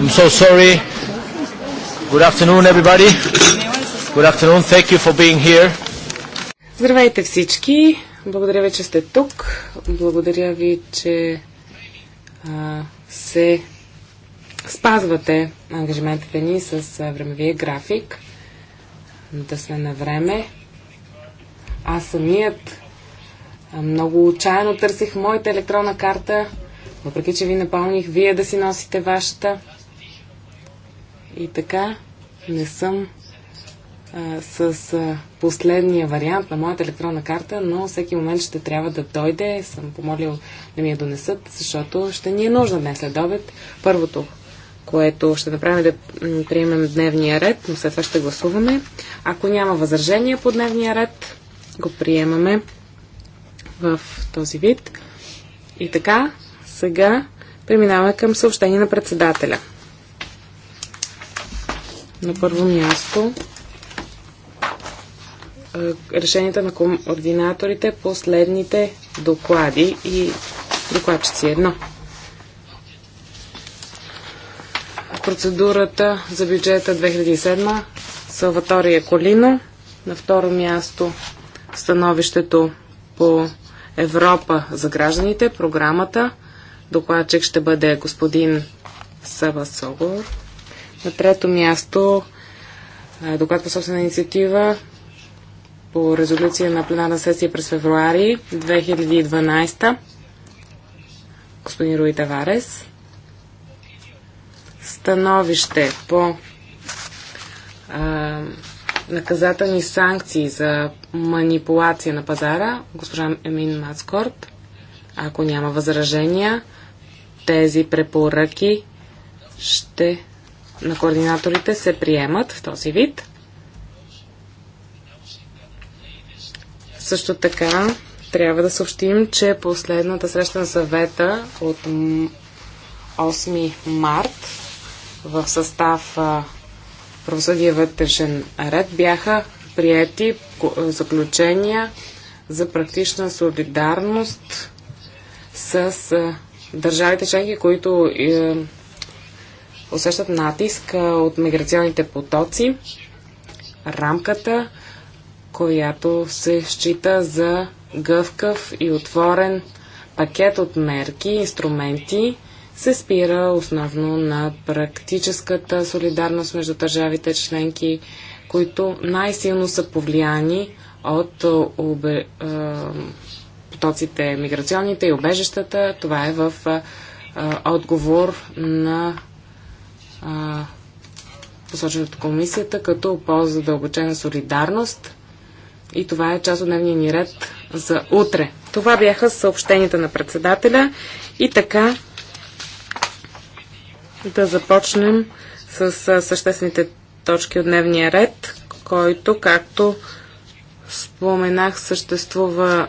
I'm so sorry. Good afternoon, everybody. Good afternoon. Thank you for being here. Здравейте всички. Благодаря ви, че сте тук. Благодаря ви, че а, се спазвате ангажиментите ни с времевия график. Да сме на време. Аз самият много отчаяно търсих моята електронна карта, въпреки че ви напълних вие да си носите вашата. И така не съм а, с а, последния вариант на моята електронна карта, но всеки момент ще трябва да дойде. Съм помолил да ми я донесат, защото ще ни е нужна днес след обед. Първото, което ще направим е да приемем дневния ред, но след това ще гласуваме. Ако няма възражения по дневния ред, го приемаме в този вид. И така, сега преминаваме към съобщение на председателя. На първо място е, решенията на координаторите последните доклади и докладчици едно. Процедурата за бюджета 2007 Салватория Колина. На второ място становището по Европа за гражданите, програмата. Докладчик ще бъде господин Сава Согор. На трето място доклад по собствена инициатива по резолюция на пленарна сесия през февруари 2012 господин Руи Таварес. Становище по а, наказателни санкции за манипулация на пазара, госпожа Емин Мацкорт. Ако няма възражения, тези препоръки ще на координаторите се приемат в този вид. Също така трябва да съобщим, че последната среща на съвета от 8 март в състав правосъдие вътрешен ред бяха прияти заключения за практична солидарност с държавите членки, които е, усещат натиск от миграционните потоци, рамката, която се счита за гъвкав и отворен пакет от мерки, инструменти, се спира основно на практическата солидарност между държавите членки, които най-силно са повлияни от обе, потоците миграционните и обежищата. Това е в отговор на посочен от комисията като за задълбочена солидарност. И това е част от дневния ни ред за утре. Това бяха съобщенията на председателя. И така да започнем с съществените точки от дневния ред, който, както споменах, съществува,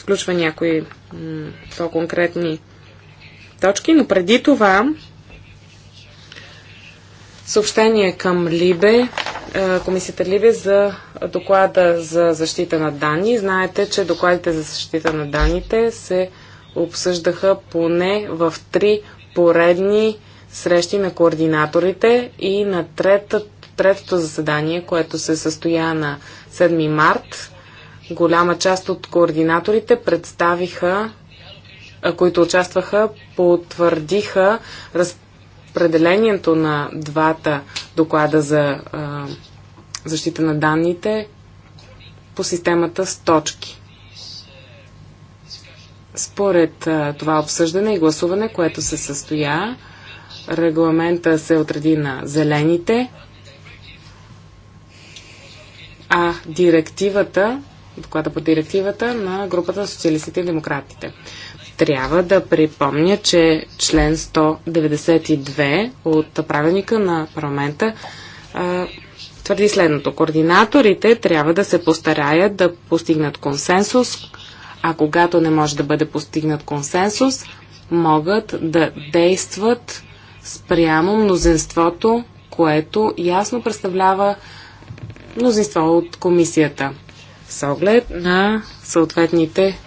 включва някои по-конкретни точки, но преди това Съобщение към Либе, е, комисията Либе за доклада за защита на данни. Знаете, че докладите за защита на данните се обсъждаха поне в три поредни срещи на координаторите и на третото заседание, което се състоя на 7 март. Голяма част от координаторите представиха които участваха, потвърдиха разпределението разпределението на двата доклада за а, защита на данните по системата с точки. Според а, това обсъждане и гласуване, което се състоя, регламента се отреди на зелените, а директивата, доклада по директивата на групата на социалистите и демократите трябва да припомня, че член 192 от правилника на парламента а, твърди следното. Координаторите трябва да се постараят да постигнат консенсус, а когато не може да бъде постигнат консенсус, могат да действат спрямо мнозинството, което ясно представлява мнозинство от комисията с оглед на съответните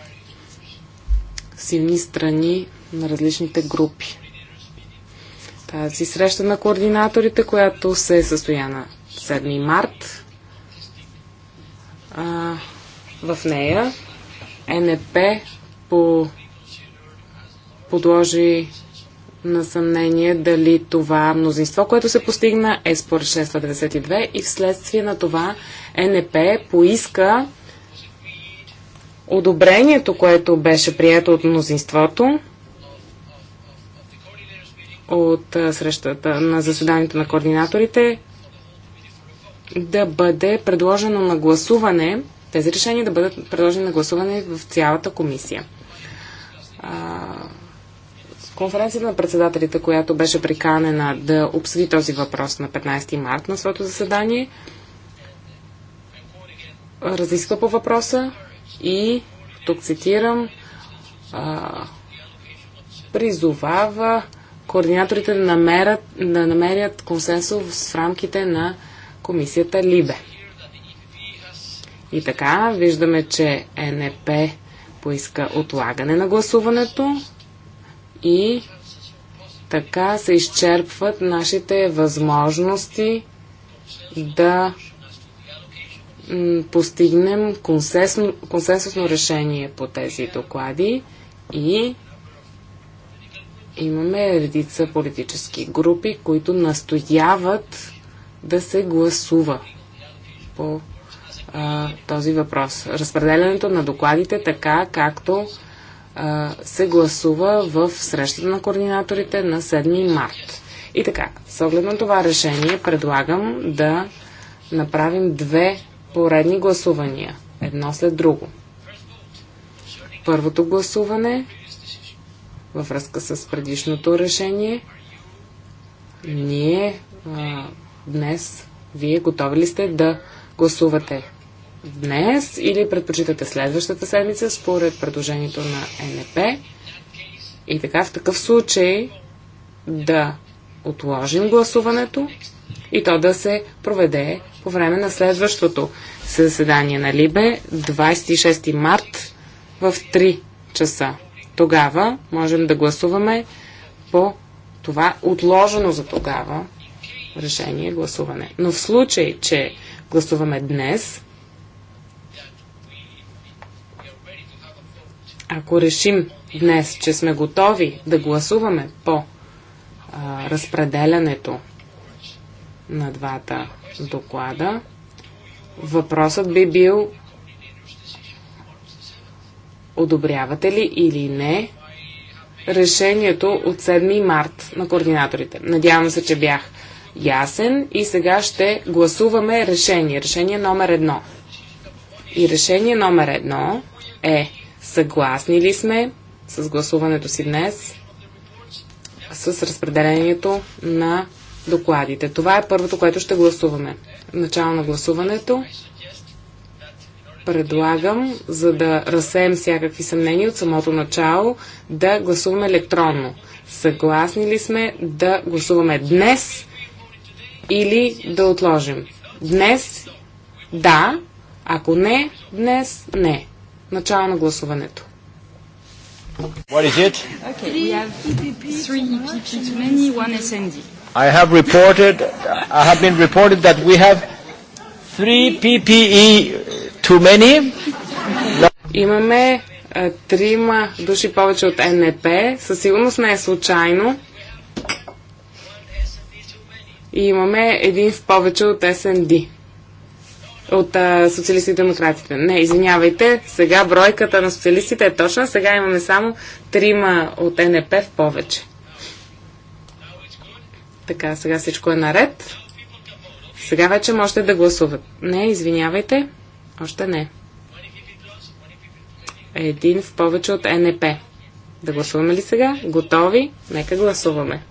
силни страни на различните групи. Тази среща на координаторите, която се е състоя на 7 март, а, в нея НП по, подложи на съмнение дали това мнозинство, което се постигна е според 692 и вследствие на това НП поиска одобрението, което беше прието от мнозинството от срещата на заседанието на координаторите да бъде предложено на гласуване, тези решения да бъдат предложени на гласуване в цялата комисия. конференцията на председателите, която беше приканена да обсъди този въпрос на 15 март на своето заседание, разисква по въпроса и, тук цитирам, а, призовава координаторите да, намерят, да намерят консенсус в рамките на комисията Либе. И така, виждаме, че НП поиска отлагане на гласуването и така се изчерпват нашите възможности да постигнем консенсусно, консенсусно решение по тези доклади и имаме редица политически групи, които настояват да се гласува по а, този въпрос. Разпределянето на докладите така, както а, се гласува в срещата на координаторите на 7 март. И така, с оглед на това решение предлагам да направим две поредни гласувания, едно след друго. Първото гласуване във връзка с предишното решение. Ние а, днес, вие готови ли сте да гласувате днес или предпочитате следващата седмица според предложението на НП? И така в такъв случай да отложим гласуването и то да се проведе по време на следващото заседание на Либе, 26 март в 3 часа. Тогава можем да гласуваме по това отложено за тогава решение гласуване. Но в случай, че гласуваме днес, ако решим днес, че сме готови да гласуваме по а, разпределянето на двата доклада. Въпросът би бил одобрявате ли или не решението от 7 март на координаторите. Надявам се, че бях ясен и сега ще гласуваме решение. Решение номер едно. И решение номер едно е съгласни ли сме с гласуването си днес, с разпределението на докладите. Това е първото, което ще гласуваме. Начало на гласуването предлагам, за да разсеем всякакви съмнения от самото начало, да гласуваме електронно. Съгласни ли сме да гласуваме днес или да отложим? Днес да, ако не, днес не. Начало на гласуването. What is it? Okay, we have three EPP many, one SND. I have reported, I have been reported that we have three PPE uh, too many. Имаме е, трима души повече от НП. Със сигурност не е случайно. И имаме един в повече от СНД. От а, е, социалисти и демократите. Не, извинявайте, сега бройката на социалистите е точна. Сега имаме само трима от НП в повече. Така, сега всичко е наред. Сега вече можете да гласуват. Не, извинявайте. Още не. Един в повече от НП. Да гласуваме ли сега? Готови? Нека гласуваме.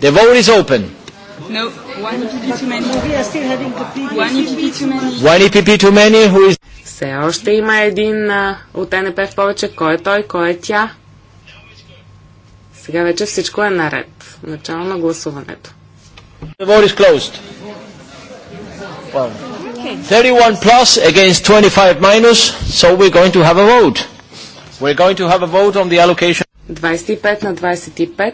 The vote is open. No, one EPP too many. One EPP too many. Все още има един а, от НП в повече. Кой е той? Кой е тя? Сега вече всичко е наред. Начало на гласуването. The vote is closed. Well, okay. 31 plus against 25 minus, so we're going to have a vote. We're going to have a vote on the allocation. 25 на 25.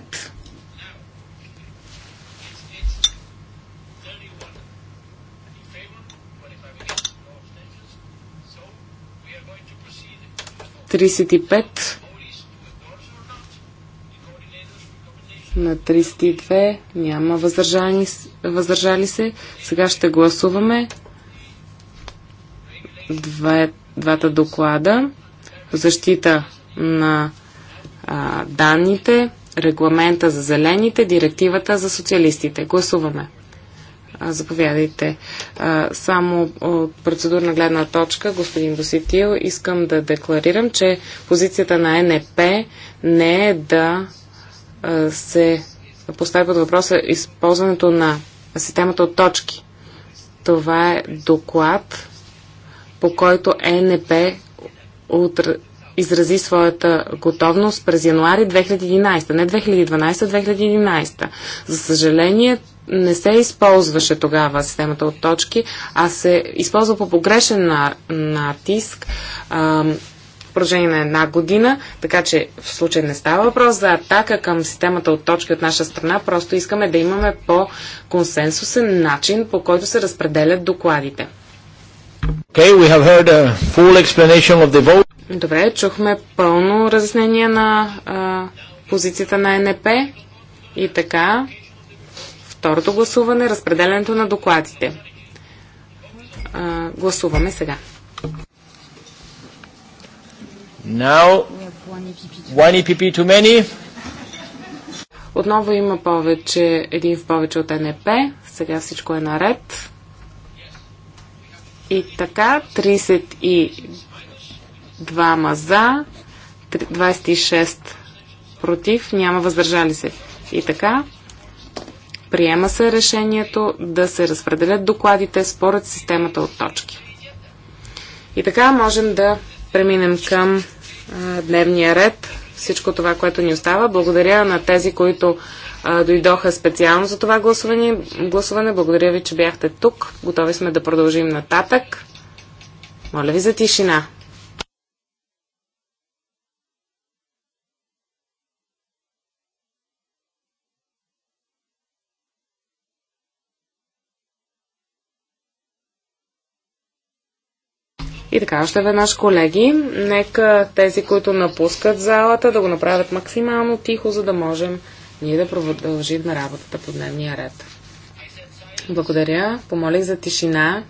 Тридесет и пет на 32, няма въздържани, въздържали се. Сега ще гласуваме два, двата доклада. Защита на а, данните, регламента за зелените, директивата за социалистите. Гласуваме. А, заповядайте. А, само от процедурна гледна точка, господин Доситил, искам да декларирам, че позицията на НП не е да се поставя под въпроса използването на системата от точки. Това е доклад, по който ЕНП изрази своята готовност през януари 2011, не 2012-2011. За съжаление, не се използваше тогава системата от точки, а се използва по погрешен натиск. На продължение на една година, така че в случай не става въпрос за атака към системата от точки от наша страна, просто искаме да имаме по-консенсусен начин, по който се разпределят докладите. Okay, we have heard a full explanation of the vote. Добре, чухме пълно разяснение на а, позицията на НП и така второто гласуване, разпределенето на докладите. А, гласуваме сега. Now, one EPP too many. Отново има повече, един в повече от НП. Сега всичко е наред. И така, 32 за, 26 против, няма въздържали се. И така, приема се решението да се разпределят докладите според системата от точки. И така можем да преминем към дневния ред, всичко това, което ни остава. Благодаря на тези, които а, дойдоха специално за това гласуване. гласуване. Благодаря ви, че бяхте тук. Готови сме да продължим нататък. Моля ви за тишина. И така, още веднъж, колеги, нека тези, които напускат залата, да го направят максимално тихо, за да можем ние да продължим на работата по дневния ред. Благодаря. Помолих за тишина.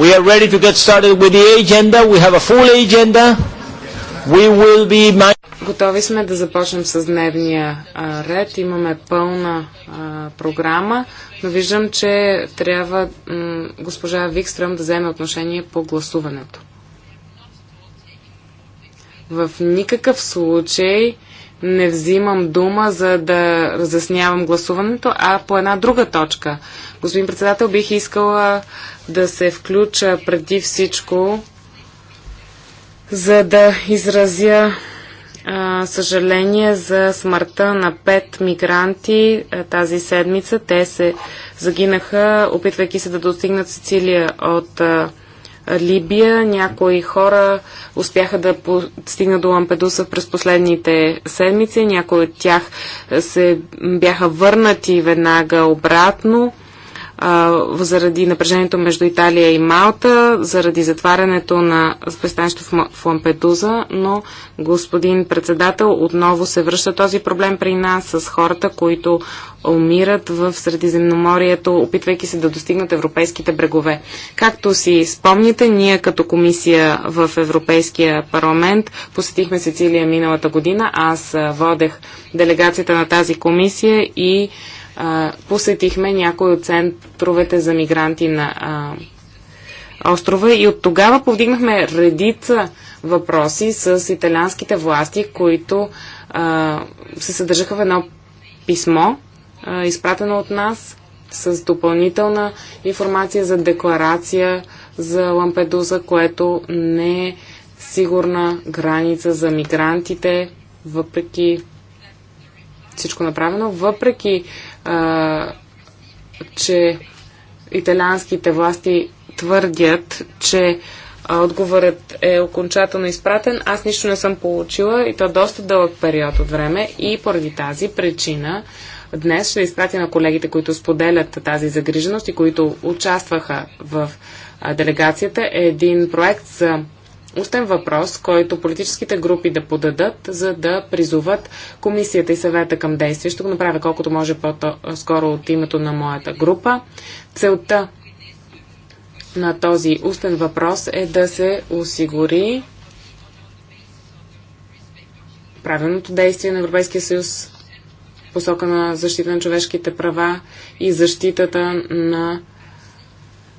we are ready to get started with the agenda. We have a full agenda. We will be Готови сме да започнем с дневния а, ред. Имаме пълна а, програма, но виждам, че трябва госпожа Викстрам да вземе отношение по гласуването. В никакъв случай не взимам дума, за да разяснявам гласуването, а по една друга точка. Господин председател, бих искала да се включа преди всичко, за да изразя съжаление за смъртта на пет мигранти тази седмица. Те се загинаха, опитвайки се да достигнат Сицилия от Либия. Някои хора успяха да стигнат до Лампедуса през последните седмици. Някои от тях се бяха върнати веднага обратно а, заради напрежението между Италия и Малта, заради затварянето на пристанището в, в Лампедуза, но господин председател, отново се връща този проблем при нас с хората, които умират в Средиземноморието, опитвайки се да достигнат европейските брегове. Както си спомните, ние като комисия в Европейския парламент посетихме Сицилия миналата година. Аз водех делегацията на тази комисия и посетихме някои от центровете за мигранти на а, острова и от тогава повдигнахме редица въпроси с италианските власти, които а, се съдържаха в едно писмо, а, изпратено от нас с допълнителна информация за декларация за Лампедуза, което не е сигурна граница за мигрантите, въпреки всичко направено, въпреки а, че италианските власти твърдят, че а, отговорът е окончателно изпратен. Аз нищо не съм получила и то доста дълъг период от време и поради тази причина днес ще изпратя на колегите, които споделят тази загриженост и които участваха в а, делегацията, е един проект за устен въпрос, който политическите групи да подадат, за да призоват комисията и съвета към действие. Ще го направя колкото може по-скоро от името на моята група. Целта на този устен въпрос е да се осигури правилното действие на Европейския съюз посока на защита на човешките права и защитата на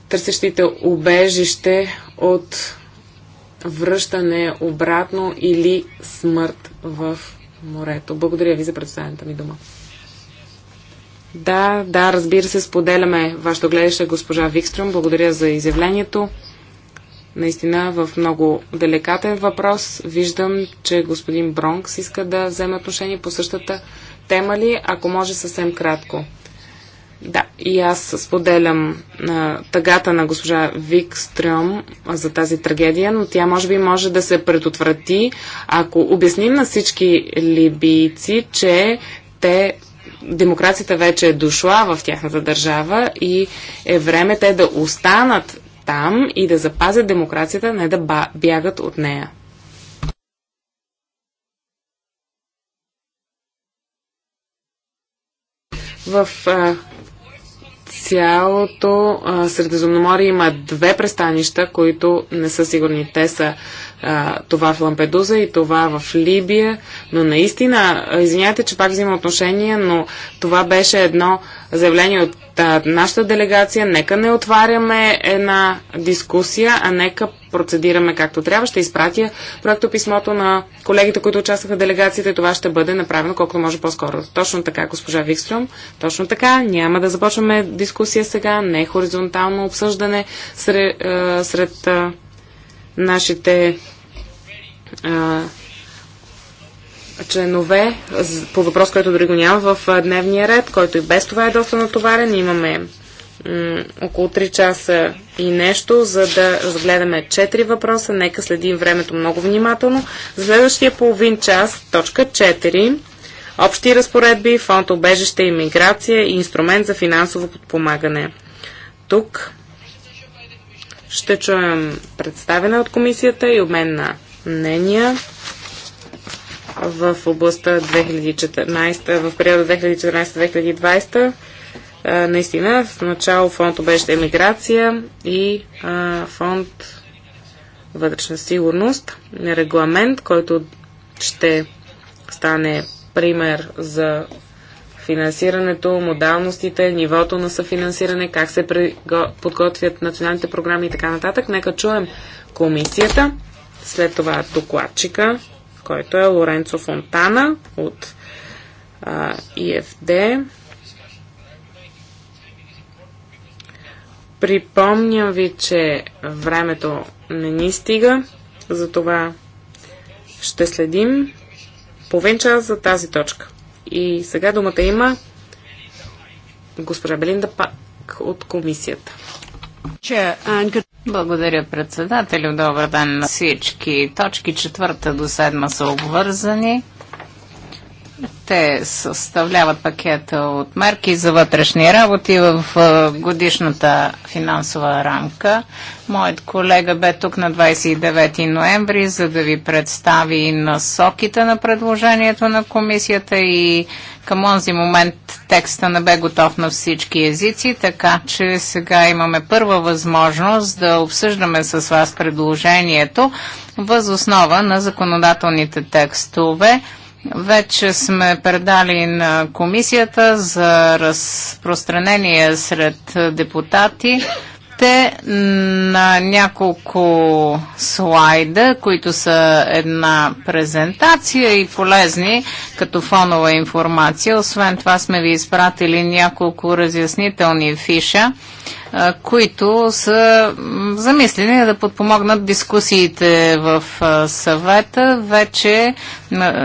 търсещите убежище от връщане обратно или смърт в морето. Благодаря ви за представената ми дума. Да, да, разбира се, споделяме вашето гледаще, госпожа Викстрюм. Благодаря за изявлението. Наистина в много деликатен въпрос. Виждам, че господин Бронкс иска да вземе отношение по същата тема ли, ако може съвсем кратко. Да, и аз споделям а, тъгата на госпожа Викстрюм за тази трагедия, но тя може би може да се предотврати, ако обясним на всички либийци, че те демокрацията вече е дошла в тяхната държава и е време те да останат там и да запазят демокрацията, не да бягат от нея. В а, цялото а, Средиземноморие има две престанища, които не са сигурни. Те са а, това в Лампедуза и това в Либия. Но наистина, извинявайте, че пак взима отношение, но това беше едно заявление от а, нашата делегация. Нека не отваряме една дискусия, а нека процедираме както трябва. Ще изпратя проекто писмото на колегите, които участваха в делегацията и това ще бъде направено колкото може по-скоро. Точно така, госпожа Викстрюм. Точно така. Няма да започваме дискусия сега. Не е хоризонтално обсъждане сред, а, сред а, нашите а, членове по въпрос, който дори го няма в дневния ред, който и без това е доста натоварен. Имаме около 3 часа и нещо, за да разгледаме 4 въпроса. Нека следим времето много внимателно. За следващия половин час, точка 4, общи разпоредби, фонд обежище и миграция и инструмент за финансово подпомагане. Тук ще чуем представена от комисията и обмен на мнения в областта 2014, в периода 2014-2020 е, наистина, в начало фонд беше емиграция и а, фонд вътрешна сигурност, регламент, който ще стане пример за финансирането, модалностите, нивото на съфинансиране, как се подготвят националните програми и така нататък. Нека чуем комисията, след това докладчика, който е Лоренцо Фонтана от а, ИФД, Припомням ви, че времето не ни стига, затова ще следим половин час за тази точка. И сега думата има госпожа Белинда Пак от комисията. Благодаря, председателю. Добър ден на всички. Точки четвърта до седма са обвързани. Те съставляват пакета от мерки за вътрешни работи в годишната финансова рамка. Моят колега бе тук на 29 ноември, за да ви представи насоките на предложението на комисията и към онзи момент текста не бе готов на всички езици, така че сега имаме първа възможност да обсъждаме с вас предложението възоснова на законодателните текстове вече сме предали на комисията за разпространение сред депутати те на няколко слайда, които са една презентация и полезни като фонова информация. Освен това сме ви изпратили няколко разяснителни фиша които са замислени да подпомогнат дискусиите в съвета. Вече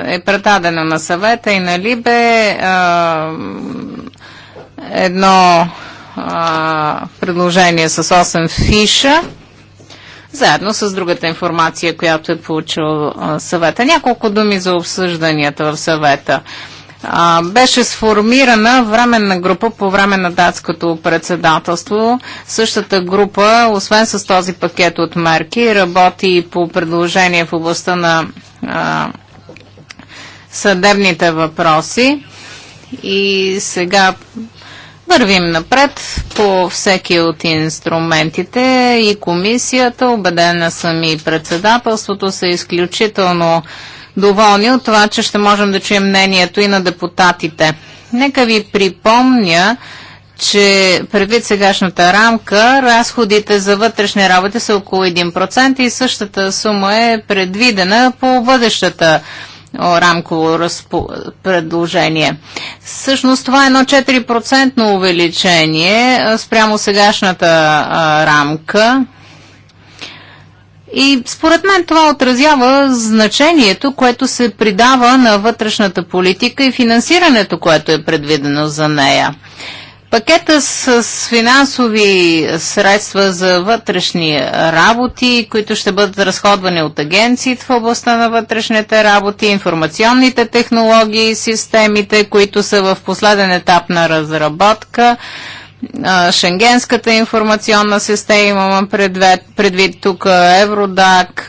е предадено на съвета и на Либе едно предложение с 8 фиша заедно с другата информация, която е получил съвета. Няколко думи за обсъжданията в съвета а, беше сформирана временна група по време на датското председателство. Същата група, освен с този пакет от мерки, работи по предложение в областта на а, съдебните въпроси. И сега вървим напред по всеки от инструментите и комисията, убедена съм и председателството, са изключително доволни от това, че ще можем да чуем мнението и на депутатите. Нека ви припомня, че предвид сегашната рамка, разходите за вътрешни работи са около 1% и същата сума е предвидена по бъдещата рамково разпо... предложение. Всъщност това е едно 4% увеличение спрямо сегашната а, рамка. И според мен това отразява значението, което се придава на вътрешната политика и финансирането, което е предвидено за нея. Пакета с финансови средства за вътрешни работи, които ще бъдат разходвани от агенциите в областта на вътрешните работи, информационните технологии, системите, които са в последен етап на разработка – Шенгенската информационна система, имам предвид, предвид тук Евродак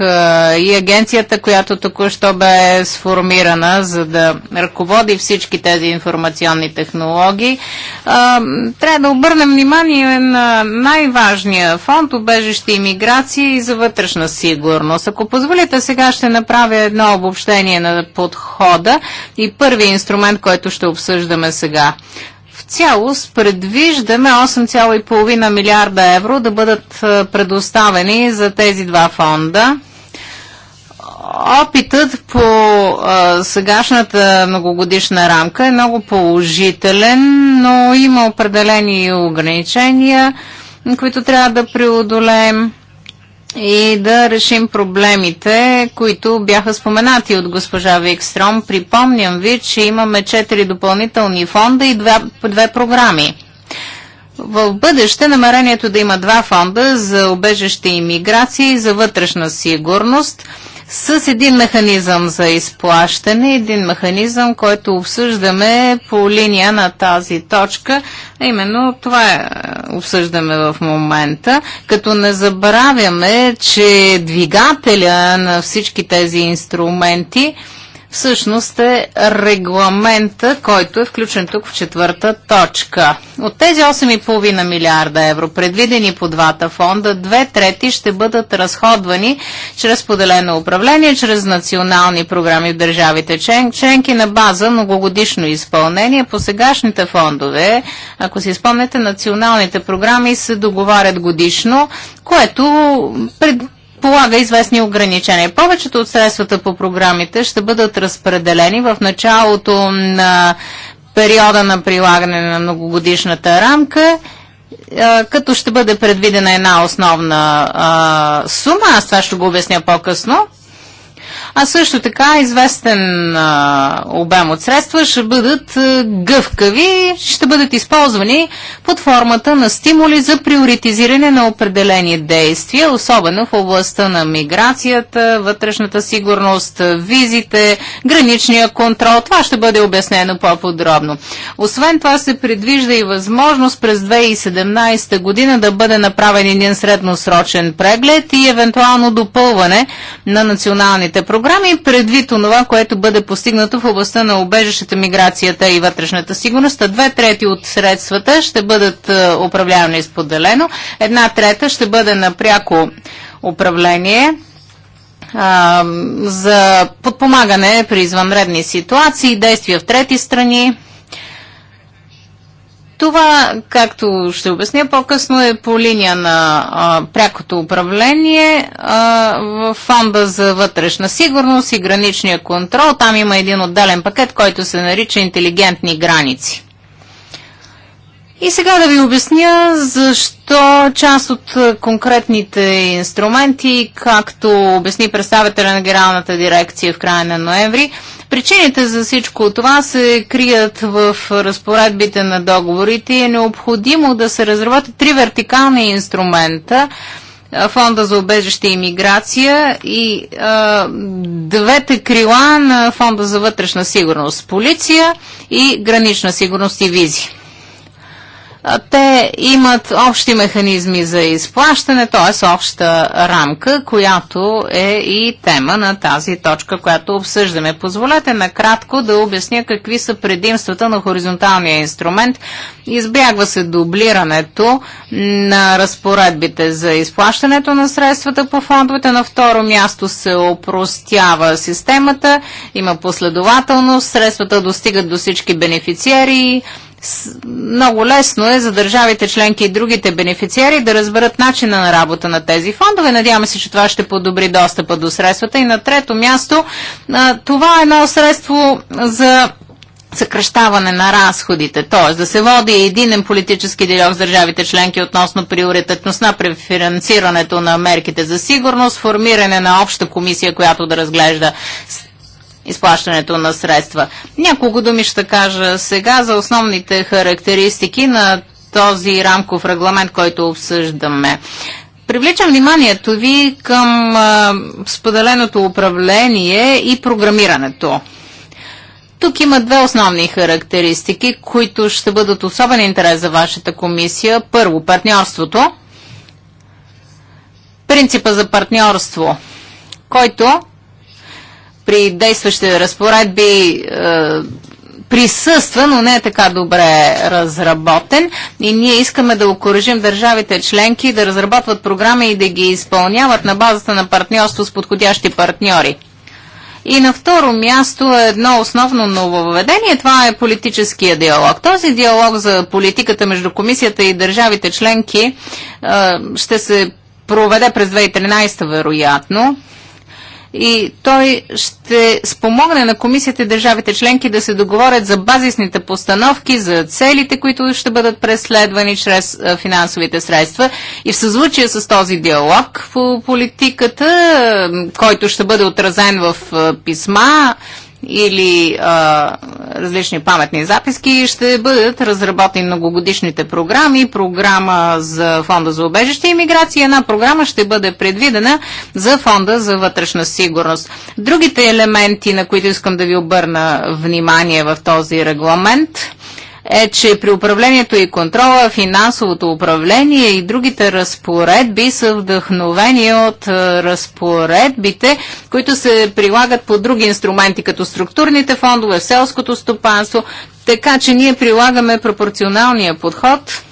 и агенцията, която току-що бе сформирана, за да ръководи всички тези информационни технологии. Трябва да обърнем внимание на най-важния фонд обежище иммиграция и за вътрешна сигурност. Ако позволите, сега ще направя едно обобщение на подхода и първи инструмент, който ще обсъждаме сега в цялост предвиждаме 8,5 милиарда евро да бъдат е, предоставени за тези два фонда. Опитът по а, е, сегашната многогодишна рамка е много положителен, но има определени ограничения, които трябва да преодолеем и да решим проблемите, които бяха споменати от госпожа Викстром. Припомням ви, че имаме 4 допълнителни фонда и 2, програми. В бъдеще намерението да има два фонда за обежище и миграция и за вътрешна сигурност – с един механизъм за изплащане, един механизъм, който обсъждаме по линия на тази точка. Именно това е, е, обсъждаме в момента, като не забравяме, че двигателя на всички тези инструменти – всъщност е регламента, който е включен тук в четвърта точка. От тези 8,5 милиарда евро, предвидени по двата фонда, две трети ще бъдат разходвани чрез поделено управление, чрез национални програми в държавите членки на база многогодишно изпълнение. По сегашните фондове, ако си спомнете, националните програми се договарят годишно, което пред, полага известни ограничения. Повечето от средствата по програмите ще бъдат разпределени в началото на периода на прилагане на многогодишната рамка е, като ще бъде предвидена една основна а, сума, аз това ще го обясня по-късно, а също така известен а, обем от средства ще бъдат а, гъвкави, ще бъдат използвани под формата на стимули за приоритизиране на определени действия, особено в областта на миграцията, вътрешната сигурност, визите, граничния контрол. Това ще бъде обяснено по-подробно. Освен това се предвижда и възможност през 2017 година да бъде направен един средносрочен преглед и евентуално допълване на националните програми програми, предвид онова, което бъде постигнато в областта на обежащата миграцията и вътрешната сигурност. Две трети от средствата ще бъдат е, управлявани споделено, една трета ще бъде на пряко управление е, за подпомагане при извънредни ситуации, действия в трети страни това, както ще обясня по-късно, е по линия на а, прякото управление а, в фонда за вътрешна сигурност и граничния контрол. Там има един отделен пакет, който се нарича интелигентни граници. И сега да ви обясня защо част от конкретните инструменти, както обясни представителя на Генералната дирекция в края на ноември, Причините за всичко това се крият в разпоредбите на договорите и е необходимо да се разработят три вертикални инструмента Фонда за обежище и миграция и а, двете крила на Фонда за вътрешна сигурност полиция и гранична сигурност и визи те имат общи механизми за изплащане, т.е. обща рамка, която е и тема на тази точка, която обсъждаме. Позволете накратко да обясня какви са предимствата на хоризонталния инструмент. Избягва се дублирането на разпоредбите за изплащането на средствата по фондовете. На второ място се опростява системата, има последователност, средствата достигат до всички бенефициери, много лесно е за държавите членки и другите бенефициари да разберат начина на работа на тези фондове. Надяваме се, че това ще подобри достъпа до средствата. И на трето място, това е едно средство за съкръщаване на разходите, т.е. да се води единен политически диалог с държавите членки относно приоритетност на преференцирането на мерките за сигурност, формиране на обща комисия, която да разглежда изплащането на средства. Няколко думи ще кажа сега за основните характеристики на този рамков регламент, който обсъждаме. Привличам вниманието ви към а, споделеното управление и програмирането. Тук има две основни характеристики, които ще бъдат особен интерес за вашата комисия. Първо, партньорството. Принципа за партньорство, който при действащите разпоредби е, присъства, но не е така добре разработен. И ние искаме да окоръжим държавите членки да разработват програми и да ги изпълняват на базата на партньорство с подходящи партньори. И на второ място е едно основно нововведение, това е политическия диалог. Този диалог за политиката между комисията и държавите членки е, ще се проведе през 2013 вероятно и той ще спомогне на комисията и държавите членки да се договорят за базисните постановки, за целите, които ще бъдат преследвани чрез финансовите средства. И в съзвучие с този диалог по политиката, който ще бъде отразен в писма, или а, различни паметни записки, ще бъдат разработени многогодишните програми, програма за фонда за обежище и миграция. Една програма ще бъде предвидена за фонда за вътрешна сигурност. Другите елементи, на които искам да ви обърна внимание в този регламент, е, че при управлението и контрола, финансовото управление и другите разпоредби са вдъхновени от е, разпоредбите, които се прилагат по други инструменти, като структурните фондове, селското стопанство, така че ние прилагаме пропорционалния подход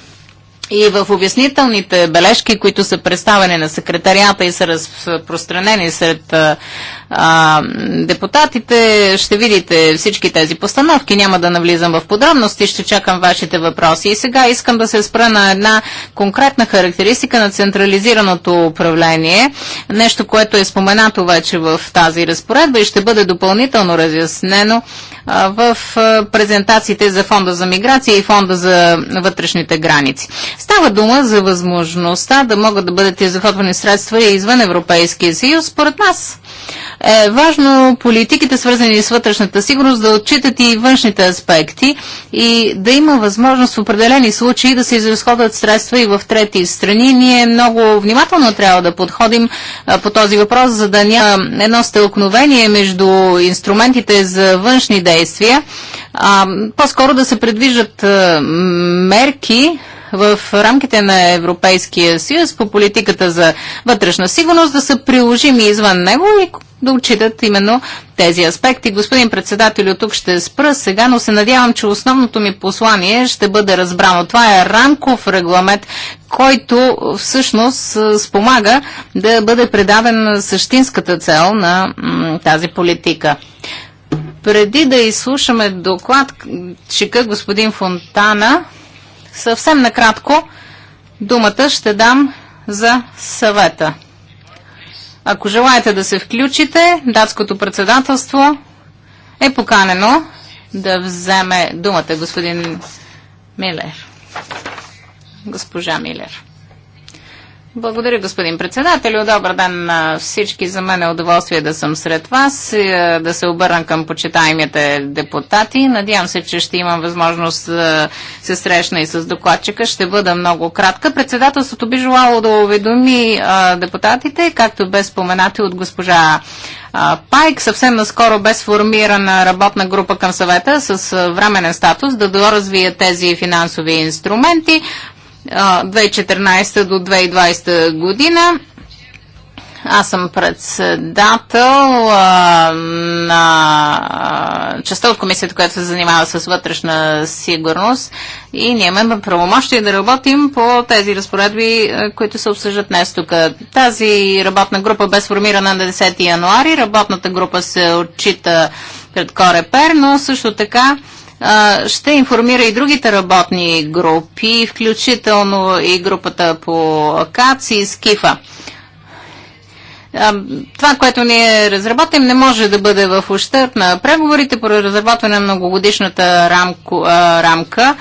и в обяснителните бележки, които са представени на секретарията и са разпространени сред е, а, депутатите. Ще видите всички тези постановки. Няма да навлизам в подробности. Ще чакам вашите въпроси. И сега искам да се спра на една конкретна характеристика на централизираното управление. Нещо, което е споменато вече в тази разпоредба и ще бъде допълнително разяснено а, в а, презентациите за Фонда за миграция и Фонда за вътрешните граници. Става дума за възможността да могат да бъдат изразходвани средства и извън Европейския съюз. Според нас е важно политиките, свързани с вътрешната сигурност, да отчитат и външните аспекти и да има възможност в определени случаи да се изразходят средства и в трети страни. Ние много внимателно трябва да подходим е, по този въпрос, за да няма едно стълкновение между инструментите за външни действия, по-скоро да се предвиждат е, мерки, в рамките на Европейския съюз по политиката за вътрешна сигурност да са приложими извън него и да отчитат именно тези аспекти. Господин председател, тук ще спра сега, но се надявам, че основното ми послание ще бъде разбрано. Това е рамков регламент, който всъщност спомага да бъде предаден същинската цел на тази политика. Преди да изслушаме доклад, чека господин Фонтана, Съвсем накратко думата ще дам за съвета. Ако желаете да се включите, датското председателство е поканено да вземе думата господин Милер. Госпожа Милер. Благодаря, господин председател. Добър ден на всички. За мен е удоволствие да съм сред вас, е, да се обърна към почитаемите депутати. Надявам се, че ще имам възможност да е, се срещна и с докладчика. Ще бъда много кратка. Председателството би желало да уведоми е, депутатите, както бе споменати от госпожа Пайк съвсем наскоро бе сформирана работна група към съвета с временен статус да доразвие тези финансови инструменти. 2014 до 2020 година. Аз съм председател а, на частта от комисията, която се занимава с вътрешна сигурност и ние имаме правомощие да работим по тези разпоредби, които се обсъждат днес тук. Тази работна група бе сформирана на 10 януари. Работната група се отчита пред Корепер, но също така ще информира и другите работни групи, включително и групата по КАЦ и СКИФА. Това, което ние разработим, не може да бъде в ущърп на преговорите по разработване на многогодишната рамка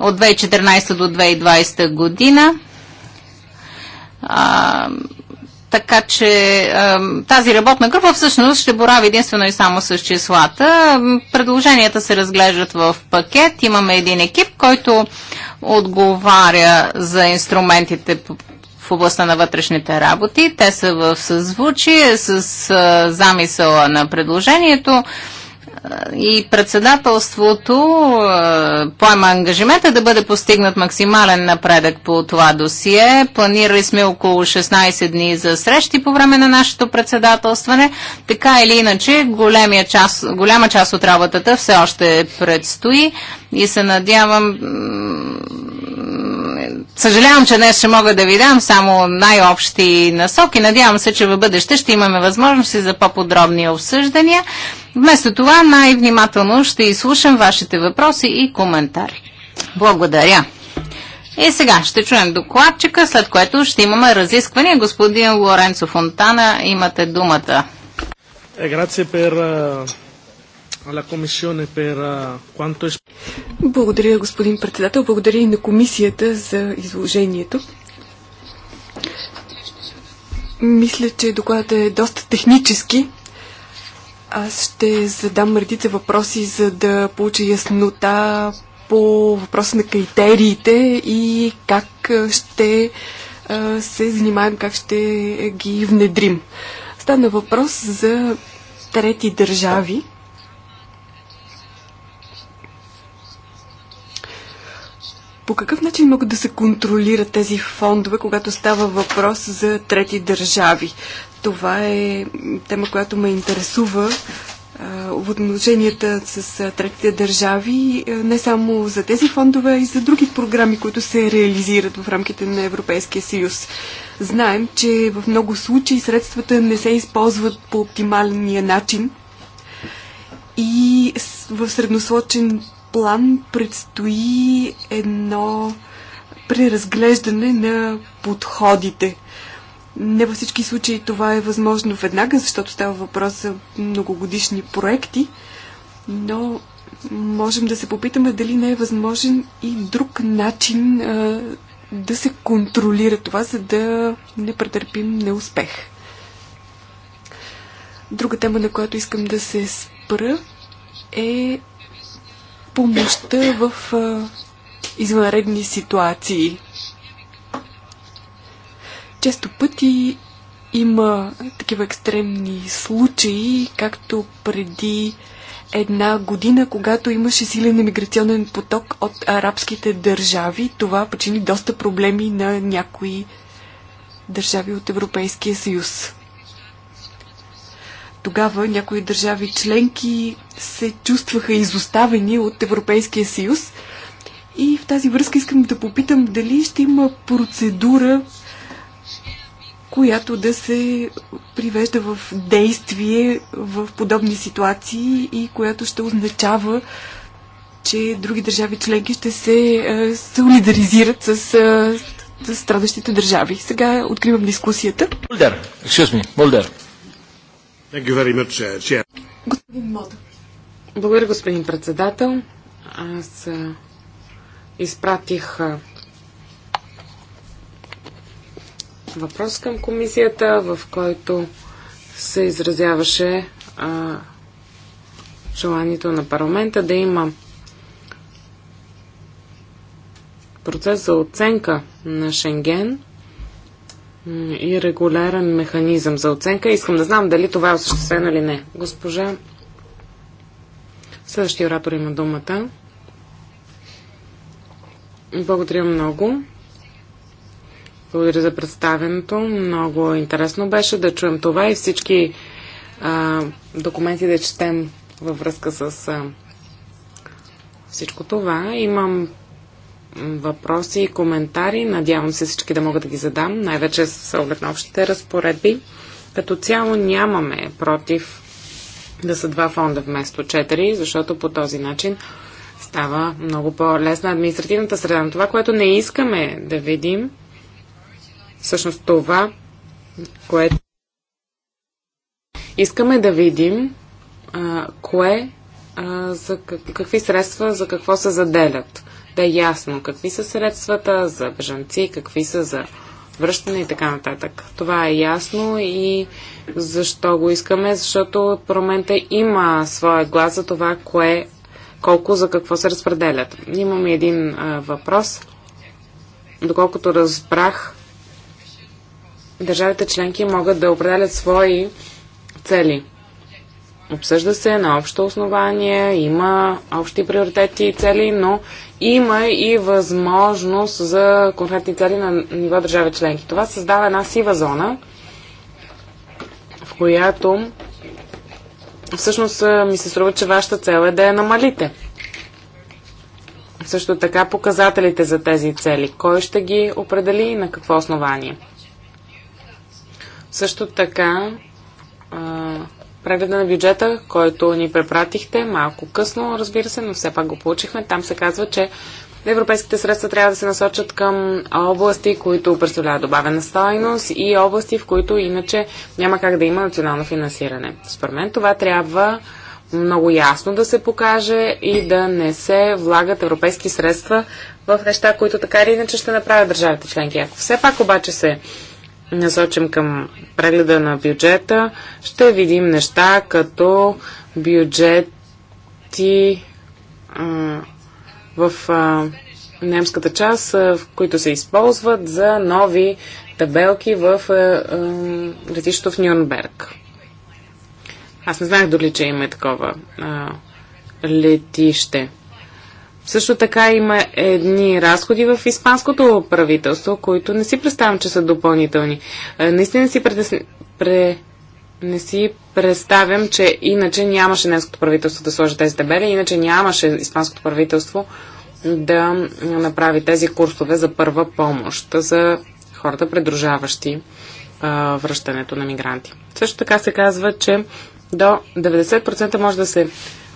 от 2014 до 2020 година така че тази работна група всъщност ще борави единствено и само с числата. Предложенията се разглеждат в пакет. Имаме един екип, който отговаря за инструментите в областта на вътрешните работи. Те са в съзвучие с замисъла на предложението и председателството е, поема ангажимента да бъде постигнат максимален напредък по това досие. Планирали сме около 16 дни за срещи по време на нашето председателстване. Така или иначе, час, голяма част от работата все още предстои и се надявам съжалявам, че днес ще мога да ви дам само най-общи насоки. Надявам се, че в бъдеще ще имаме възможности за по-подробни обсъждания. Вместо това най-внимателно ще изслушам вашите въпроси и коментари. Благодаря. И сега ще чуем докладчика, след което ще имаме разисквания. Господин Лоренцо Фонтана, имате думата. Е, е- Благодаря, господин председател. Благодаря и на комисията за изложението. Мисля, че докладът е доста технически аз ще задам редица въпроси, за да получа яснота по въпроса на критериите и как ще се занимаем, как ще ги внедрим. Стана въпрос за трети държави. По какъв начин могат да се контролират тези фондове, когато става въпрос за трети държави? Това е тема, която ме интересува в отношенията с третите държави, не само за тези фондове, а и за други програми, които се реализират в рамките на Европейския съюз. Знаем, че в много случаи средствата не се използват по оптималния начин и в средносрочен план предстои едно преразглеждане на подходите – не във всички случаи това е възможно веднага, защото става въпрос за многогодишни проекти, но можем да се попитаме дали не е възможен и друг начин а, да се контролира това, за да не претърпим неуспех. Друга тема, на която искам да се спра, е помощта в а, извънредни ситуации. Често пъти има такива екстремни случаи, както преди една година, когато имаше силен емиграционен поток от арабските държави. Това причини доста проблеми на някои държави от Европейския съюз. Тогава някои държави членки се чувстваха изоставени от Европейския съюз. И в тази връзка искам да попитам дали ще има процедура която да се привежда в действие в подобни ситуации и която ще означава, че други държави членки ще се е, солидаризират с, е, с страдащите държави. Сега откривам дискусията. Молдер, excuse me, Молдер. Uh, господин Мода. Благодаря, господин председател. Аз е, изпратих въпрос към комисията, в който се изразяваше а, желанието на парламента да има процес за оценка на Шенген и регулярен механизъм за оценка. Искам да знам дали това е осъществено или не. Госпожа, следващия оратор има думата. Благодаря много. Благодаря за представенето. Много интересно беше да чуем това и всички а, документи да четем във връзка с а, всичко това. Имам въпроси и коментари. Надявам се всички да могат да ги задам, най-вече с оглед на общите разпоредби. Като цяло нямаме против да са два фонда вместо четири, защото по този начин става много по-лесна административната среда. Но това, което не искаме да видим, Всъщност това, което искаме да видим, а, кое, а, за как, какви средства, за какво се заделят. Да е ясно какви са средствата за бежанци, какви са за връщане и така нататък. Това е ясно и защо го искаме, защото парламента има своя глас за това, кое, колко за какво се разпределят. Имаме един а, въпрос. Доколкото разбрах, държавите членки могат да определят свои цели. Обсъжда се на общо основание, има общи приоритети и цели, но има и възможност за конкретни цели на ниво държави членки. Това създава една сива зона, в която всъщност ми се струва, че вашата цел е да я намалите. Също така показателите за тези цели. Кой ще ги определи и на какво основание? Също така, прегледа на бюджета, който ни препратихте, малко късно, разбира се, но все пак го получихме. Там се казва, че Европейските средства трябва да се насочат към области, които представляват добавена стойност и области, в които иначе няма как да има национално финансиране. Според мен това трябва много ясно да се покаже и да не се влагат европейски средства в неща, които така или иначе ще направят държавите членки. Ако все пак обаче се насочим към прегледа на бюджета, ще видим неща като бюджети а, в а, немската част, а, в които се използват за нови табелки в летището в Нюрнберг. Аз не знаех дори, че има такова летище. Също така има едни разходи в испанското правителство, които не си представям, че са допълнителни. Е, наистина си претес... пре... не си представям, че иначе нямаше немското правителство да сложи тези табели, иначе нямаше испанското правителство да направи тези курсове за първа помощ за хората, придружаващи а, връщането на мигранти. Също така се казва, че до 90% може да се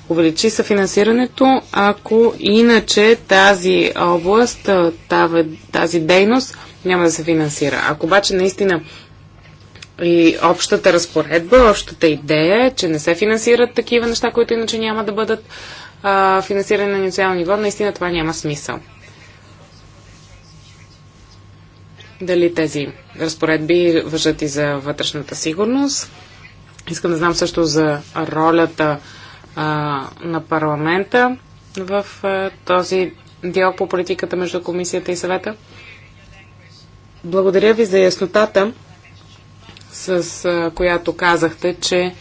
увеличи съфинансирането, ако иначе тази област, тази дейност няма да се финансира. Ако обаче наистина и общата разпоредба, общата идея е, че не се финансират такива неща, които иначе няма да бъдат финансирани на национално ниво, наистина това няма смисъл. Дали тези разпоредби въжат и за вътрешната сигурност? Искам да знам също за ролята а, на парламента в а, този диалог по политиката между комисията и съвета. Благодаря ви за яснотата, с а, която казахте, че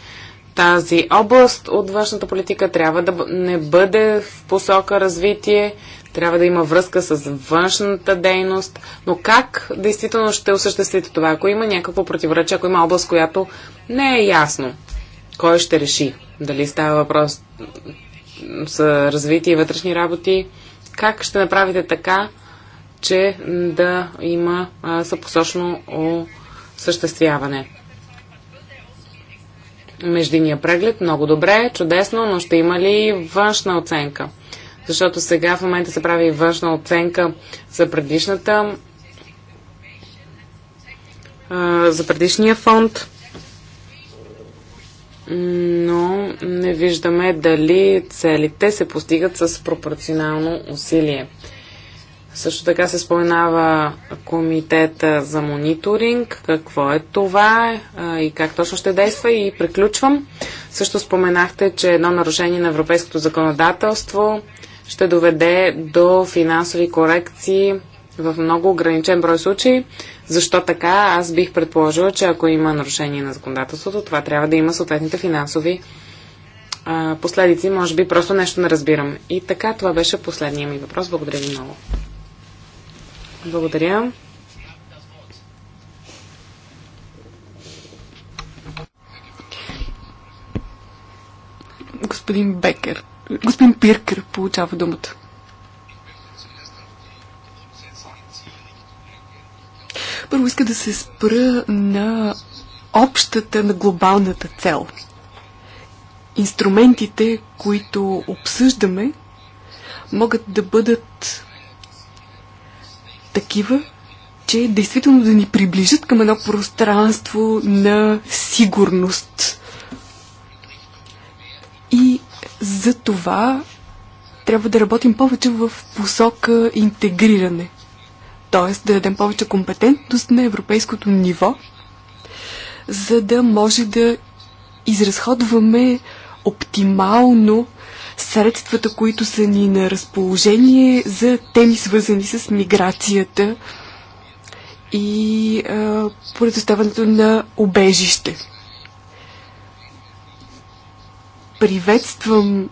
тази област от външната политика трябва да не бъде в посока развитие, трябва да има връзка с външната дейност, но как действително ще осъществите това, ако има някакво противоречие, ако има област, която не е ясно? кой ще реши? Дали става въпрос за развитие и вътрешни работи? Как ще направите така, че да има съпосочно осъществяване? Междиния преглед много добре, чудесно, но ще има ли външна оценка? Защото сега в момента се прави външна оценка за предишната за предишния фонд но не виждаме дали целите се постигат с пропорционално усилие. Също така се споменава комитета за мониторинг, какво е това и как точно ще действа и приключвам. Също споменахте, че едно нарушение на европейското законодателство ще доведе до финансови корекции в много ограничен брой случаи. Защо така? Аз бих предположила, че ако има нарушение на законодателството, това трябва да има съответните финансови а, последици. Може би просто нещо не разбирам. И така, това беше последния ми въпрос. Благодаря ви много. Благодаря. Господин Бекер, господин Пиркер получава думата. Първо иска да се спра на общата, на глобалната цел. Инструментите, които обсъждаме, могат да бъдат такива, че действително да ни приближат към едно пространство на сигурност. И за това трябва да работим повече в посока интегриране т.е. да дадем повече компетентност на европейското ниво, за да може да изразходваме оптимално средствата, които са ни на разположение за теми свързани с миграцията и а, предоставането на обежище. Приветствам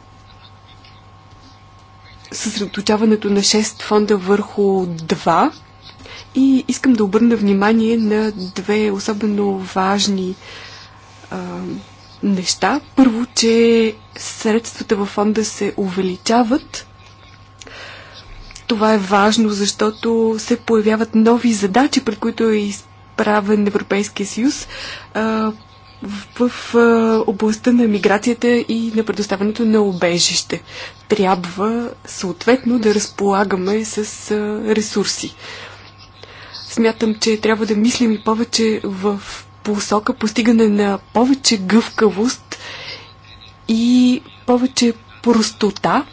съсредоточаването на 6 фонда върху и искам да обърна внимание на две особено важни а, неща. Първо, че средствата във фонда се увеличават. Това е важно, защото се появяват нови задачи, пред които е изправен Европейския съюз а, в, в а, областта на миграцията и на предоставянето на обежище. Трябва съответно да разполагаме с а, ресурси. Смятам, че трябва да мислим и повече в посока постигане на повече гъвкавост и повече простота,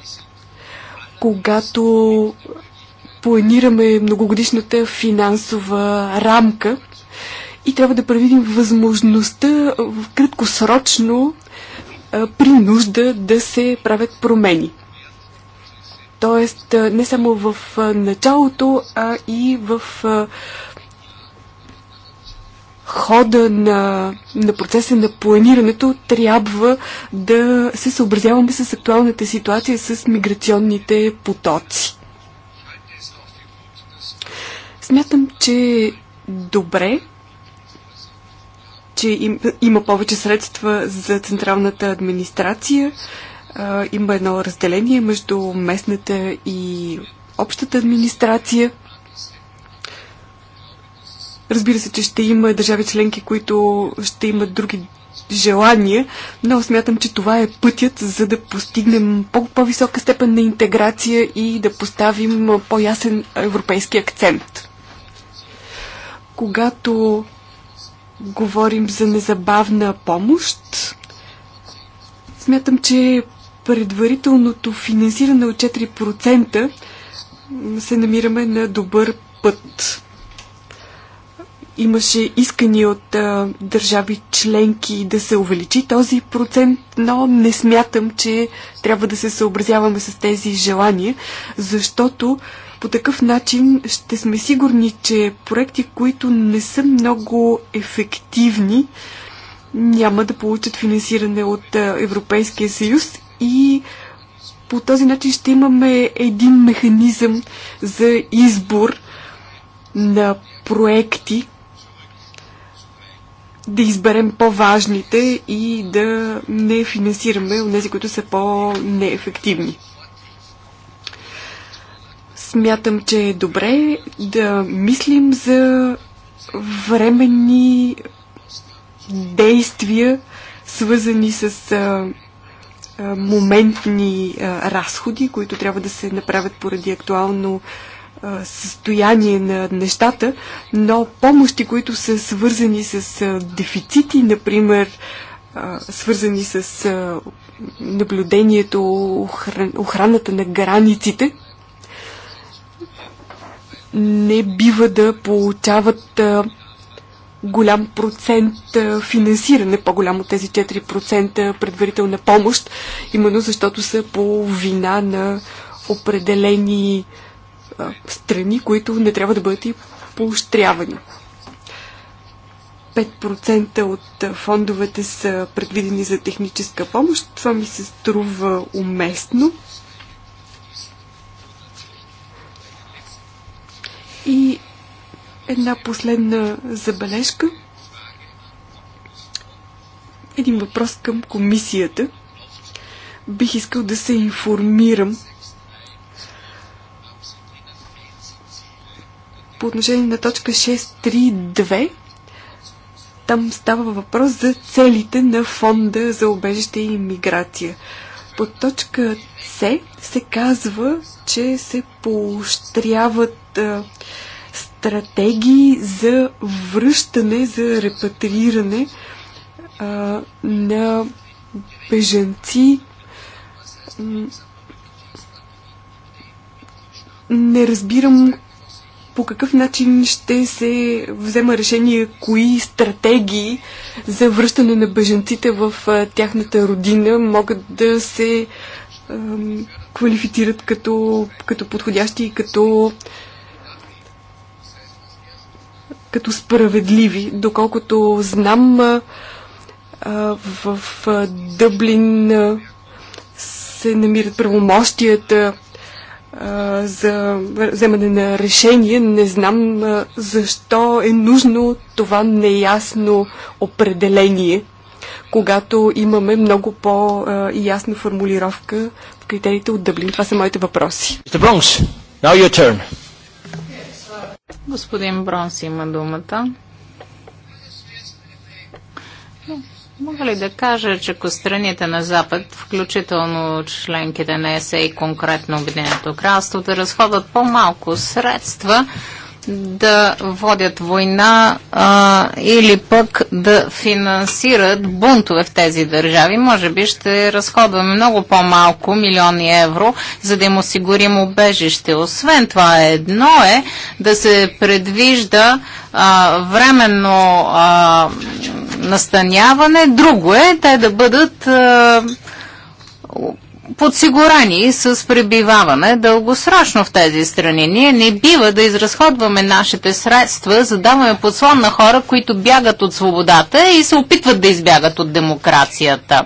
когато планираме многогодишната финансова рамка и трябва да предвидим възможността в краткосрочно при нужда да се правят промени. Тоест, не само в началото, а и в хода на, на процеса на планирането трябва да се съобразяваме с актуалната ситуация с миграционните потоци. Смятам, че добре, че им, има повече средства за централната администрация, има едно разделение между местната и общата администрация. Разбира се, че ще има държави членки, които ще имат други желания, но смятам, че това е пътят, за да постигнем по-висока степен на интеграция и да поставим по-ясен европейски акцент. Когато говорим за незабавна помощ, смятам, че предварителното финансиране от 4% се намираме на добър път. Имаше искания от а, държави членки да се увеличи този процент, но не смятам, че трябва да се съобразяваме с тези желания, защото по такъв начин ще сме сигурни, че проекти, които не са много ефективни, няма да получат финансиране от Европейския съюз и по този начин ще имаме един механизъм за избор на проекти, да изберем по-важните и да не финансираме от тези, които са по-неефективни. Смятам, че е добре да мислим за временни действия, свързани с моментни разходи, които трябва да се направят поради актуално състояние на нещата, но помощи, които са свързани с дефицити, например, свързани с наблюдението, охраната на границите, не бива да получават голям процент финансиране, по-голям от тези 4% предварителна помощ, именно защото са по вина на определени страни, които не трябва да бъдат и поощрявани. 5% от фондовете са предвидени за техническа помощ. Това ми се струва уместно. И Една последна забележка. Един въпрос към комисията. Бих искал да се информирам по отношение на точка 632 там става въпрос за целите на фонда за обежище и миграция. По точка С се казва, че се поощряват а, стратегии за връщане, за репатриране а, на беженци. Не разбирам по какъв начин ще се взема решение кои стратегии за връщане на беженците в тяхната родина могат да се квалифицират като, като подходящи и като като справедливи. Доколкото знам, в Дъблин се намират правомощията за вземане на решение. Не знам защо е нужно това неясно определение, когато имаме много по-ясна формулировка в критериите от Дъблин. Това са моите въпроси. Mr. Bronx, now your turn. Господин Бронс има думата. Мога ли да кажа, че ако страните на Запад, включително членките на ЕСЕ и конкретно Обединеното кралство, да разходват по-малко средства, да водят война а, или пък да финансират бунтове в тези държави. Може би ще разходваме много по-малко милиони евро, за да им осигурим убежище. Освен това, едно е да се предвижда а, временно а, настаняване, друго е те да бъдат. А, подсигурени с пребиваване дългосрочно в тези страни. Ние не бива да изразходваме нашите средства, за даваме подслон на хора, които бягат от свободата и се опитват да избягат от демокрацията.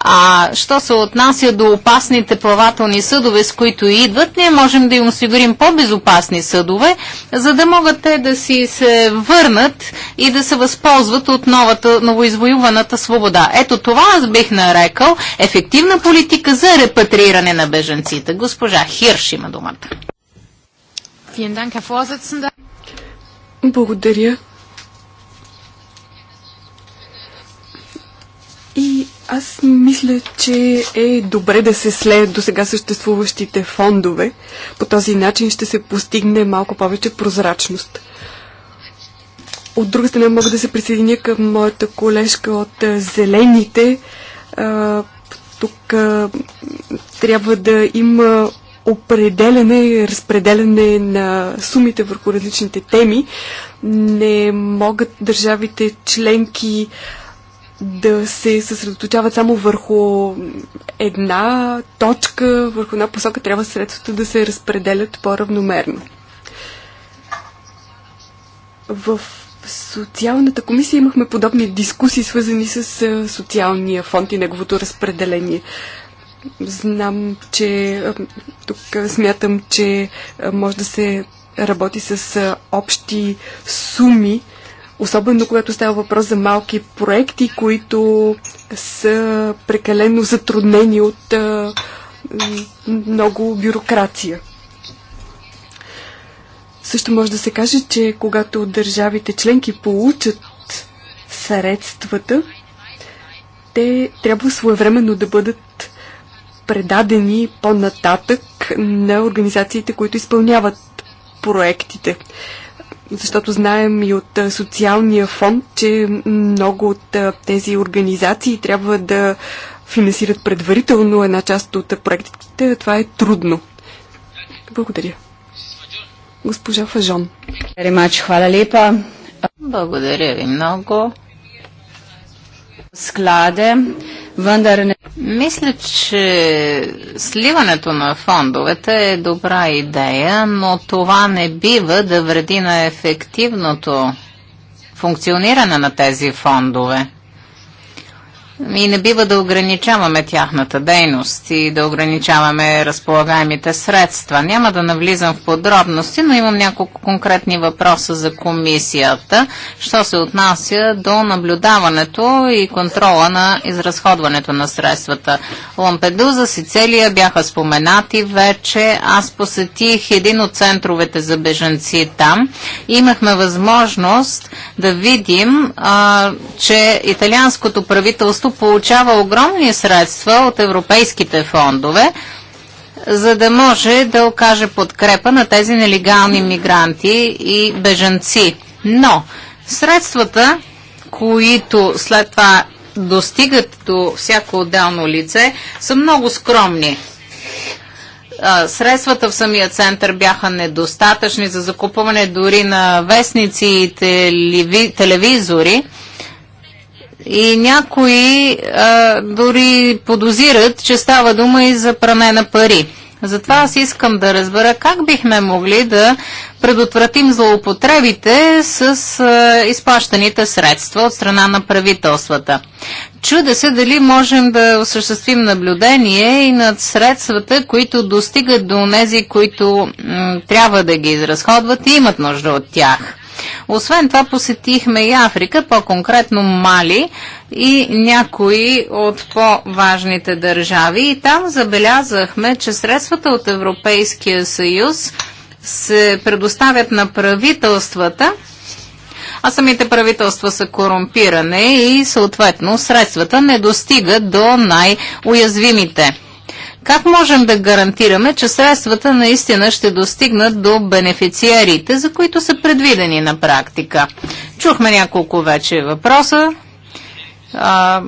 А що се отнася до опасните плавателни съдове, с които идват, ние можем да им осигурим по-безопасни съдове, за да могат те да си се върнат и да се възползват от новата, новоизвоюваната свобода. Ето това аз бих нарекал ефективна политика за репатриране на беженците. Госпожа Хирш има думата. Благодаря, Аз мисля, че е добре да се следят до сега съществуващите фондове. По този начин ще се постигне малко повече прозрачност. От друга страна мога да се присъединя към моята колежка от Зелените. Тук трябва да има определене, и разпределене на сумите върху различните теми. Не могат държавите членки а, да се съсредоточават само върху една точка, върху една посока, трябва средствата да се разпределят по-равномерно. В социалната комисия имахме подобни дискусии, свързани с социалния фонд и неговото разпределение. Знам, че тук смятам, че може да се работи с общи суми, особено когато става въпрос за малки проекти, които са прекалено затруднени от а, много бюрокрация. Също може да се каже, че когато държавите членки получат средствата, те трябва своевременно да бъдат предадени по-нататък на организациите, които изпълняват проектите защото знаем и от социалния фонд, че много от тези организации трябва да финансират предварително една част от проектите. Това е трудно. Благодаря. Госпожа Фажон. Хвала лепа. Благодаря ви много. Склада Вандар не... Мисля, че сливането на фондовете е добра идея, но това не бива да вреди на ефективното функциониране на тези фондове. И ами, не бива да ограничаваме тяхната дейност и да ограничаваме разполагаемите средства. Няма да навлизам в подробности, но имам няколко конкретни въпроса за комисията, що се отнася до наблюдаването и контрола на изразходването на средствата. Лампедуза, Сицилия бяха споменати вече. Аз посетих един от центровете за беженци там. Имахме възможност да видим, а, че италианското правителство просто получава огромни средства от европейските фондове, за да може да окаже подкрепа на тези нелегални мигранти и бежанци. Но средствата, които след това достигат до всяко отделно лице, са много скромни. Средствата в самия център бяха недостатъчни за закупуване дори на вестници и телевизори. И някои а, дори подозират, че става дума и за пране на пари. Затова аз искам да разбера как бихме могли да предотвратим злоупотребите с а, изплащаните средства от страна на правителствата. Чуда се дали можем да осъществим наблюдение и над средствата, които достигат до тези, които м, трябва да ги изразходват и имат нужда от тях. Освен това посетихме и Африка, по-конкретно Мали и някои от по-важните държави. И там забелязахме, че средствата от Европейския съюз се предоставят на правителствата, а самите правителства са корумпиране и съответно средствата не достигат до най-уязвимите. Как можем да гарантираме, че средствата наистина ще достигнат до бенефициарите, за които са предвидени на практика? Чухме няколко вече въпроса. А,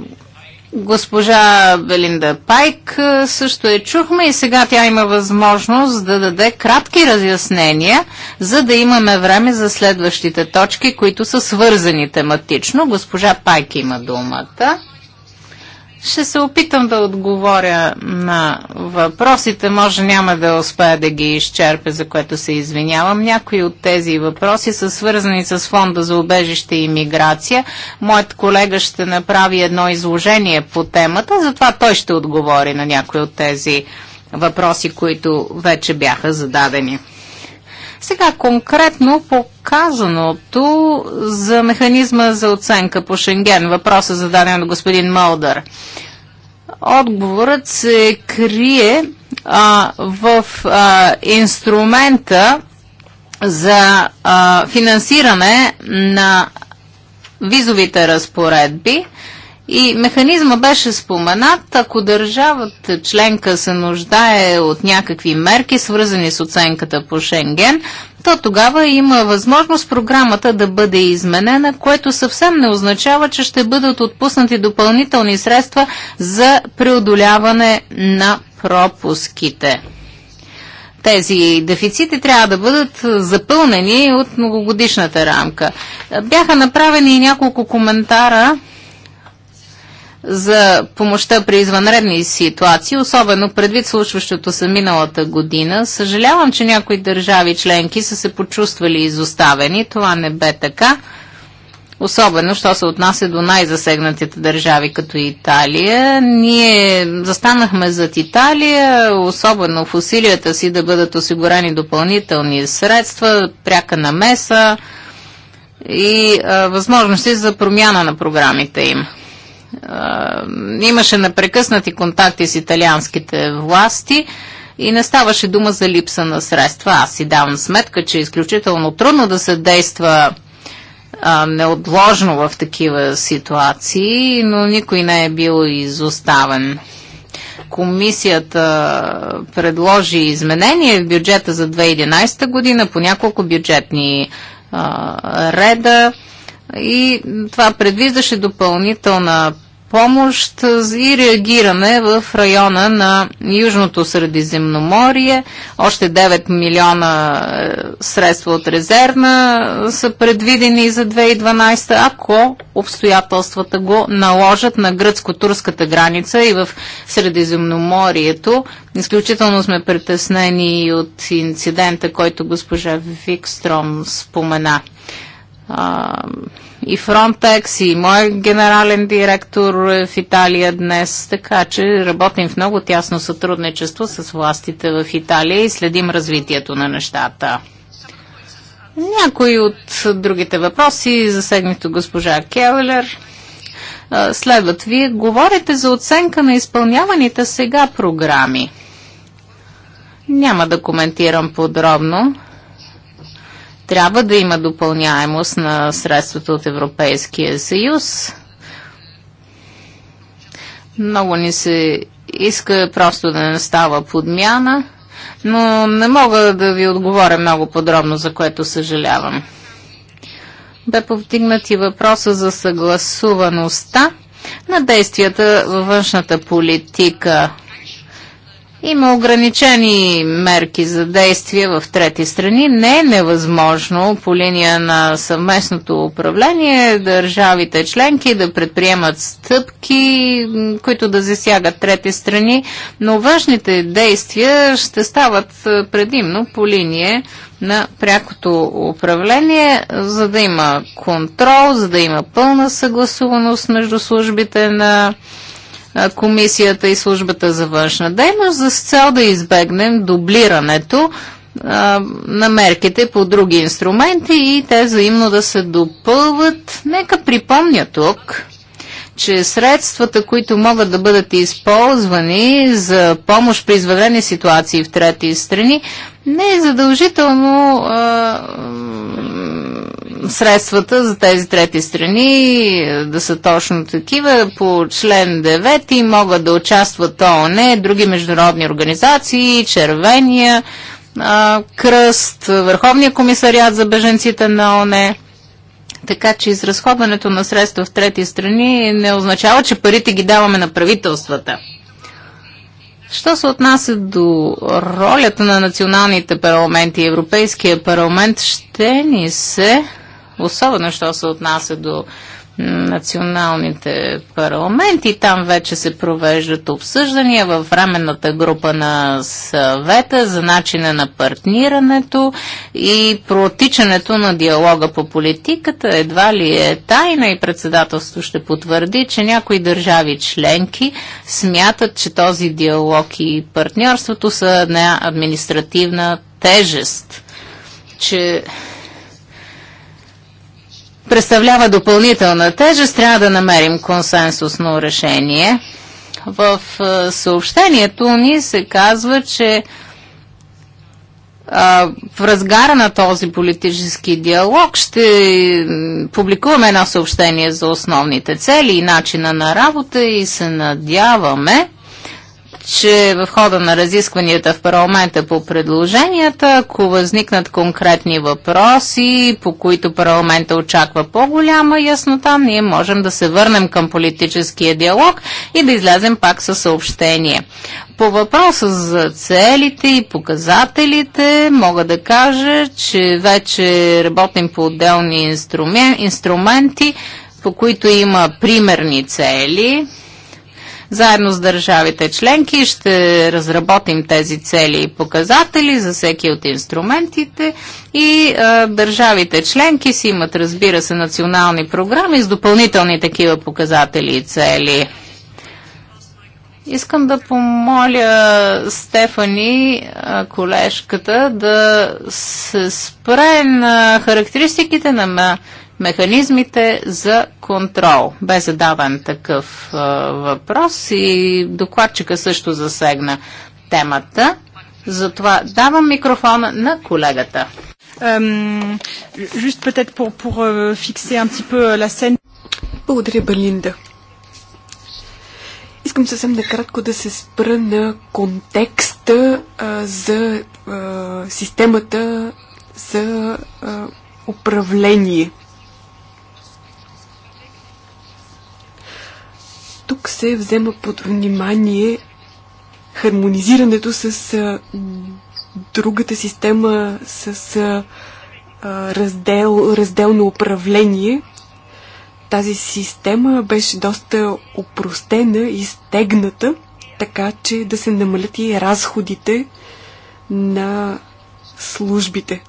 госпожа Белинда Пайк също е чухме и сега тя има възможност да даде кратки разяснения, за да имаме време за следващите точки, които са свързани тематично. Госпожа Пайк има думата. Ще се опитам да отговоря на въпросите. Може няма да успея да ги изчерпя, за което се извинявам. Някои от тези въпроси са свързани с Фонда за обежище и миграция. Моят колега ще направи едно изложение по темата, затова той ще отговори на някои от тези въпроси, които вече бяха зададени. Сега конкретно показаното за механизма за оценка по Шенген, въпроса зададен от господин Молдър. Отговорът се крие а, в а, инструмента за а, финансиране на визовите разпоредби, и механизма беше споменат, ако държавата членка се нуждае от някакви мерки, свързани с оценката по Шенген, то тогава има възможност програмата да бъде изменена, което съвсем не означава, че ще бъдат отпуснати допълнителни средства за преодоляване на пропуските. Тези дефицити трябва да бъдат запълнени от многогодишната рамка. Бяха направени и няколко коментара за помощта при извънредни ситуации, особено предвид случващото се миналата година. Съжалявам, че някои държави членки са се почувствали изоставени. Това не бе така. Особено, що се отнася до най-засегнатите държави, като Италия. Ние застанахме зад Италия, особено в усилията си да бъдат осигурени допълнителни средства, пряка намеса и а, възможности за промяна на програмите им имаше непрекъснати контакти с италианските власти и не ставаше дума за липса на средства. Аз си давам сметка, че е изключително трудно да се действа а, неотложно в такива ситуации, но никой не е бил изоставен. Комисията предложи изменение в бюджета за 2011 година по няколко бюджетни а, реда и това предвиждаше допълнителна помощ и реагиране в района на Южното Средиземноморие. Още 9 милиона е, средства от резервна е, са предвидени за 2012, ако обстоятелствата го наложат на гръцко-турската граница и в Средиземноморието. Изключително сме притеснени и от инцидента, който госпожа Викстром спомена и Frontex, и мой генерален директор в Италия днес, така че работим в много тясно сътрудничество с властите в Италия и следим развитието на нещата. Някои от другите въпроси, засегнато госпожа Келлер, следват. Вие говорите за оценка на изпълняваните сега програми. Няма да коментирам подробно трябва да има допълняемост на средствата от Европейския съюз. Много ни се иска просто да не става подмяна, но не мога да ви отговоря много подробно, за което съжалявам. Бе повдигнати въпроса за съгласуваността на действията във външната политика има ограничени мерки за действие в трети страни. Не е невъзможно по линия на съвместното управление държавите членки да предприемат стъпки, които да засягат трети страни, но важните действия ще стават предимно по линия на прякото управление, за да има контрол, за да има пълна съгласуваност между службите на комисията и службата за външна дейност, за цел да избегнем дублирането на мерките по други инструменти и те взаимно да се допълват. Нека припомня тук, че средствата, които могат да бъдат използвани за помощ при извънредни ситуации в трети страни, не е задължително а, средствата за тези трети страни да са точно такива. По член 9 могат да участват ООН, други международни организации, Червения, а, Кръст, Върховния комисариат за беженците на ОНЕ. Така че изразходването на средства в трети страни не означава, че парите ги даваме на правителствата. Що се отнася до ролята на националните парламенти и Европейския парламент, ще ни се, особено що се отнася до националните парламенти. Там вече се провеждат обсъждания в временната група на съвета за начина на партнирането и протичането на диалога по политиката. Едва ли е тайна и председателство ще потвърди, че някои държави членки смятат, че този диалог и партньорството са една административна тежест че представлява допълнителна тежест, трябва да намерим консенсусно решение. В съобщението ни се казва, че в разгара на този политически диалог ще публикуваме едно съобщение за основните цели и начина на работа и се надяваме, че в хода на разискванията в парламента по предложенията, ако възникнат конкретни въпроси, по които парламента очаква по-голяма яснота, ние можем да се върнем към политическия диалог и да излезем пак със съобщение. По въпроса за целите и показателите мога да кажа, че вече работим по отделни инструмен... инструменти, по които има примерни цели – заедно с държавите членки ще разработим тези цели и показатели за всеки от инструментите и а, държавите членки си имат, разбира се, национални програми с допълнителни такива показатели и цели. Искам да помоля Стефани, колежката, да се спре на характеристиките на механизмите за контрол. Бе задаван такъв а, въпрос и докладчика също засегна темата. Затова давам микрофона на колегата. Euh, euh, Благодаря, Белинда. Искам съвсем накратко да се спра на контекста а, за а, системата за а, управление Тук се взема под внимание хармонизирането с а, другата система, с а, раздел, разделно управление. Тази система беше доста опростена и стегната, така че да се намалят и разходите на службите.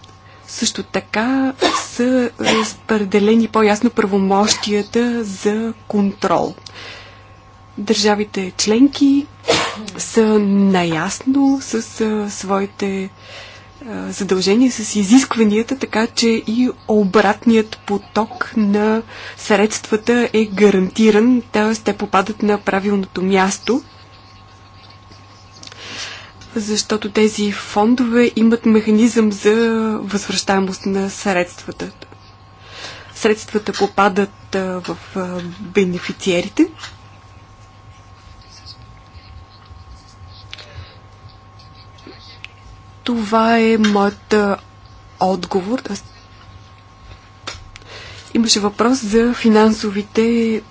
Също така са разпределени по-ясно правомощията за контрол. Държавите членки са наясно с а, своите а, задължения, с изискванията, така че и обратният поток на средствата е гарантиран, т.е. те попадат на правилното място защото тези фондове имат механизъм за възвръщаемост на средствата. Средствата попадат в бенефициерите Това е моят отговор. Имаше въпрос за финансовите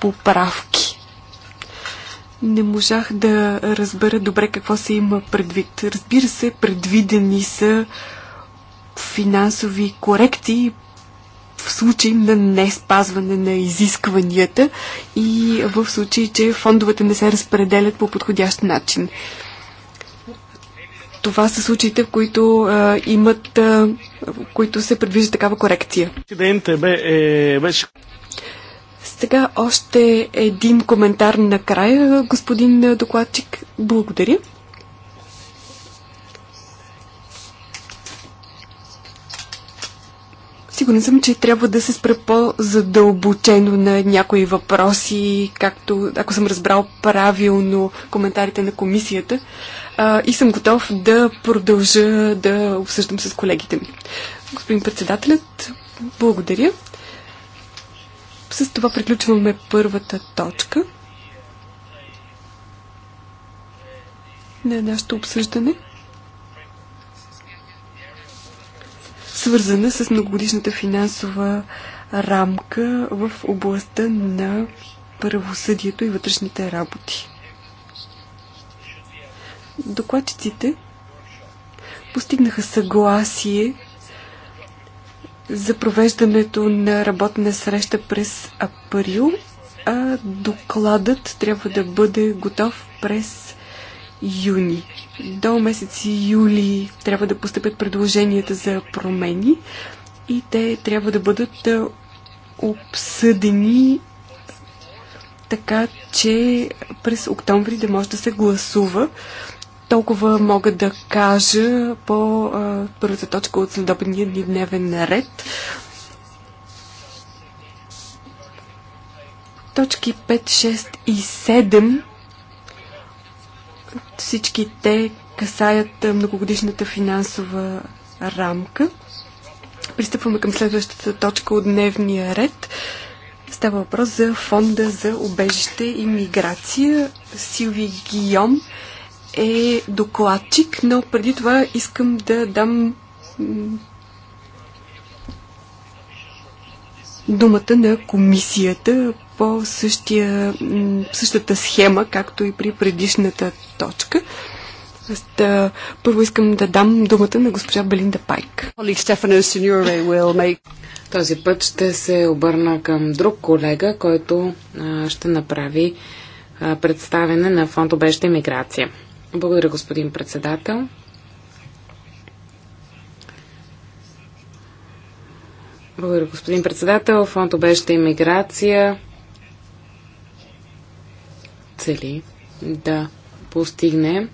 поправки. Не можах да разбера добре какво се има предвид. Разбира се, предвидени са финансови корекции в случай на не спазване на изискванията и в случай, че фондовете не се разпределят по подходящ начин това са случаите, в които а, имат, а, в които се предвижда такава корекция. Е, Сега още един коментар накрая, господин докладчик. Благодаря. Сигурен съм, че трябва да се спре по-задълбочено на някои въпроси, както ако съм разбрал правилно коментарите на комисията а, и съм готов да продължа да обсъждам с колегите ми. Господин председателят, благодаря. С това приключваме първата точка на нашето обсъждане, свързана с многогодишната финансова рамка в областта на правосъдието и вътрешните работи. Докладчиците постигнаха съгласие за провеждането на работна среща през април, а докладът трябва да бъде готов през юни. До месец юли трябва да постъпят предложенията за промени и те трябва да бъдат обсъдени така, че през октомври да може да се гласува. Толкова мога да кажа по а, първата точка от следобедния ни дневен ред. Точки 5, 6 и 7 всички те касаят многогодишната финансова рамка. Пристъпваме към следващата точка от дневния ред. Става въпрос за фонда за обежище и миграция. Силви Гийом е докладчик, но преди това искам да дам думата на комисията по същия, същата схема, както и при предишната точка. първо искам да дам думата на госпожа Белинда Пайк. Този път ще се обърна към друг колега, който ще направи представене на фонд обеща миграция. Благодаря, господин председател. Благодаря, господин председател. Фонд обеща иммиграция цели да постигне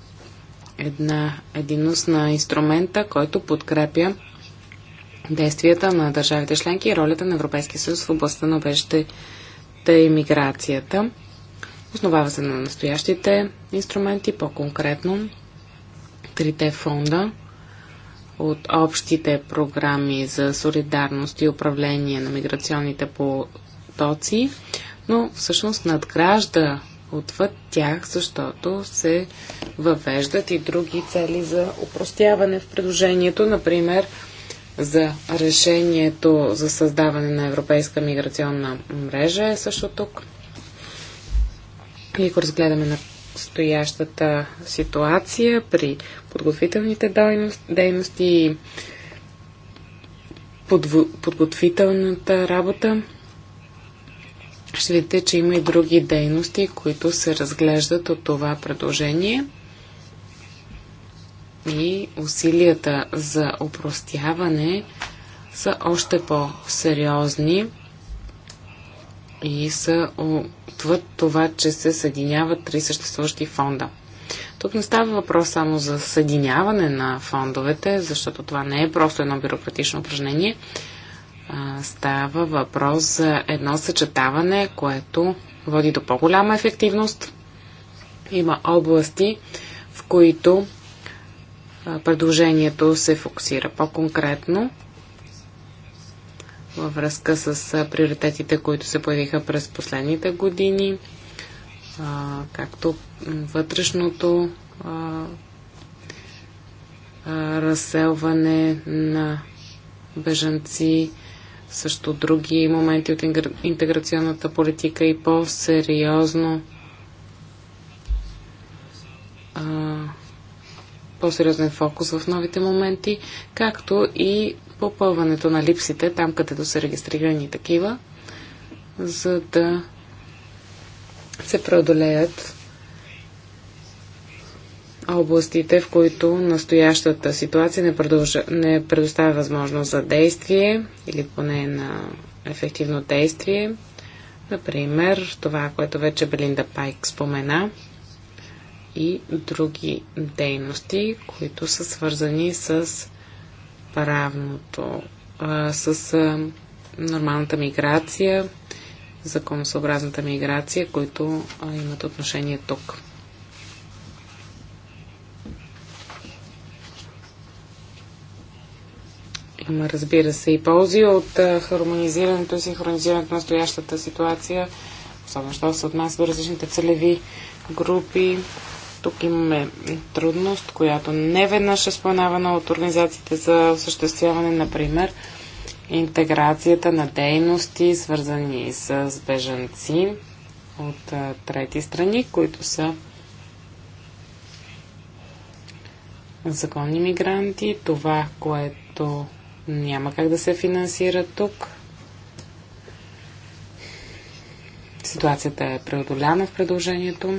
една единност на инструмента, който подкрепя действията на държавите членки и ролята на Европейския съюз в областта на обещата и миграцията. Основава се на настоящите инструменти, по-конкретно трите фонда от общите програми за солидарност и управление на миграционните потоци, но всъщност надгражда отвъд тях, защото се въвеждат и други цели за упростяване в предложението, например за решението за създаване на Европейска миграционна мрежа е също тук и ако разгледаме на стоящата ситуация при подготвителните дейности и подготвителната работа, ще видите, че има и други дейности, които се разглеждат от това предложение и усилията за упростяване са още по-сериозни и са чувстват това, че се съединяват три съществуващи фонда. Тук не става въпрос само за съединяване на фондовете, защото това не е просто едно бюрократично упражнение. А, става въпрос за едно съчетаване, което води до по-голяма ефективност. Има области, в които предложението се фокусира по-конкретно във връзка с приоритетите, които се появиха през последните години, както вътрешното разселване на бежанци, също други моменти от интеграционната политика и по-сериозно по-сериозен фокус в новите моменти, както и попълването на липсите там, където са регистрирани такива, за да се преодолеят областите, в които настоящата ситуация не, продължа, не предоставя възможност за действие или поне на ефективно действие. Например, това, което вече Белинда Пайк спомена – и други дейности, които са свързани с правното, с нормалната миграция, законосъобразната миграция, които имат отношение тук. Има, разбира се, и ползи от хармонизирането и синхронизирането на настоящата ситуация, особено що се отнася до различните целеви групи, тук имаме трудност, която не веднъж е споменавана от организациите за осъществяване, например, интеграцията на дейности, свързани с бежанци от трети страни, които са законни мигранти. Това, което няма как да се финансира тук. Ситуацията е преодоляна в предложението.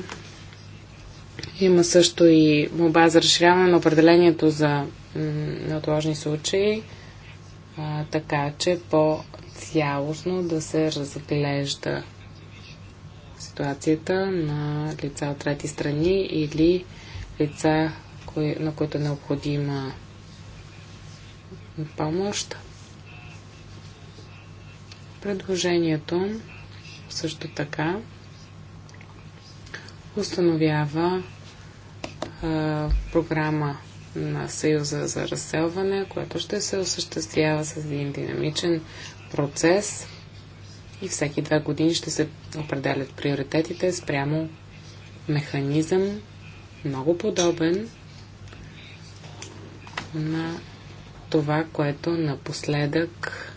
Има също и моба за разширяване на определението за неотложни случаи, а, така че по-цялостно да се разглежда ситуацията на лица от трети страни или лица, кои, на които е необходима помощ. Предложението също така установява а, програма на Съюза за разселване, което ще се осъществява с един динамичен процес и всеки две години ще се определят приоритетите спрямо механизъм, много подобен на това, което напоследък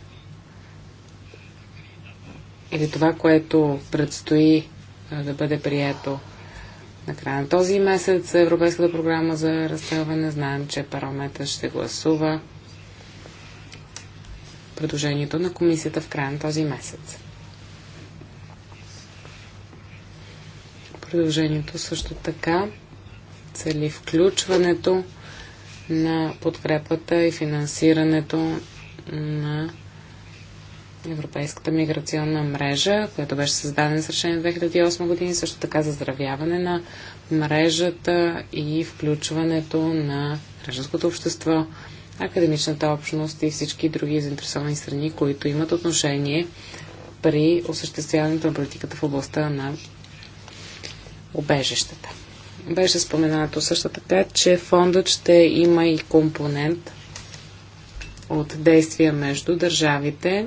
или това, което предстои да бъде прието Накрая на този месец Европейската програма за разселване знаем, че парламента ще гласува предложението на комисията в края на този месец. Предложението също така цели включването на подкрепата и финансирането на Европейската миграционна мрежа, която беше създадена с решение 2008 години, също така заздравяване на мрежата и включването на гражданското общество, академичната общност и всички други заинтересовани страни, които имат отношение при осъществяването на политиката в областта на обежищата. Беше споменато също така, че фондът ще има и компонент от действия между държавите,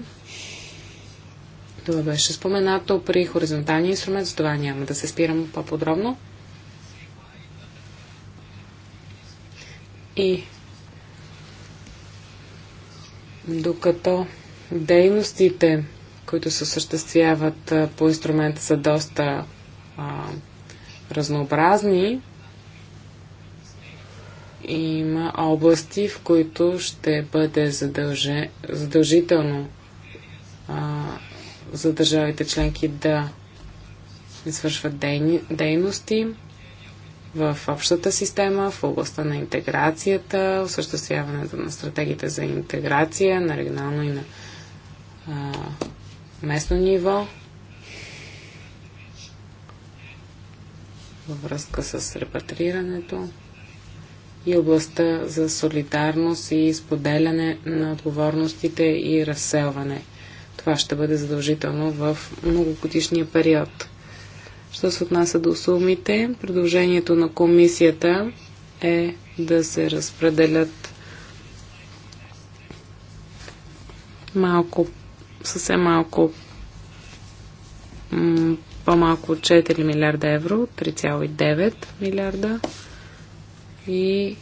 това беше споменато при хоризонталния инструмент, за това няма да се спирам по-подробно. И докато дейностите, които се осъществяват по инструмента са доста а, разнообразни, има области, в които ще бъде задълже, задължително за държавите членки да извършват дейности в общата система, в областта на интеграцията, осъществяването на стратегите за интеграция на регионално и на а, местно ниво, във връзка с репатрирането и областта за солидарност и споделяне на отговорностите и разселване – това ще бъде задължително в многогодишния период. Що се отнася до сумите, предложението на комисията е да се разпределят малко, съвсем малко по-малко от 4 милиарда евро, 3,9 милиарда и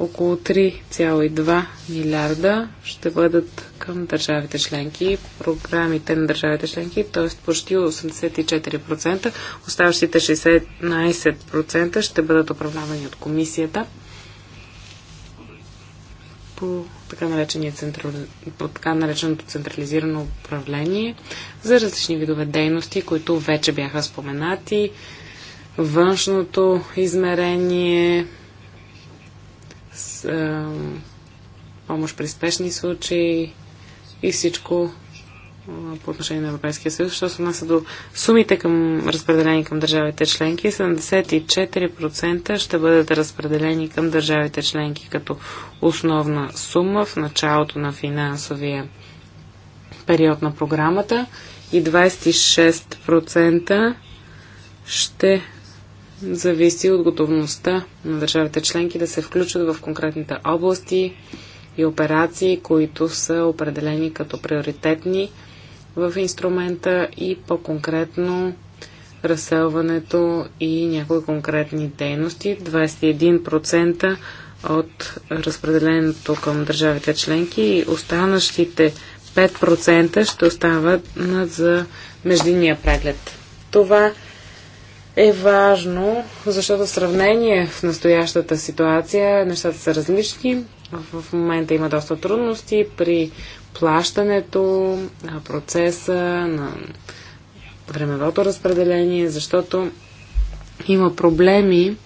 около 3,2 милиарда ще бъдат към държавите членки, програмите на държавите членки, т.е. почти 84%. Оставащите 16% ще бъдат управлявани от комисията по така, по така нареченото централизирано управление за различни видове дейности, които вече бяха споменати. Външното измерение, е, помощ при спешни случаи и всичко е, по отношение на Европейския съюз. Що се отнася до сумите към разпределени към държавите членки, 74% ще бъдат разпределени към държавите членки като основна сума в началото на финансовия период на програмата и 26% ще зависи от готовността на държавите членки да се включат в конкретните области и операции, които са определени като приоритетни в инструмента и по-конкретно разселването и някои конкретни дейности. 21% от разпределението към държавите членки и останащите 5% ще остават за междинния преглед. Това е е важно, защото в сравнение в настоящата ситуация нещата са различни. В момента има доста трудности при плащането, процеса, на времевото разпределение, защото има проблеми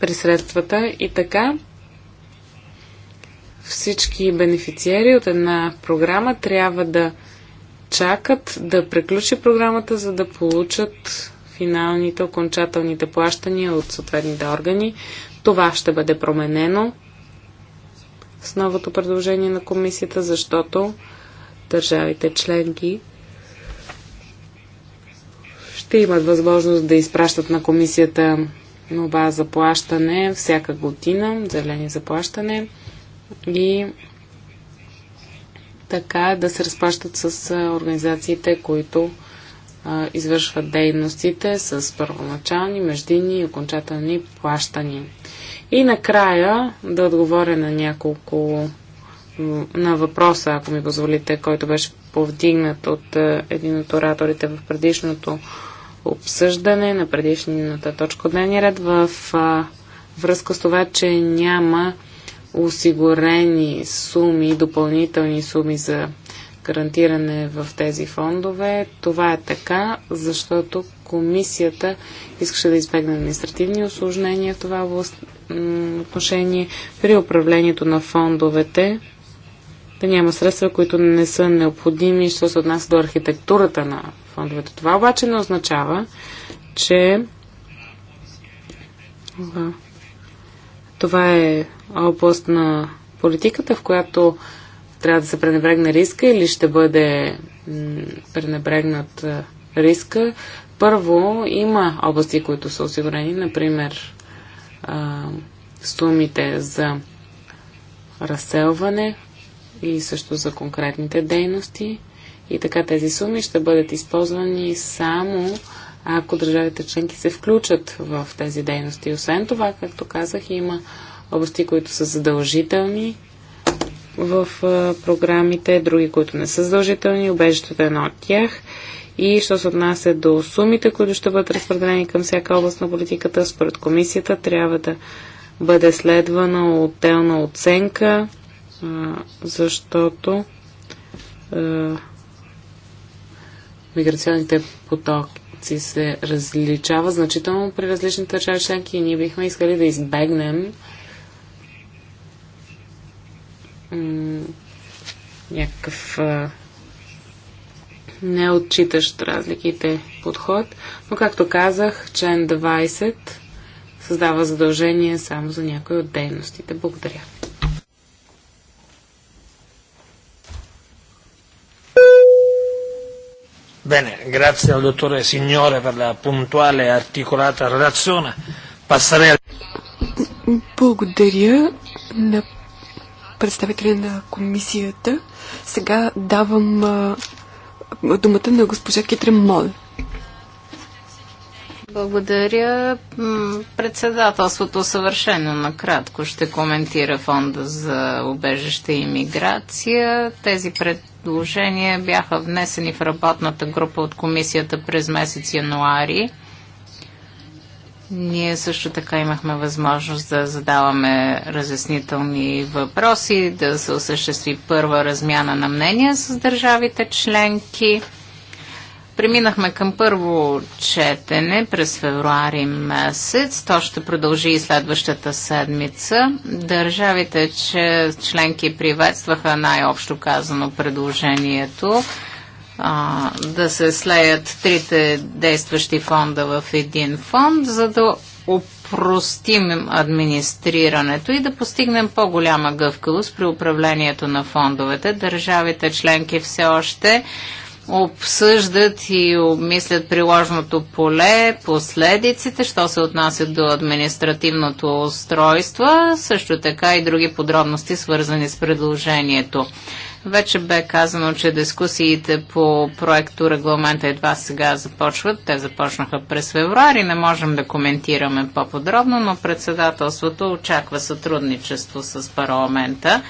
при средствата и така всички бенефициери от една програма трябва да чакат да приключи програмата, за да получат финалните, окончателните плащания от съответните органи. Това ще бъде променено с новото предложение на комисията, защото държавите членки ще имат възможност да изпращат на комисията нова заплащане всяка година, зелени заплащане и така да се разплащат с организациите, които извършват дейностите с първоначални, междинни и окончателни плащания. И накрая да отговоря на няколко на въпроса, ако ми позволите, който беше повдигнат от един от ораторите в предишното обсъждане на предишната точка дневния ред в връзка с това, че няма осигурени суми, допълнителни суми за гарантиране в тези фондове. Това е така, защото комисията искаше да избегне административни осложнения в това отношение при управлението на фондовете. Да няма средства, които не са необходими, що се отнася до архитектурата на фондовете. Това обаче не означава, че това е област на политиката, в която трябва да се пренебрегне риска или ще бъде пренебрегнат риска. Първо, има области, които са осигурени, например сумите за разселване и също за конкретните дейности. И така тези суми ще бъдат използвани само ако държавите членки се включат в тези дейности. Освен това, както казах, има области, които са задължителни в програмите, други, които не са задължителни, убежището е едно от тях. И що се отнася до сумите, които ще бъдат разпределени към всяка област на политиката, според комисията трябва да бъде следвана отделна оценка, защото миграционните потоки реакции се различава значително при различните държави членки и ние бихме искали да избегнем някакъв а, неотчитащ разликите подход. Но, както казах, член 20 създава задължение само за някои от дейностите. Благодаря. Bene, grazie al dottore Signore per la puntuale e articolata relazione. Passerei al... Благодаря на представителя на комисията. Сега давам а, думата на госпожа Китрен Мол. Благодаря. Председателството съвършено накратко ще коментира фонда за убежище и миграция. Тези пред предложения бяха внесени в работната група от комисията през месец януари. Ние също така имахме възможност да задаваме разяснителни въпроси, да се осъществи първа размяна на мнения с държавите членки. Преминахме към първо четене през февруари месец. То ще продължи и следващата седмица. Държавите, че членки приветстваха най-общо казано предложението а, да се слеят трите действащи фонда в един фонд, за да упростим администрирането и да постигнем по-голяма гъвкавост при управлението на фондовете. Държавите членки все още обсъждат и обмислят приложното поле, последиците, що се отнасят до административното устройство, също така и други подробности, свързани с предложението. Вече бе казано, че дискусиите по проекто регламента едва сега започват. Те започнаха през февруари. Не можем да коментираме по-подробно, но председателството очаква сътрудничество с парламента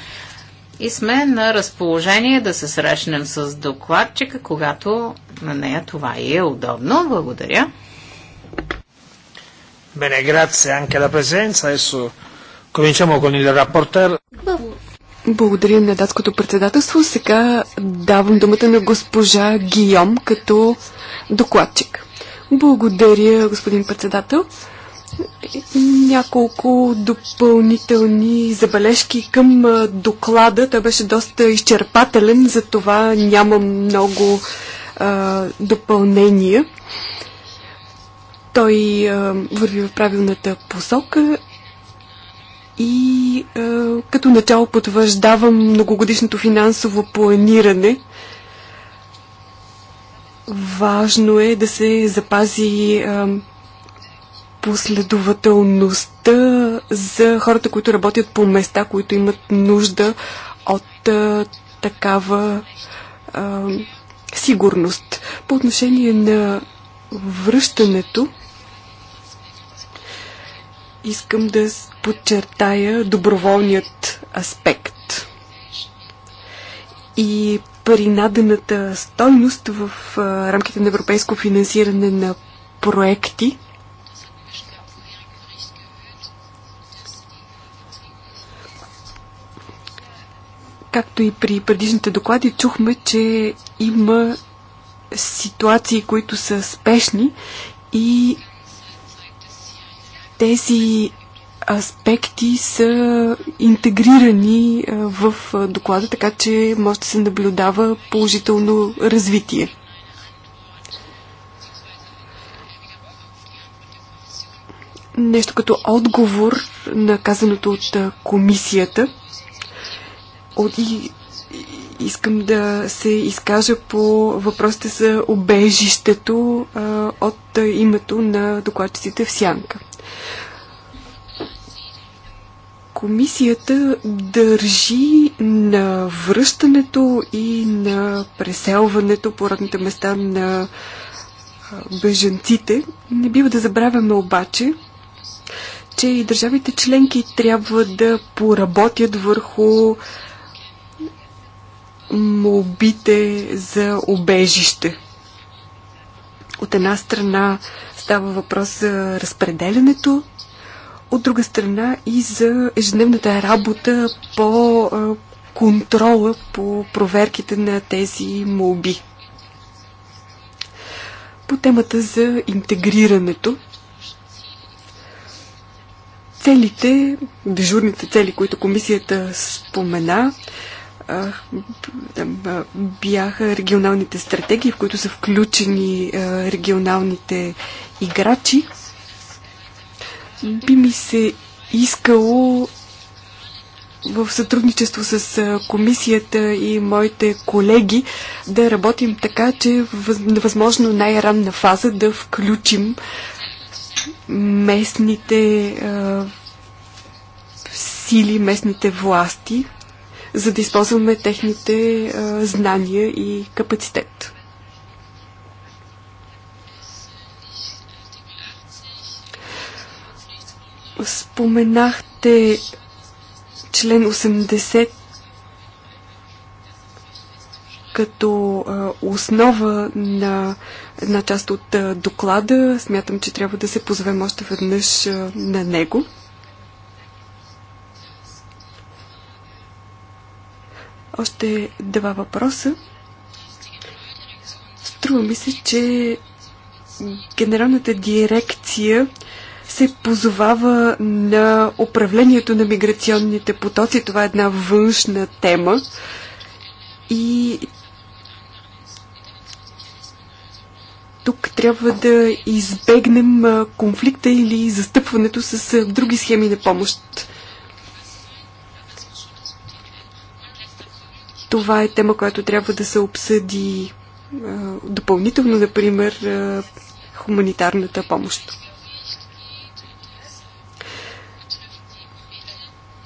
и сме на разположение да се срещнем с докладчика, когато на нея това и е удобно. Благодаря. Bene, grazie anche alla presenza. Adesso cominciamo con il rapporteur. Благодаря на датското председателство. Сега давам думата на госпожа Гийом като докладчик. Благодаря, господин председател няколко допълнителни забележки към доклада. Той беше доста изчерпателен, затова няма много а, допълнения. Той а, върви в правилната посока и а, като начало потвърждавам многогодишното финансово планиране. Важно е да се запази а, последователността за хората, които работят по места, които имат нужда от а, такава а, сигурност. По отношение на връщането, искам да подчертая доброволният аспект и принадената стойност в а, рамките на европейско финансиране на проекти – Както и при предишните доклади, чухме, че има ситуации, които са спешни и тези аспекти са интегрирани в доклада, така че може да се наблюдава положително развитие. Нещо като отговор на казаното от комисията – и искам да се изкажа по въпросите за обежището а, от името на докладчиците в Сянка. Комисията държи на връщането и на преселването по родните места на бежанците. Не бива да забравяме обаче, че и държавите членки трябва да поработят върху а, молбите за обежище. От една страна става въпрос за разпределенето, от друга страна и за ежедневната работа по контрола по проверките на тези молби. По темата за интегрирането, целите, дежурните цели, които комисията спомена, бяха регионалните стратегии, в които са включени регионалните играчи. Би ми се искало в сътрудничество с комисията и моите колеги да работим така, че на възможно най-ранна фаза да включим местните сили, местните власти за да използваме техните а, знания и капацитет. Споменахте член 80 като основа на една част от доклада. Смятам, че трябва да се позовем още веднъж на него. Още два въпроса. Струва ми се, че генералната дирекция се позовава на управлението на миграционните потоци. Това е една външна тема. И тук трябва да избегнем конфликта или застъпването с други схеми на помощ. Това е тема, която трябва да се обсъди допълнително, например, хуманитарната помощ.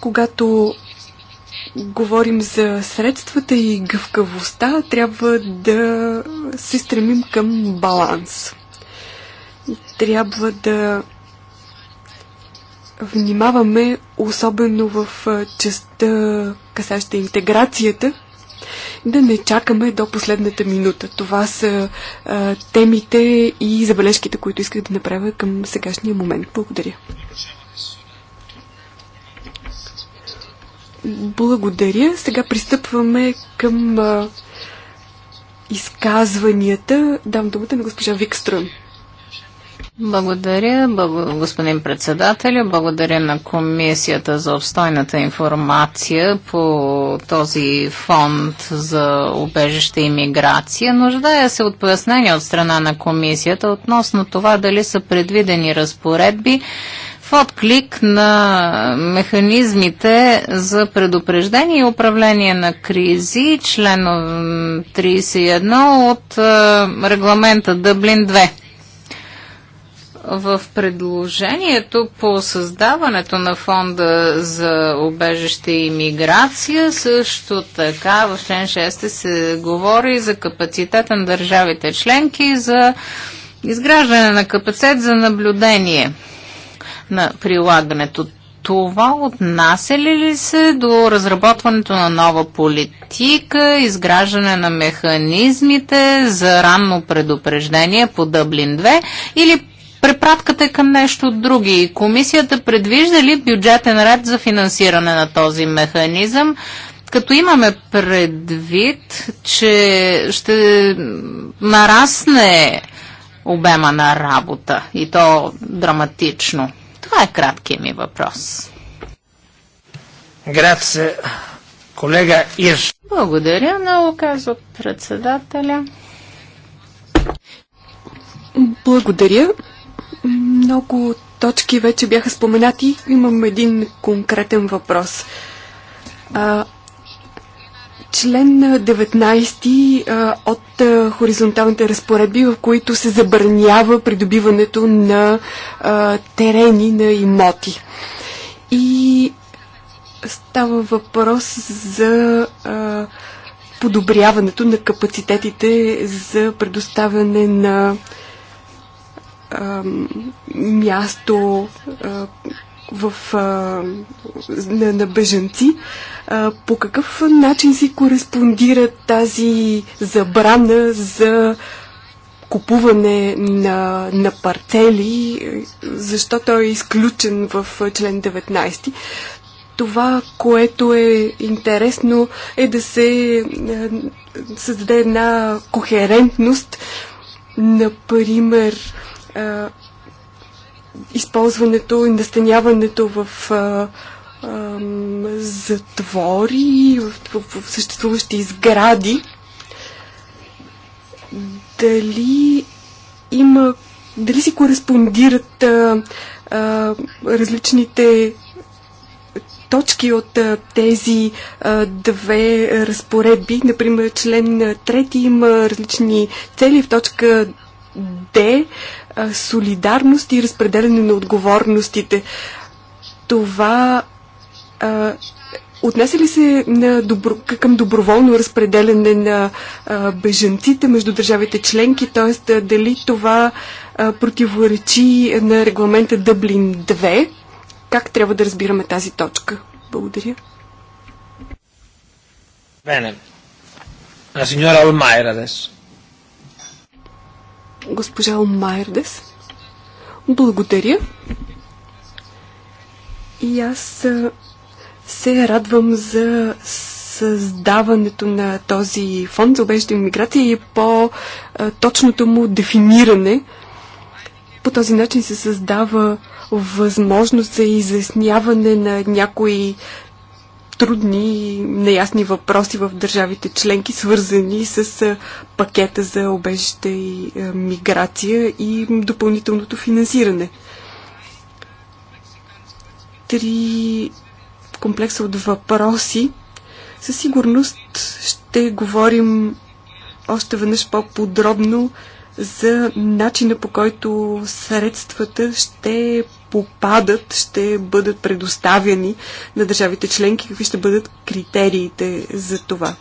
Когато говорим за средствата и гъвкавостта, трябва да се стремим към баланс. Трябва да внимаваме, особено в частта касаща интеграцията, да не чакаме до последната минута. Това са а, темите и забележките, които исках да направя към сегашния момент. Благодаря. Благодаря. Сега пристъпваме към а, изказванията. Дам думата на госпожа Викстрън. Благодаря, господин председател, Благодаря на комисията за обстойната информация по този фонд за убежище и миграция. Нуждая се от пояснение от страна на комисията относно това дали са предвидени разпоредби в отклик на механизмите за предупреждение и управление на кризи, член 31 от е, регламента Дъблин 2 в предложението по създаването на фонда за обежище и миграция също така в член 6 се говори за капацитета на държавите членки за изграждане на капацитет за наблюдение на прилагането. Това отнася ли, ли се до разработването на нова политика, изграждане на механизмите за ранно предупреждение по Дъблин 2 или Препратката е към нещо други. Комисията предвижда ли бюджетен ред за финансиране на този механизъм? Като имаме предвид, че ще нарасне обема на работа и то драматично. Това е краткият ми въпрос. Грация, колега Ирш. Благодаря много, казва председателя. Благодаря. Много точки вече бяха споменати. Имам един конкретен въпрос. А, член 19 а, от а, хоризонталните разпоредби, в които се забранява придобиването на а, терени на имоти. И става въпрос за а, подобряването на капацитетите за предоставяне на а, място а, в, а, на, на бежанци. А, по какъв начин си кореспондира тази забрана за купуване на, на парцели, защо той е изключен в член 19? това, което е интересно, е да се създаде една кохерентност. Например, а, използването и настаняването в а, а, затвори, в, в, в съществуващи сгради. Дали има, дали си кореспондират а, а, различните точки от а, тези а, две разпоредби. Например, член 3 има различни цели в точка Д солидарност и разпределяне на отговорностите. Това а, отнесе ли се на добро, към доброволно разпределяне на а, бежанците между държавите членки, т.е. дали това а, противоречи на регламента Дъблин 2? Как трябва да разбираме тази точка? Благодаря. Bene. La signora Olmayer adesso госпожа Майердес. Благодаря. И аз се радвам за създаването на този фонд за обежда миграция и по-точното му дефиниране. По този начин се създава възможност за изясняване на някои трудни, неясни въпроси в държавите членки, свързани с пакета за обежище и миграция и допълнителното финансиране. Три комплекса от въпроси. Със сигурност ще говорим още веднъж по-подробно за начина по който средствата ще попадат, ще бъдат предоставени на държавите членки, какви ще бъдат критериите за това.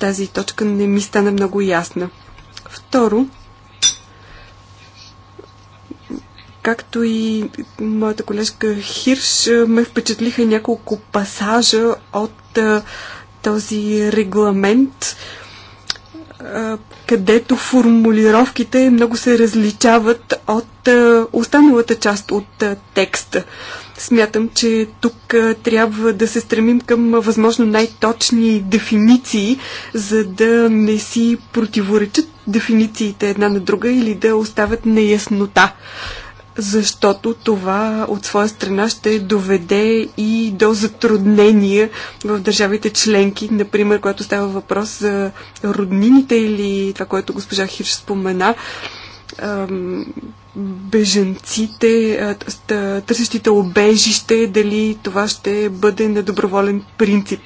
Тази точка не ми стана много ясна. Второ, както и моята колежка Хирш, ме впечатлиха няколко пасажа от този регламент където формулировките много се различават от останалата част от текста. Смятам, че тук трябва да се стремим към възможно най-точни дефиниции, за да не си противоречат дефинициите една на друга или да оставят неяснота защото това от своя страна ще доведе и до затруднения в държавите членки, например, когато става въпрос за роднините или това, което госпожа Хирш спомена, беженците, търсещите обежище, дали това ще бъде на доброволен принцип.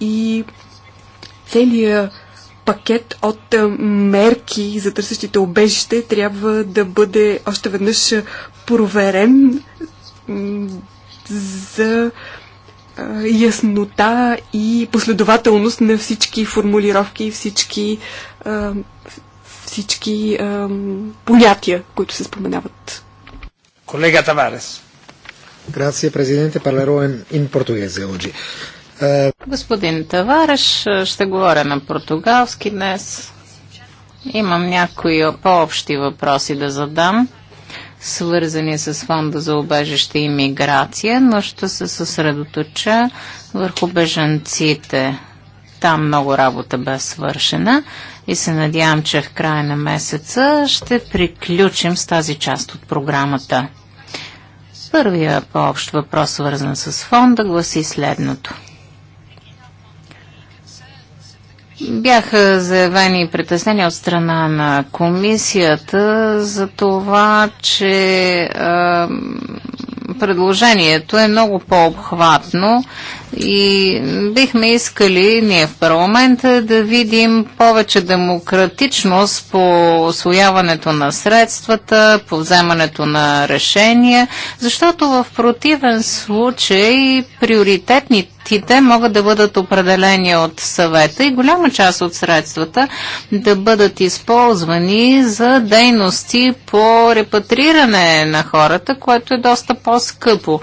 И целият пакет от е, мерки за търсещите обежище трябва да бъде още веднъж проверен за е, яснота и последователност на всички формулировки, всички, е, всички понятия, които се споменават. Колега Таварес. Грация, президенте, парлеруем in, португезе portoghese Господин Тавареш, ще говоря на португалски днес. Имам някои по-общи въпроси да задам, свързани с Фонда за обежище и миграция, но ще се съсредоточа върху бежанците. Там много работа бе свършена и се надявам, че в края на месеца ще приключим с тази част от програмата. Първия по-общ въпрос, свързан с фонда, гласи следното – Бяха заявени притеснения от страна на комисията за това, че а, предложението е много по-обхватно и бихме искали ние в парламента да видим повече демократичност по освояването на средствата, по вземането на решения, защото в противен случай приоритетните проектите могат да бъдат определени от съвета и голяма част от средствата да бъдат използвани за дейности по репатриране на хората, което е доста по-скъпо.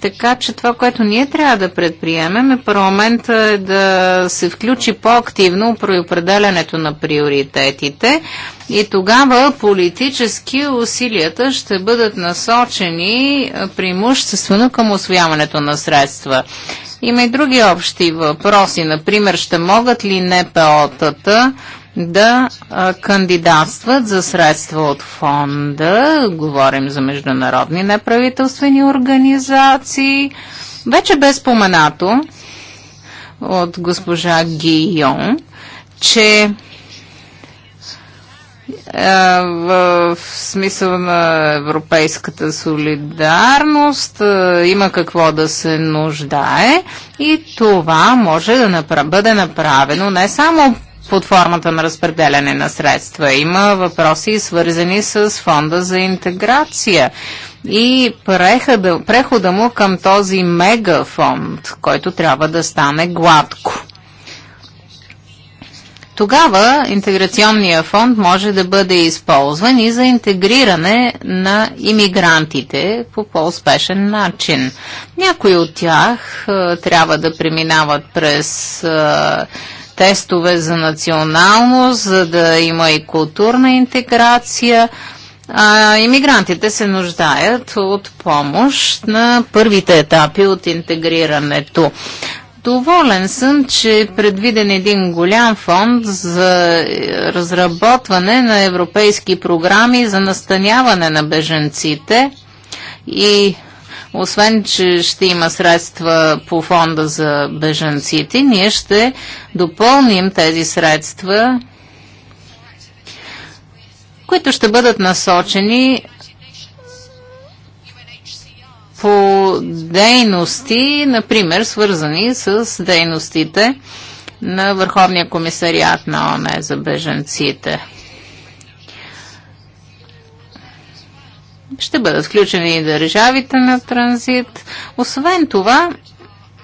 Така че това, което ние трябва да предприемем е парламента е да се включи по-активно при определянето на приоритетите и тогава политически усилията ще бъдат насочени преимуществено към освояването на средства. Има и други общи въпроси. Например, ще могат ли НПО-тата да кандидатстват за средства от фонда? Говорим за международни неправителствени организации. Вече бе споменато от госпожа Гийон, че е, в смисъл на европейската солидарност е, има какво да се нуждае и това може да бъде направено не само под формата на разпределяне на средства. Има въпроси свързани с фонда за интеграция и прехода, прехода му към този мегафонд, който трябва да стане гладко. Тогава интеграционния фонд може да бъде използван и за интегриране на иммигрантите по по-успешен начин. Някои от тях а, е, трябва да преминават през а, е, тестове за националност, за да има и културна интеграция. А, иммигрантите се нуждаят от помощ на първите етапи от интегрирането. Доволен съм, че е предвиден един голям фонд за е, разработване на европейски програми за настаняване на беженците и освен, че ще има средства по фонда за беженците, ние ще допълним тези средства, които ще бъдат насочени по дейности, например, свързани с дейностите на Върховния комисариат на ОНЕ за беженците. Ще бъдат включени и държавите на транзит. Освен това,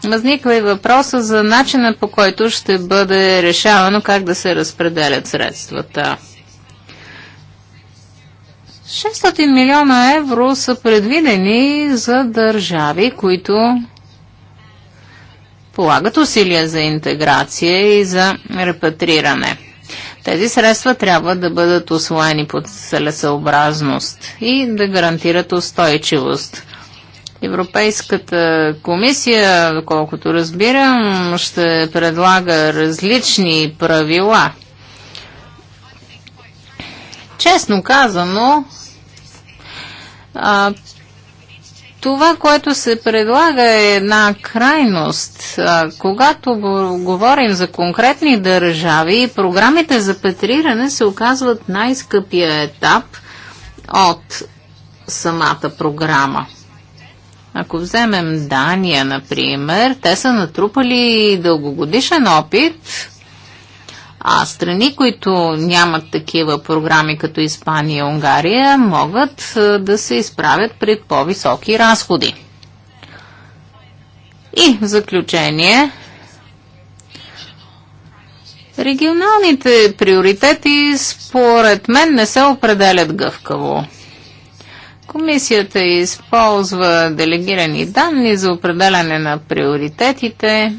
възниква и въпроса за начина по който ще бъде решавано как да се разпределят средствата. 600 милиона евро са предвидени за държави, които полагат усилия за интеграция и за репатриране. Тези средства трябва да бъдат освоени под целесъобразност и да гарантират устойчивост. Европейската комисия, доколкото разбирам, ще предлага различни правила. Честно казано, а, това, което се предлага е една крайност. А, когато говорим за конкретни държави, програмите за петриране се оказват най-скъпия етап от самата програма. Ако вземем Дания, например, те са натрупали дългогодишен опит а страни, които нямат такива програми като Испания и Унгария, могат е, да се изправят пред по-високи разходи. И в заключение, регионалните приоритети според мен не се определят гъвкаво. Комисията използва делегирани данни за определяне на приоритетите.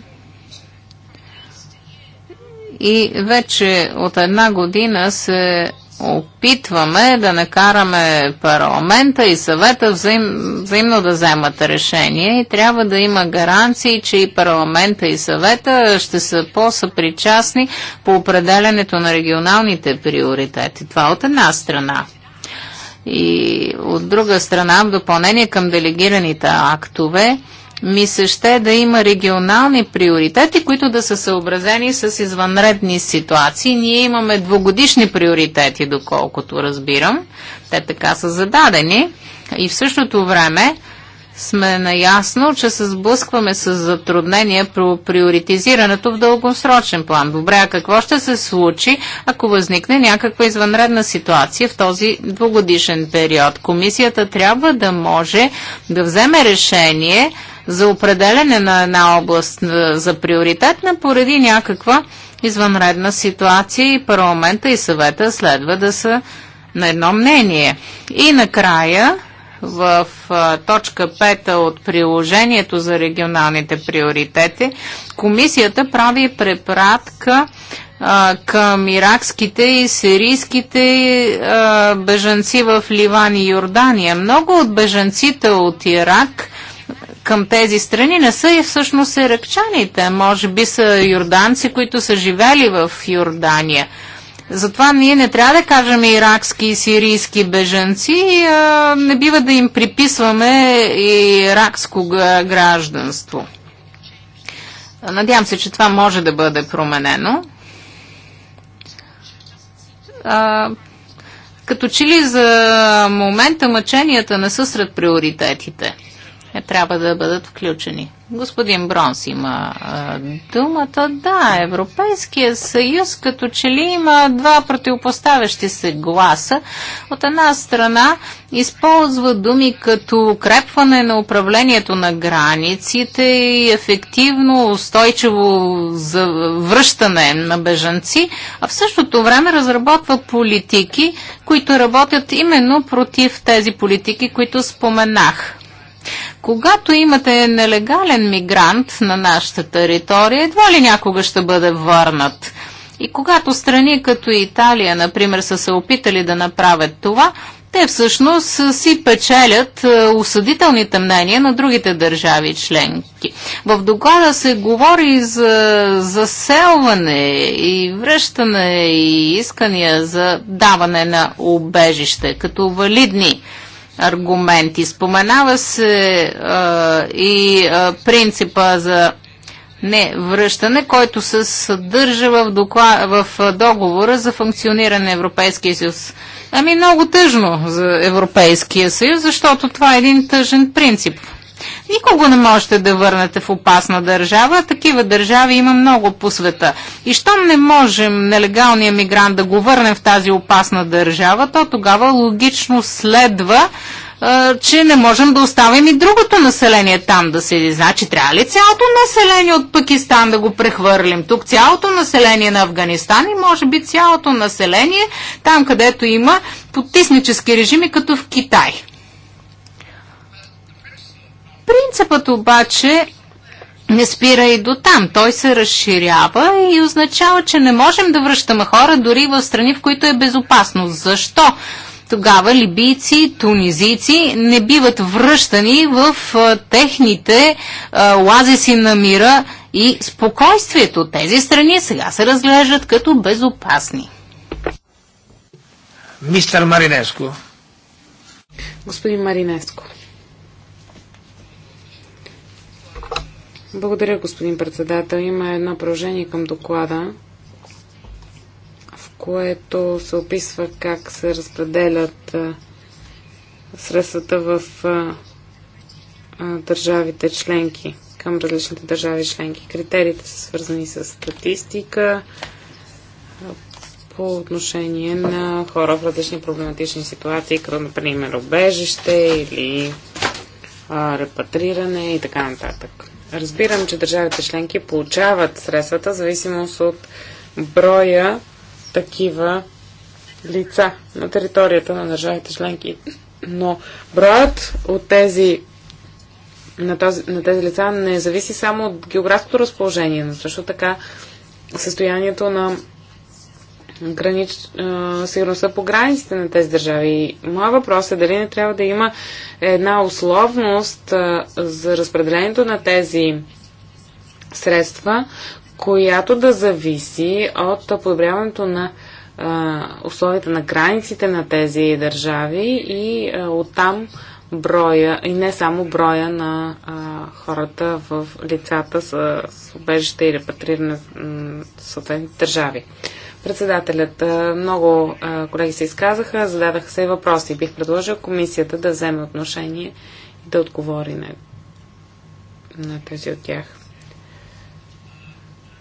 И вече от една година се опитваме да накараме парламента и съвета взаим, взаимно да вземат решение и трябва да има гаранции, че и парламента и съвета ще са по-съпричастни по определенето на регионалните приоритети. Това от една страна. И от друга страна, в допълнение към делегираните актове, ми се ще да има регионални приоритети, които да са съобразени с извънредни ситуации. Ние имаме двогодишни приоритети, доколкото разбирам. Те така са зададени. И в същото време сме наясно, че се сблъскваме с затруднения про приоритизирането в дългосрочен план. Добре, а какво ще се случи, ако възникне някаква извънредна ситуация в този двугодишен период? Комисията трябва да може да вземе решение за определене на една област е, за приоритетна поради някаква извънредна ситуация и парламента и съвета следва да са на едно мнение. И накрая в е, точка 5 от приложението за регионалните приоритети, комисията прави препратка е, към иракските и сирийските бежанци в Ливан и Йордания. Много от бежанците от Ирак към тези страни не са и всъщност иракчаните. Може би са юрданци, които са живели в Йордания. Затова ние не трябва да кажем иракски и сирийски беженци, а, не бива да им приписваме иракско гражданство. Надявам се, че това може да бъде променено. А, като че ли за момента мъченията не са сред приоритетите трябва да бъдат включени. Господин Бронс има а, думата. Да, Европейския съюз като че ли има два противопоставящи се гласа. От една страна използва думи като укрепване на управлението на границите и ефективно, устойчиво връщане на бежанци, а в същото време разработва политики, които работят именно против тези политики, които споменах. Когато имате нелегален мигрант на нашата територия, едва ли някога ще бъде върнат. И когато страни като Италия, например, са се опитали да направят това, те всъщност си печелят е, осъдителните мнения на другите държави членки. В доклада се говори за заселване и връщане и искания за даване на убежище като валидни аргументи. Споменава се а, и а, принципа за не връщане, който се съдържа в, доклад, в договора за функциониране на Европейския съюз. Ами много тъжно за Европейския съюз, защото това е един тъжен принцип. Никого не можете да върнете в опасна държава. Такива държави има много по света. И щом не можем нелегалния мигрант да го върнем в тази опасна държава, то тогава логично следва че не можем да оставим и другото население там да седи. Значи трябва ли цялото население от Пакистан да го прехвърлим? Тук цялото население на Афганистан и може би цялото население там, където има потиснически режими, като в Китай. Принципът обаче не спира и до там. Той се разширява и означава, че не можем да връщаме хора дори в страни, в които е безопасно. Защо? Тогава либийци, тунизийци не биват връщани в а, техните а, лазиси на мира и спокойствието. Тези страни сега се разглеждат като безопасни. Мистер Маринеско. Господин Маринеско. Благодаря, господин председател. Има едно приложение към доклада, в което се описва как се разпределят средствата в държавите членки, към различните държави членки. Критериите са свързани с статистика по отношение на хора в различни проблематични ситуации, като например обежище или а, репатриране и така нататък. Разбирам, че държавите членки получават средствата в зависимост от броя такива лица на територията на държавите членки. Но броят от тези на, този, на тези лица не зависи само от географското разположение, но също така състоянието на гранич, а, сигурността по границите на тези държави. Моят въпрос е дали не трябва да има една условност а, за разпределението на тези средства, която да зависи от подобряването на а, условията на границите на тези държави и а, оттам броя, и не само броя на а, хората в лицата с, с убежище и репатриране на съответните държави. Председателят, много колеги се изказаха, зададаха се и въпроси. Бих предложил комисията да вземе отношение и да отговори на, на тези от тях.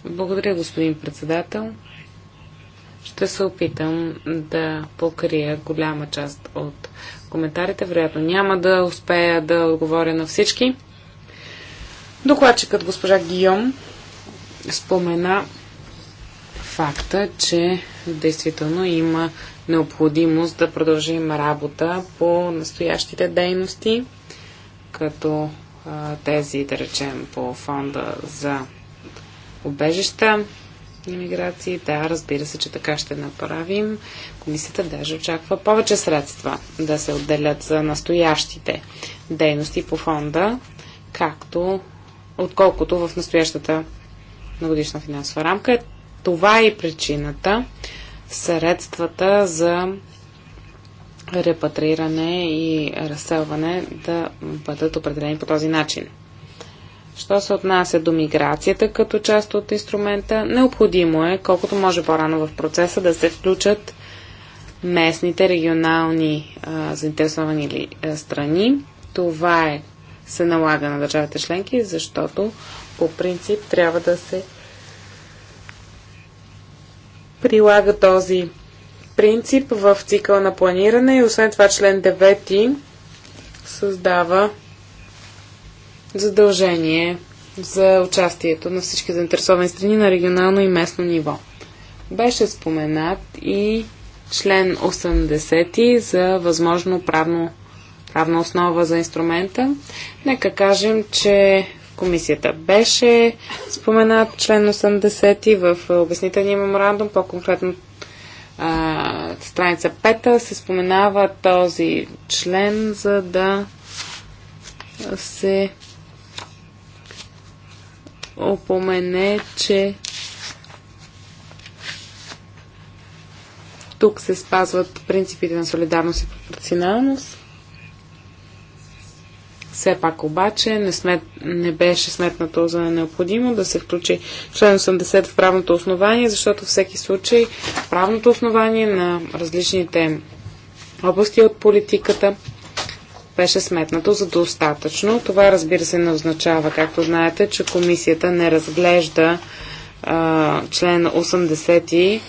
Благодаря, господин председател. Ще се опитам да покрия голяма част от коментарите. Вероятно няма да успея да отговоря на всички. Докладчикът госпожа Гийом спомена факта, че действително има необходимост да продължим работа по настоящите дейности, като тези, да речем, по фонда за убежища, иммиграции. Да, разбира се, че така ще направим. Комисията даже очаква повече средства да се отделят за настоящите дейности по фонда, както отколкото в настоящата на годишна финансова рамка. Това е и причината средствата за репатриране и разселване да бъдат определени по този начин. Що се отнася до миграцията като част от инструмента, необходимо е, колкото може по-рано в процеса, да се включат местните, регионални а, заинтересовани ли, а, страни. Това е, се налага на държавите членки, защото по принцип трябва да се прилага този принцип в цикъла на планиране и освен това член 9 създава задължение за участието на всички заинтересовани страни на регионално и местно ниво. Беше споменат и член 80 за възможно правно, правна основа за инструмента. Нека кажем, че комисията. Беше споменат член 80 в обяснителния меморандум, по-конкретно страница 5 се споменава този член, за да се опомене, че тук се спазват принципите на солидарност и пропорционалност. Все пак обаче не, смет, не беше сметнато за необходимо да се включи член 80 в правното основание, защото всеки случай правното основание на различните области от политиката беше сметнато за достатъчно. Това разбира се не означава, както знаете, че комисията не разглежда а, член 80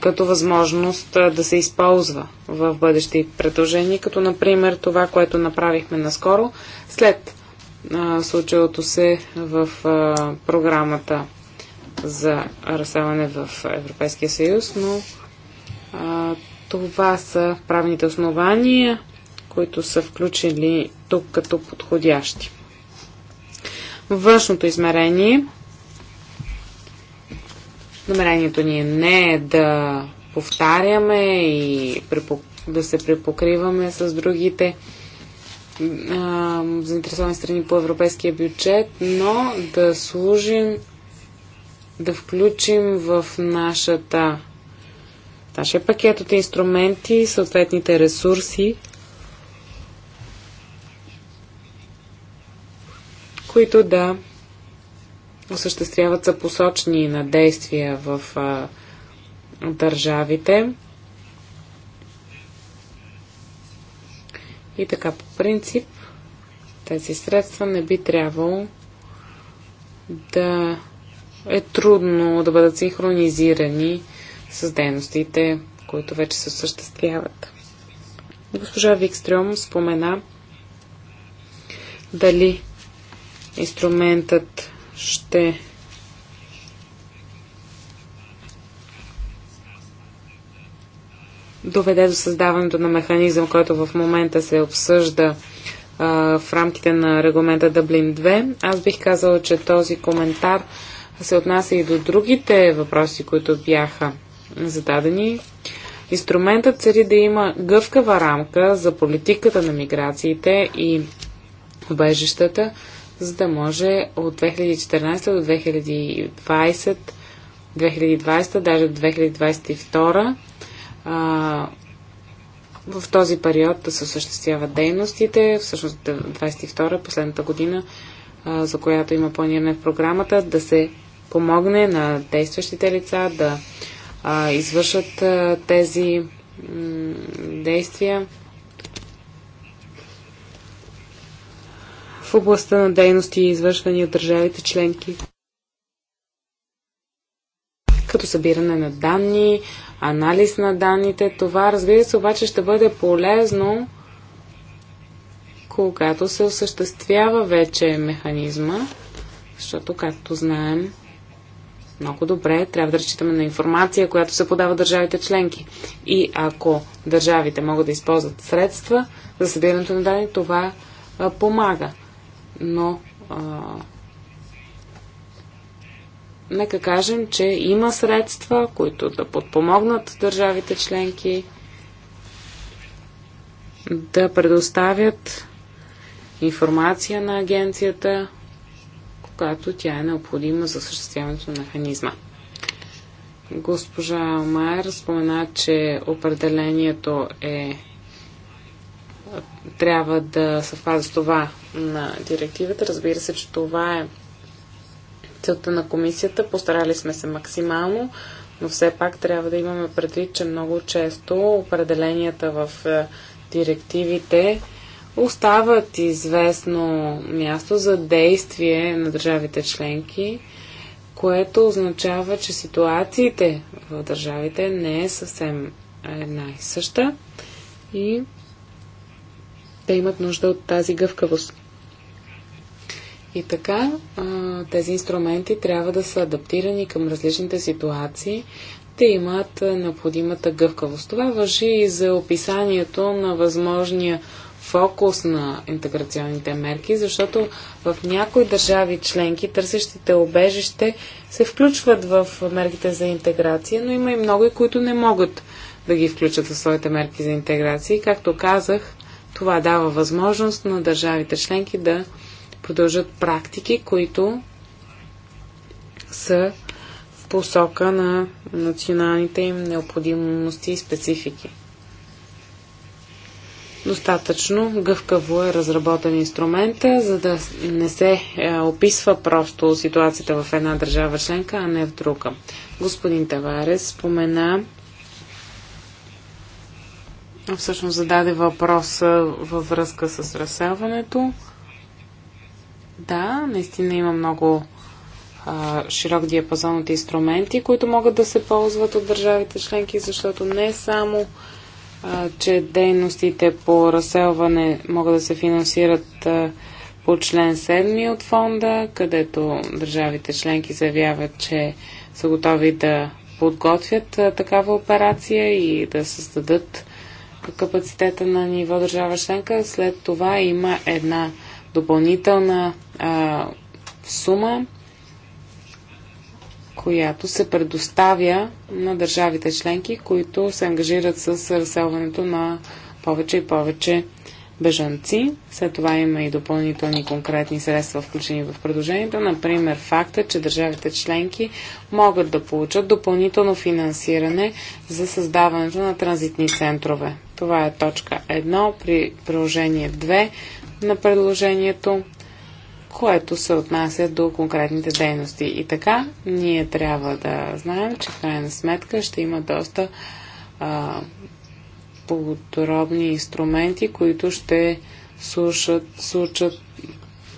като възможност да се използва в бъдещи предложения, като например това, което направихме наскоро след случилото се в програмата за разсяване в Европейския съюз, но това са правните основания, които са включили тук като подходящи. Външното измерение – Намерението ни е не е да повтаряме и да се препокриваме с другите а, заинтересовани страни по европейския бюджет, но да служим, да включим в нашата нашия пакет от инструменти, съответните ресурси, които да осъществяват са посочни на действия в а, държавите. И така, по принцип, тези средства не би трябвало да е трудно да бъдат синхронизирани с дейностите, които вече се осъществяват. Госпожа Викстрюм спомена дали инструментът ще доведе до създаването на механизъм, който в момента се обсъжда а, в рамките на регламента Дъблин 2. Аз бих казала, че този коментар се отнася и до другите въпроси, които бяха зададени. Инструментът цели да има гъвкава рамка за политиката на миграциите и обежищата, за да може от 2014 до 2020, 2020 даже до 2022 а, в този период да се осъществяват дейностите. Всъщност 22 последната година, а, за която има планиране в програмата, да се помогне на действащите лица да а, извършат а, тези действия в областта на дейности, и извършвани от държавите членки, като събиране на данни, анализ на данните. Това, разбира се, обаче ще бъде полезно, когато се осъществява вече механизма, защото, както знаем, много добре, трябва да разчитаме на информация, която се подава държавите членки. И ако държавите могат да използват средства за събирането на данни, това помага но а, нека кажем, че има средства, които да подпомогнат държавите членки да предоставят информация на агенцията, когато тя е необходима за съществяването на механизма. Госпожа Майер спомена, че определението е трябва да съвпада с това на директивата. Разбира се, че това е целта на комисията. Постарали сме се максимално, но все пак трябва да имаме предвид, че много често определенията в е, директивите остават известно място за действие на държавите членки, което означава, че ситуациите в държавите не е съвсем една и съща и те имат нужда от тази гъвкавост. И така, тези инструменти трябва да са адаптирани към различните ситуации, да имат необходимата гъвкавост. Това въжи и за описанието на възможния фокус на интеграционните мерки, защото в някои държави членки търсещите обежище се включват в мерките за интеграция, но има и много, които не могат да ги включат в своите мерки за интеграция. И както казах, това дава възможност на държавите членки да продължат практики, които са в посока на националните им необходимости и специфики. Достатъчно гъвкаво е разработен инструмента, е, за да не се е, описва просто ситуацията в една държава членка, а не в друга. Господин Таварес спомена всъщност зададе въпроса във връзка с разселването. Да, наистина има много а, широк диапазон от инструменти, които могат да се ползват от държавите членки, защото не само а, че дейностите по разселване могат да се финансират а, по член 7 от фонда, където държавите членки заявяват, че са готови да подготвят а, такава операция и да създадат капацитета на ниво държава членка. След това има една допълнителна а, сума, която се предоставя на държавите членки, които се ангажират с разселването на повече и повече бежанци. След това има и допълнителни конкретни средства, включени в предложението. Например, факта, че държавите членки могат да получат допълнително финансиране за създаването на транзитни центрове. Това е точка 1 при приложение 2 на предложението, което се отнася до конкретните дейности. И така, ние трябва да знаем, че в крайна сметка ще има доста а, подробни инструменти, които ще слушат, слушат,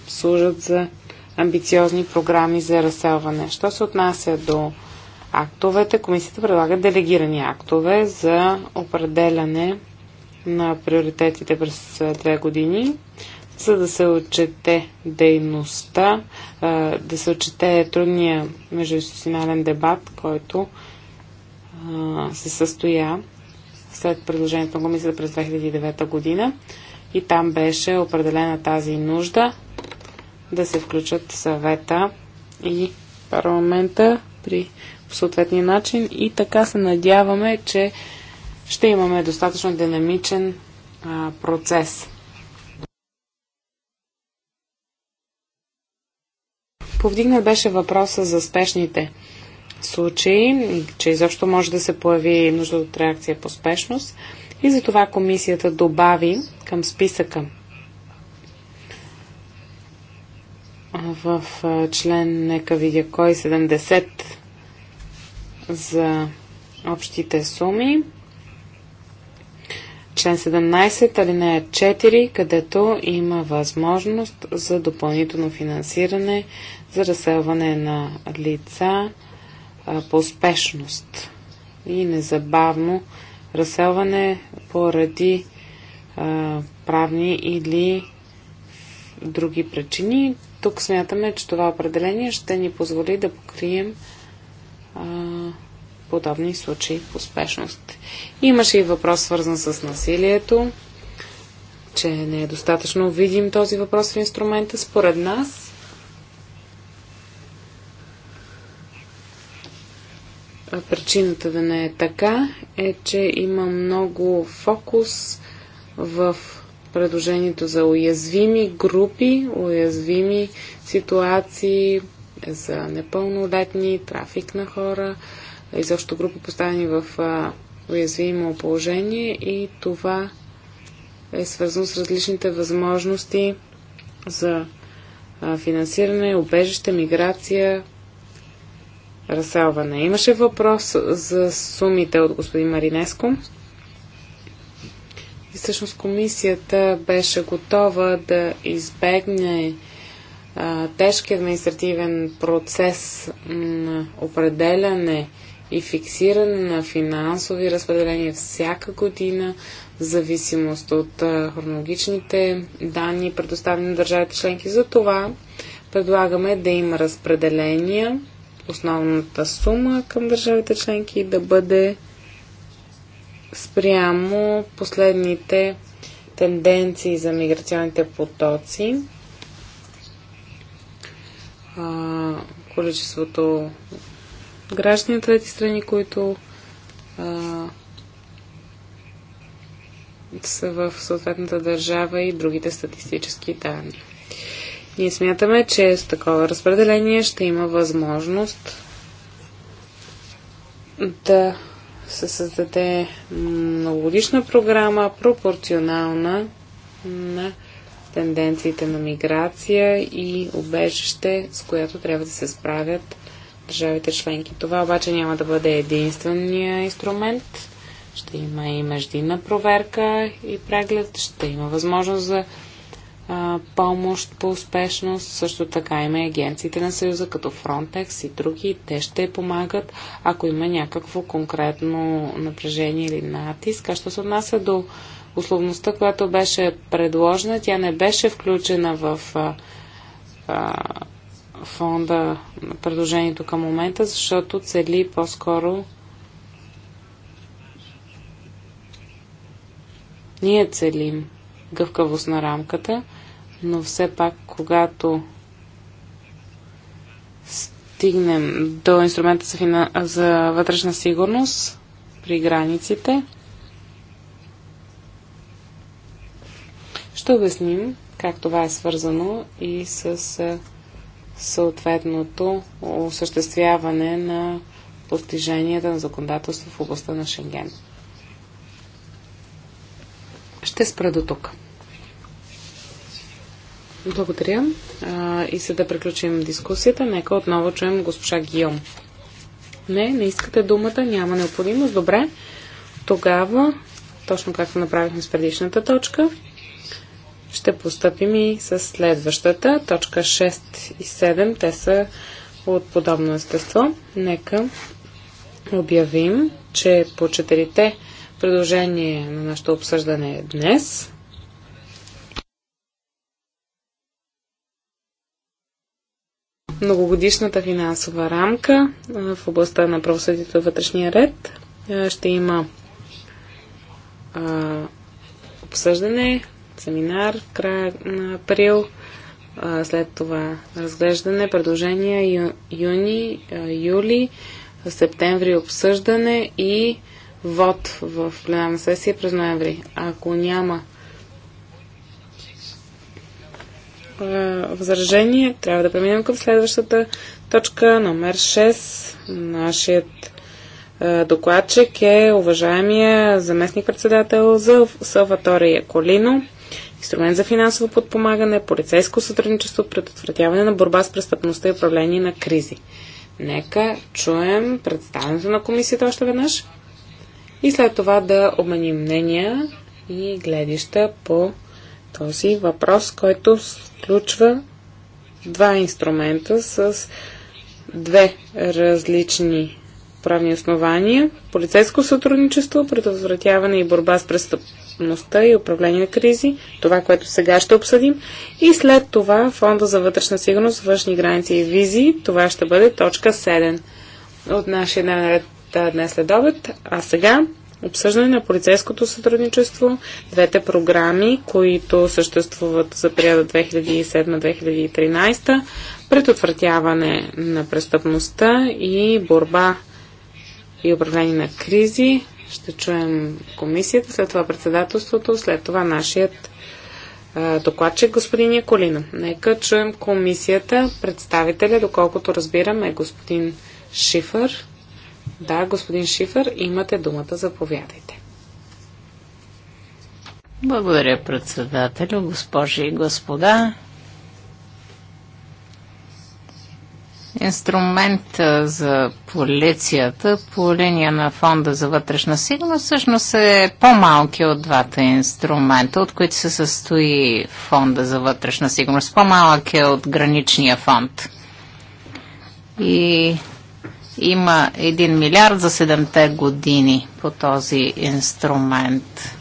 служат за амбициозни програми за разселване. Що се отнася до актовете. Комисията предлага делегирани актове за определяне на приоритетите през две години, за да се отчете дейността, да се отчете трудния междуинституционален дебат, който се състоя след предложението на комисията през 2009 година. И там беше определена тази нужда да се включат съвета и парламента при по съответния начин и така се надяваме, че ще имаме достатъчно динамичен а, процес. Повдигнат беше въпроса за спешните случаи, че изобщо може да се появи нужда от реакция по спешност и затова комисията добави към списъка в член, нека видя кой, 70 за общите суми. Член 17, алинея 4, където има възможност за допълнително финансиране за разселване на лица по спешност и незабавно разселване поради правни или други причини. Тук смятаме, че това определение ще ни позволи да покрием подобни случаи в успешност. Имаше и въпрос свързан с насилието, че не е достатъчно видим този въпрос в инструмента. Според нас причината да не е така е, че има много фокус в предложението за уязвими групи, уязвими ситуации, за непълнолетни, трафик на хора, изобщо групи поставени в уязвимо положение и това е свързано с различните възможности за финансиране, обежище, миграция, разселване. Имаше въпрос за сумите от господин Маринеско. И всъщност комисията беше готова да избегне тежки административен процес на определяне и фиксиране на финансови разпределения всяка година в зависимост от хронологичните данни, предоставени на държавите членки. За това предлагаме да има разпределения, основната сума към държавите членки да бъде спрямо последните тенденции за миграционните потоци количеството граждани от трети страни, които са в съответната държава и другите статистически данни. Ние смятаме, че с такова разпределение ще има възможност да се създаде многогодишна програма, пропорционална на тенденциите на миграция и обежище, с която трябва да се справят държавите членки. Това обаче няма да бъде единствения инструмент. Ще има и междинна проверка и преглед. Ще има възможност за а, помощ по успешност. Също така има и агенциите на Съюза, като Frontex и други. Те ще помагат, ако има някакво конкретно напрежение или натиск. А що се отнася до условността, която беше предложена, тя не беше включена в а, а, фонда на предложението към момента, защото цели по-скоро ние целим гъвкавост на рамката, но все пак, когато стигнем до инструмента за, за вътрешна сигурност при границите, ще обясним как това е свързано и с е, съответното осъществяване на постиженията на законодателство в областта на Шенген. Ще спра до тук. Благодаря. А, и за да приключим дискусията, нека отново чуем госпожа Гиом. Не, не искате думата, няма необходимост. Добре. Тогава, точно както направихме с предишната точка, ще поступим и с следващата. Точка 6 и 7, те са от подобно естество. Нека обявим, че по четирите предложения на нашето обсъждане днес многогодишната финансова рамка в областта на правосъдието и вътрешния ред ще има обсъждане семинар в края на април, след това разглеждане, предложения ю, юни, юли, септември обсъждане и вод в пленарна сесия през ноември. Ако няма възражение, трябва да преминем към следващата точка, номер 6. Нашият докладчик е уважаемия заместник-председател за Салватория Яколино инструмент за финансово подпомагане, полицейско сътрудничество, предотвратяване на борба с престъпността и управление на кризи. Нека чуем представенето на комисията още веднъж и след това да обменим мнения и гледища по този въпрос, който включва два инструмента с две различни правни основания, полицейско сътрудничество, предотвратяване и борба с престъпността и управление на кризи, това, което сега ще обсъдим, и след това Фонда за вътрешна сигурност, външни граници и визии, това ще бъде точка 7 от нашия дневен ред днес след обед, а сега обсъждане на полицейското сътрудничество, двете програми, които съществуват за периода 2007-2013, предотвратяване на престъпността и борба и управление на кризи. Ще чуем комисията, след това председателството, след това нашият докладчик господин Яколина. Нека чуем комисията, представителя, доколкото разбирам, е господин Шифър. Да, господин Шифър, имате думата, заповядайте. Благодаря, председателю, госпожи и господа. Инструмент за полицията по линия на Фонда за вътрешна сигурност всъщност е по-малки от двата инструмента, от които се състои Фонда за вътрешна сигурност. По-малък е от граничния фонд. И има 1 милиард за 7 години по този инструмент.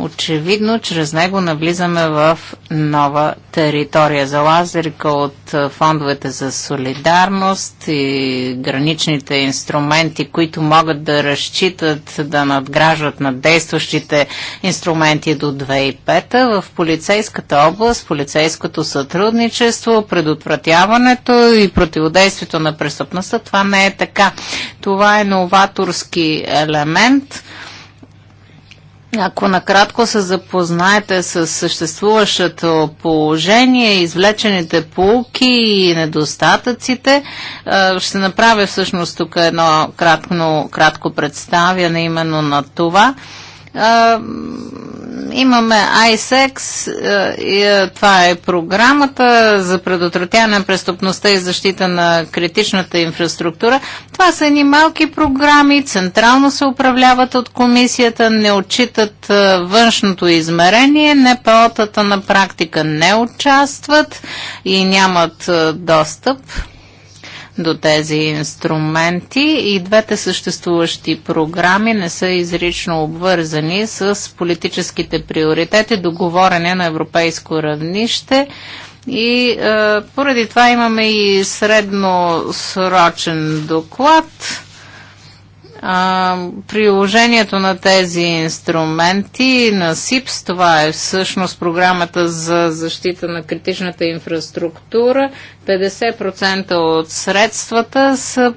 Очевидно, чрез него навлизаме в нова територия. За лазерка от фондовете за солидарност и граничните инструменти, които могат да разчитат да надграждат на действащите инструменти до 2005 в полицейската област, полицейското сътрудничество, предотвратяването и противодействието на престъпността, това не е така. Това е новаторски елемент – ако накратко се запознаете с съществуващото положение, извлечените полки и недостатъците, е, ще направя всъщност тук едно кратко, кратко представяне именно на това имаме ISEX, това е програмата за предотвратяване на престъпността и защита на критичната инфраструктура. Това са едни малки програми, централно се управляват от комисията, не отчитат външното измерение, НПО-тата на практика не участват и нямат достъп до тези инструменти и двете съществуващи програми не са изрично обвързани с политическите приоритети, договорене на европейско равнище. И е, поради това имаме и средносрочен доклад а, приложението на тези инструменти на СИПС, това е всъщност програмата за защита на критичната инфраструктура, 50% от средствата са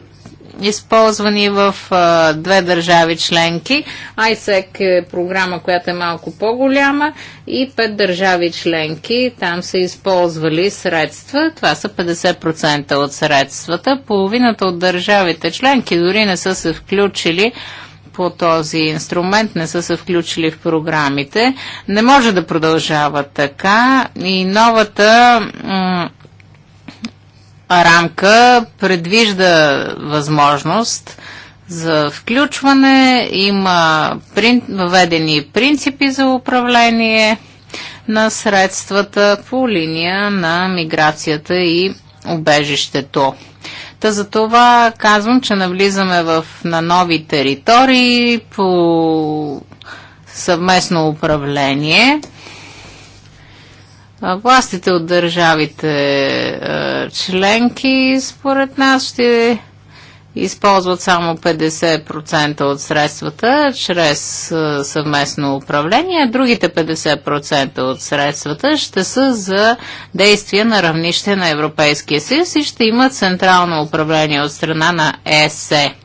използвани в а, две държави членки. ISEC е програма, която е малко по-голяма и пет държави членки там са използвали средства. Това са 50% от средствата. Половината от държавите членки дори не са се включили по този инструмент, не са се включили в програмите. Не може да продължава така и новата рамка предвижда възможност за включване, има прин... въведени принципи за управление на средствата по линия на миграцията и убежището. Та за това казвам, че навлизаме в, на нови територии по съвместно управление Властите от държавите членки, според нас, ще използват само 50% от средствата чрез съвместно управление, а другите 50% от средствата ще са за действия на равнище на Европейския съюз и ще имат централно управление от страна на ЕСЕ. Е.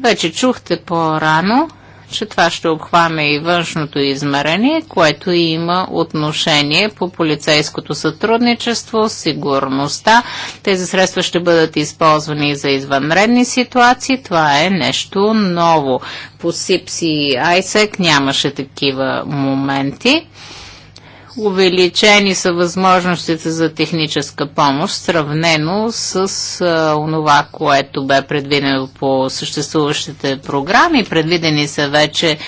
Вече чухте по-рано че това ще обхваме и външното измерение, което има отношение по полицейското сътрудничество, сигурността. Тези средства ще бъдат използвани за извънредни ситуации. Това е нещо ново. По СИПС и АЙСЕК нямаше такива моменти. Увеличени са възможностите за техническа помощ, сравнено с а, онова, което бе предвидено по съществуващите програми. Предвидени са вече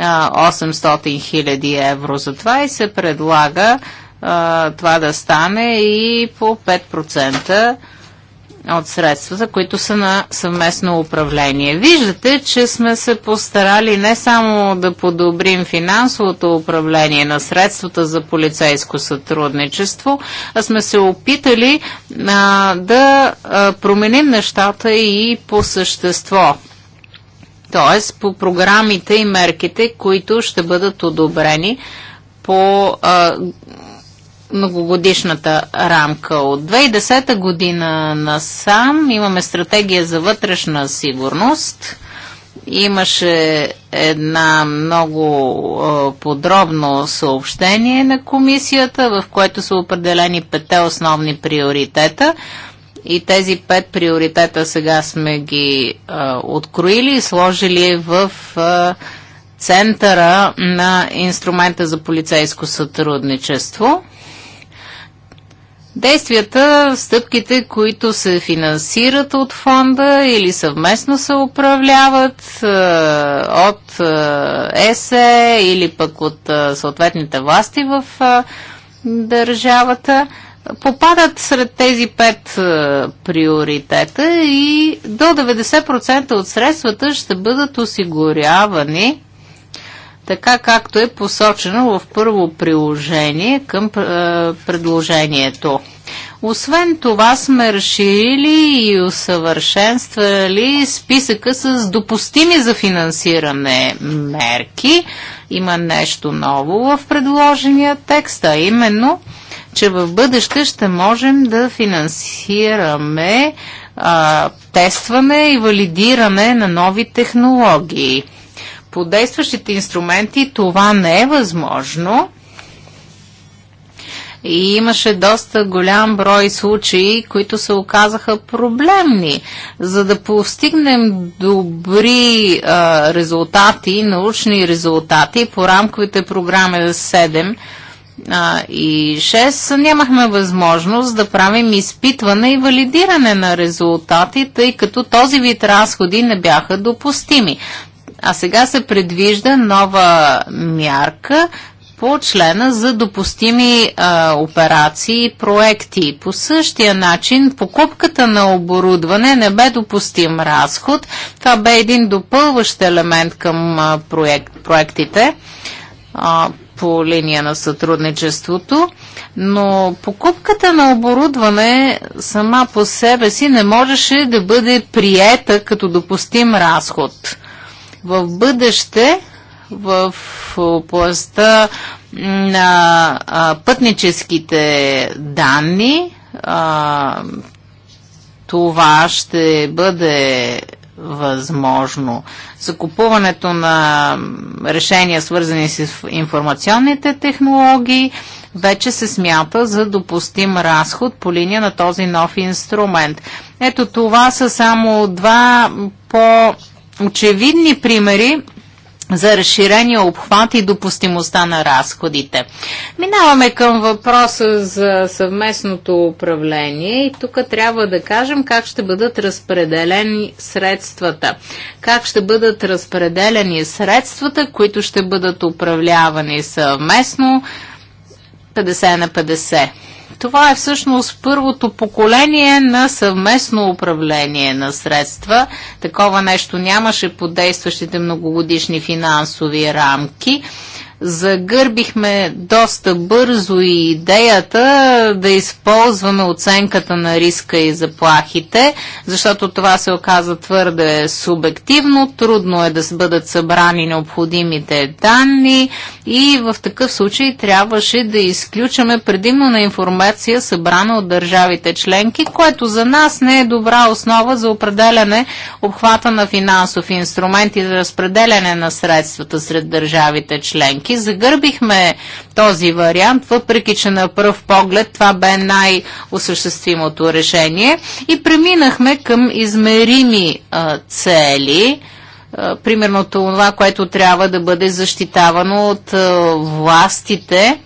а, 800 000 евро за това и се предлага а, това да стане и по 5% от средствата, които са на съвместно управление. Виждате, че сме се постарали не само да подобрим финансовото управление на средствата за полицейско сътрудничество, а сме се опитали а, да а, променим нещата и по същество т.е. по програмите и мерките, които ще бъдат одобрени по а, многогодишната рамка. От 2010 година насам имаме стратегия за вътрешна сигурност. Имаше една много подробно съобщение на комисията, в което са определени пете основни приоритета. И тези пет приоритета сега сме ги а, откроили и сложили в а, центъра на инструмента за полицейско сътрудничество – Действията, стъпките, които се финансират от фонда или съвместно се управляват от ЕСЕ или пък от съответните власти в държавата, попадат сред тези пет приоритета и до 90% от средствата ще бъдат осигурявани така както е посочено в първо приложение към е, предложението. Освен това сме разширили и усъвършенствали списъка с допустими за финансиране мерки. Има нещо ново в предложения текст, а именно, че в бъдеще ще можем да финансираме а, тестване и валидиране на нови технологии. По действащите инструменти това не е възможно. И имаше доста голям брой случаи, които се оказаха проблемни. За да постигнем добри а, резултати, научни резултати по рамковите програми 7, а, и 6 нямахме възможност да правим изпитване и валидиране на резултати, тъй като този вид разходи не бяха допустими. А сега се предвижда нова мярка по члена за допустими а, операции и проекти. По същия начин покупката на оборудване не бе допустим разход. Това бе един допълващ елемент към а, проект, проектите. А, по линия на сътрудничеството, но покупката на оборудване сама по себе си не можеше да бъде приета като допустим разход в бъдеще в областта на пътническите данни. Това ще бъде възможно. Закупуването на решения, свързани с информационните технологии, вече се смята за допустим разход по линия на този нов инструмент. Ето това са само два по- очевидни примери за разширения обхват и допустимостта на разходите. Минаваме към въпроса за съвместното управление и тук трябва да кажем как ще бъдат разпределени средствата. Как ще бъдат разпределени средствата, които ще бъдат управлявани съвместно 50 на 50. Това е всъщност първото поколение на съвместно управление на средства. Такова нещо нямаше по действащите многогодишни финансови рамки загърбихме доста бързо и идеята да използваме оценката на риска и заплахите, защото това се оказа твърде субективно, трудно е да бъдат събрани необходимите данни и в такъв случай трябваше да изключаме предимно на информация събрана от държавите членки, което за нас не е добра основа за определяне обхвата на финансов инструмент и за разпределяне на средствата сред държавите членки членки загърбихме този вариант, въпреки че на пръв поглед това бе най-осъществимото решение и преминахме към измерими а, цели, а, примерно това, което трябва да бъде защитавано от а, властите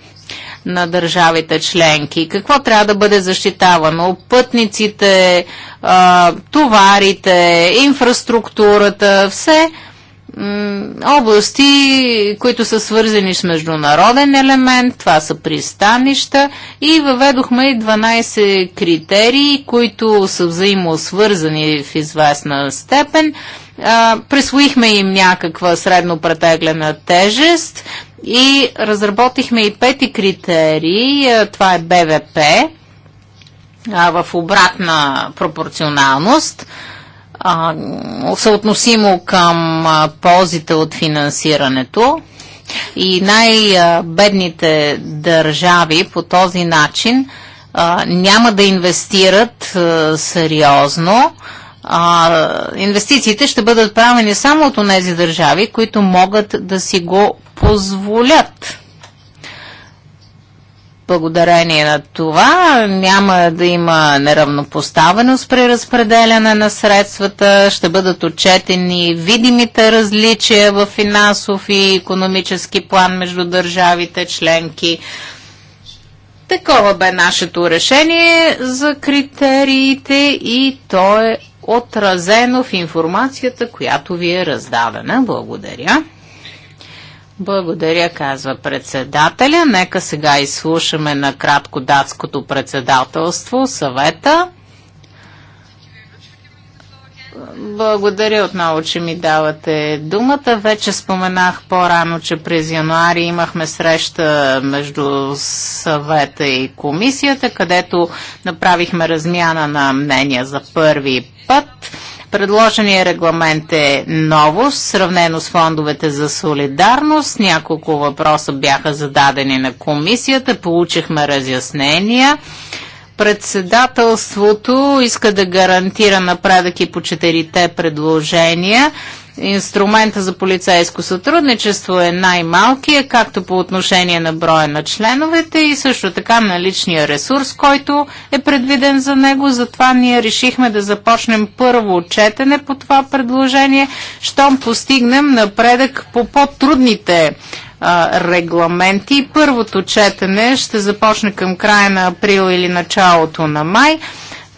на държавите членки. Какво трябва да бъде защитавано? Пътниците, товарите, инфраструктурата, все – области, които са свързани с международен елемент, това са пристанища и въведохме и 12 критерии, които са взаимосвързани в известна степен. присвоихме им някаква средно претеглена тежест и разработихме и пети критерии, това е БВП в обратна пропорционалност – а, съотносимо към а, ползите от финансирането и най-бедните държави по този начин а, няма да инвестират а, сериозно. А, инвестициите ще бъдат правени само от тези държави, които могат да си го позволят. Благодарение на това няма да има неравнопоставеност при разпределяне на средствата, ще бъдат отчетени видимите различия в финансов и економически план между държавите членки. Такова бе нашето решение за критериите и то е отразено в информацията, която ви е раздадена. Благодаря. Благодаря, казва председателя. Нека сега изслушаме на кратко датското председателство, съвета. Благодаря отново, че ми давате думата. Вече споменах по-рано, че през януари имахме среща между съвета и комисията, където направихме размяна на мнения за първи път. Предложения регламент е ново, сравнено с фондовете за солидарност. Няколко въпроса бяха зададени на комисията, получихме разяснения. Председателството иска да гарантира напредък и по четирите предложения. Инструмента за полицейско сътрудничество е най-малкия, както по отношение на броя на членовете и също така на личния ресурс, който е предвиден за него. Затова ние решихме да започнем първо отчетене по това предложение, щом постигнем напредък по по-трудните регламенти. Първото четене ще започне към края на април или началото на май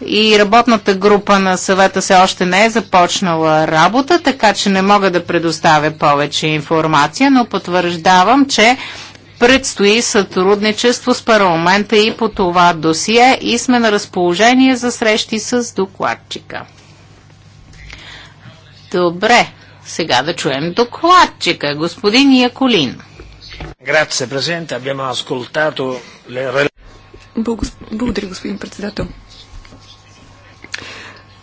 и работната група на съвета все още не е започнала работа, така че не мога да предоставя повече информация, но потвърждавам, че предстои сътрудничество с парламента и по това досие и сме на разположение за срещи с докладчика. Добре, сега да чуем докладчика, господин Яколин. Благодаря, господин председател.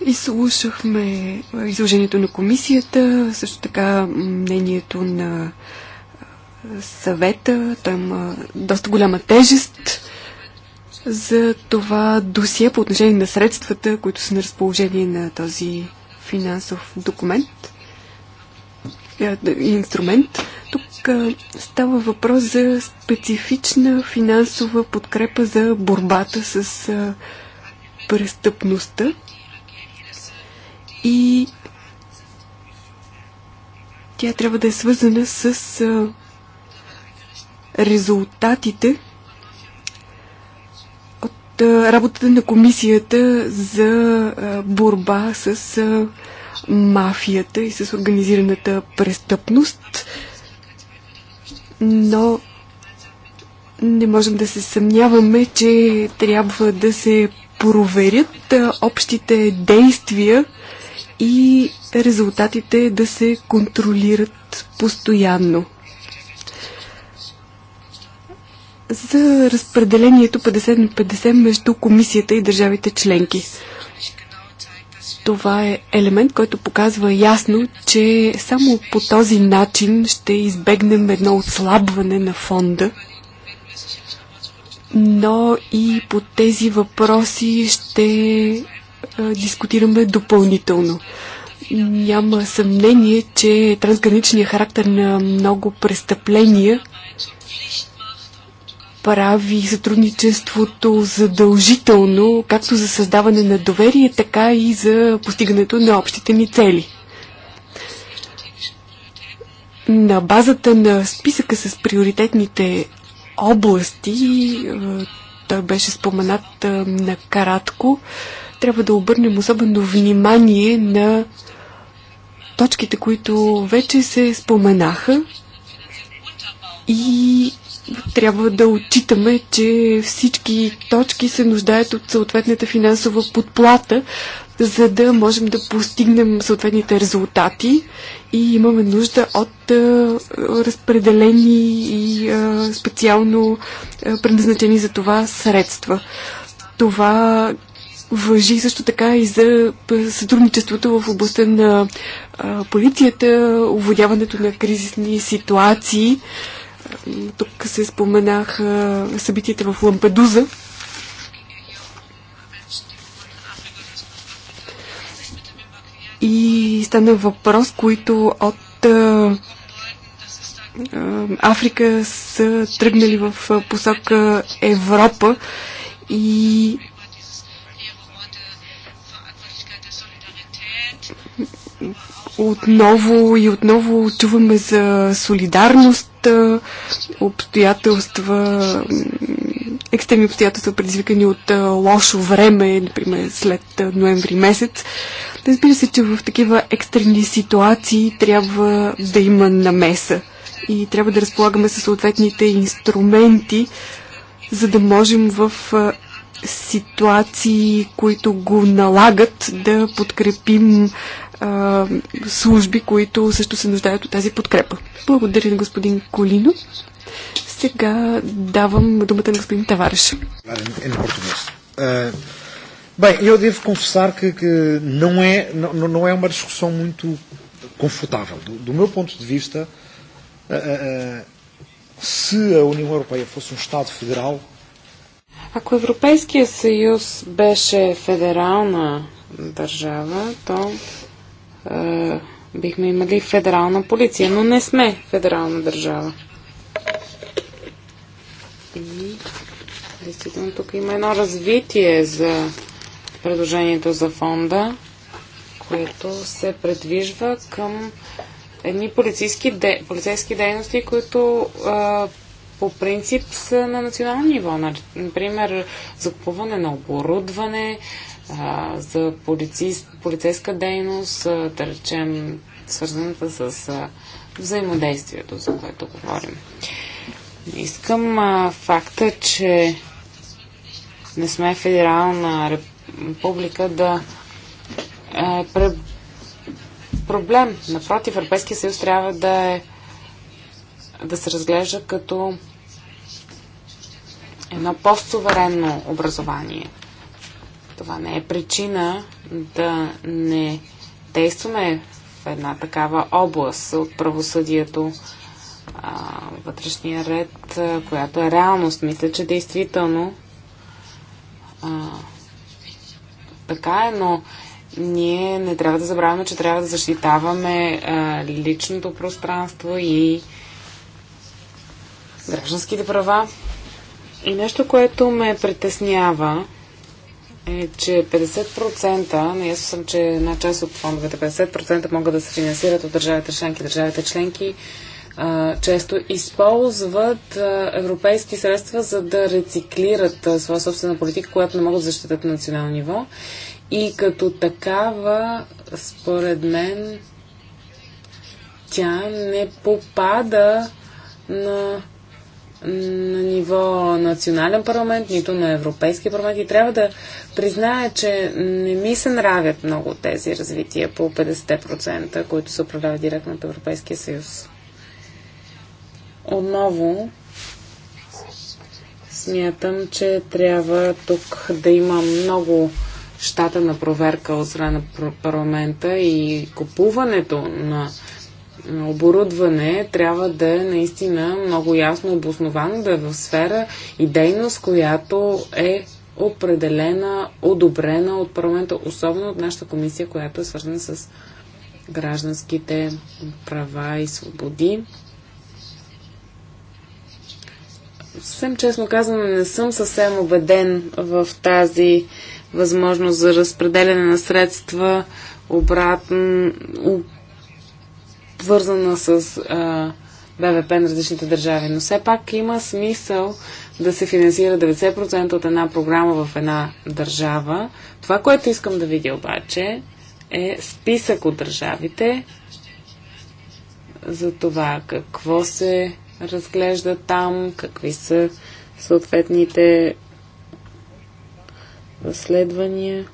Изслушахме изложението на комисията, също така мнението на съвета. Той има доста голяма тежест за това досие по отношение на средствата, които са на разположение на този финансов документ е, инструмент. Тук става въпрос за специфична финансова подкрепа за борбата с престъпността и тя трябва да е свързана с а, резултатите от а, работата на комисията за а, борба с а, мафията и с организираната престъпност, но не можем да се съмняваме, че трябва да се проверят общите действия и резултатите да се контролират постоянно. За разпределението 50 на 50 между комисията и държавите членки. Това е елемент, който показва ясно, че само по този начин ще избегнем едно отслабване на фонда, но и по тези въпроси ще дискутираме допълнително. Няма съмнение, че трансграничният характер на много престъпления прави сътрудничеството задължително, както за създаване на доверие, така и за постигането на общите ни цели. На базата на списъка с приоритетните области, той беше споменат накратко, трябва да обърнем особено внимание на точките, които вече се споменаха и трябва да отчитаме, че всички точки се нуждаят от съответната финансова подплата, за да можем да постигнем съответните резултати и имаме нужда от а, разпределени и а, специално а, предназначени за това средства. Това Въжи също така и за сътрудничеството в областта на а, полицията, уводяването на кризисни ситуации. Тук се споменах а, събитията в Лампедуза. И стана въпрос, които от а, Африка са тръгнали в посока Европа и отново и отново чуваме за солидарност, обстоятелства, екстремни обстоятелства, предизвикани от лошо време, например след ноември месец. Разбира се, че в такива екстремни ситуации трябва да има намеса и трябва да разполагаме със съответните инструменти, за да можем в ситуации, които го налагат да подкрепим а, служби, които също се нуждаят от тази подкрепа. Благодаря на господин Колино. Сега давам думата на господин Тавареш. Bem, eu devo confessar que, que não, é, não, não é uma discussão muito confortável. Do, do meu ponto de vista, uh, uh, se a União Europeia fosse um Estado federal. Ако Европейския съюз беше федерална държава, то е, бихме имали федерална полиция, но не сме федерална държава. И действително тук има едно развитие за предложението за фонда, което се предвижва към едни полицейски, де, полицейски дейности, които а, е, по принцип са на национално ниво. Например, закупуване на оборудване, за полици, полицейска дейност, да речем, свързаната с а, взаимодействието, за което говорим. Искам а, факта, че не сме федерална република да е пре... проблем. Напротив, Европейския съюз трябва да е да се разглежда като едно по-суверенно образование. Това не е причина да не действаме в една такава област от правосъдието, а, вътрешния ред, която е реалност. Мисля, че действително а, така е, но ние не трябва да забравяме, че трябва да защитаваме а, личното пространство и гражданските права. И нещо, което ме притеснява е, че 50%, не съм, че една част от фондовете, 50% могат да се финансират от държавите членки. Държавите членки а, често използват а, европейски средства, за да рециклират а, своя собствена политика, която не могат да защитат на национално ниво. И като такава, според мен, тя не попада на на ниво национален парламент, нито на Европейски парламент. И трябва да призная, че не ми се нравят много тези развития по 50%, които се управляват директно от Европейския съюз. Отново смятам, че трябва тук да има много щата на проверка от страна на парламента и купуването на оборудване трябва да е наистина много ясно обосновано, да е в сфера и дейност, която е определена, одобрена от парламента, особено от нашата комисия, която е свързана с гражданските права и свободи. Съвсем честно казвам, не съм съвсем убеден в тази възможност за разпределяне на средства обратно, обвързана с а, БВП на различните държави. Но все пак има смисъл да се финансира 90% от една програма в една държава. Това, което искам да видя обаче, е списък от държавите за това какво се разглежда там, какви са съответните разследвания.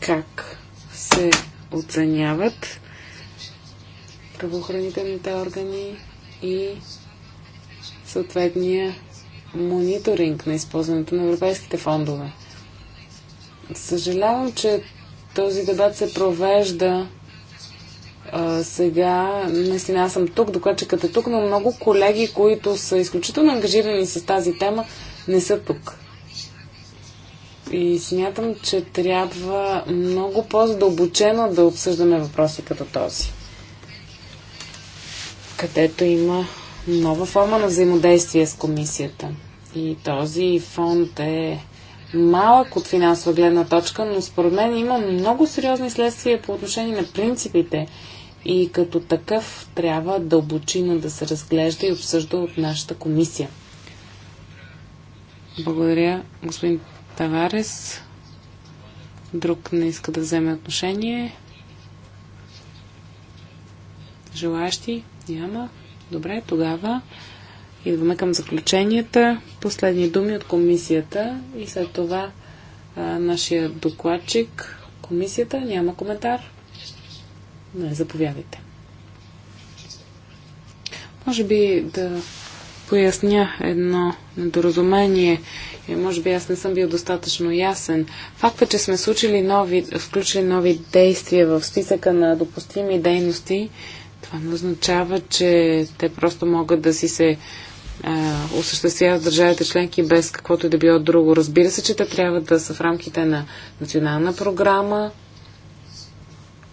как се оценяват правоохранителните органи и съответния мониторинг на използването на европейските фондове. Съжалявам, че този дебат се провежда а, сега. Наистина аз съм тук, докладчикът е тук, но много колеги, които са изключително ангажирани с тази тема, не са тук и смятам, че трябва много по-задълбочено да обсъждаме въпроси като този, където има нова форма на взаимодействие с комисията. И този фонд е малък от финансова гледна точка, но според мен има много сериозни следствия по отношение на принципите и като такъв трябва дълбочина да се разглежда и обсъжда от нашата комисия. Благодаря, господин Таварес. Друг не иска да вземе отношение. Желащи? Няма. Добре, тогава идваме към заключенията. Последни думи от комисията и след това а, нашия докладчик. Комисията няма коментар. Не, заповядайте. Може би да поясня едно недоразумение и е, може би аз не съм бил достатъчно ясен. Факта, че сме случили нови, включили нови действия в списъка на допустими дейности, това не означава, че те просто могат да си се е, осъществяват държавите членки без каквото и да било друго. Разбира се, че те трябва да са в рамките на национална програма,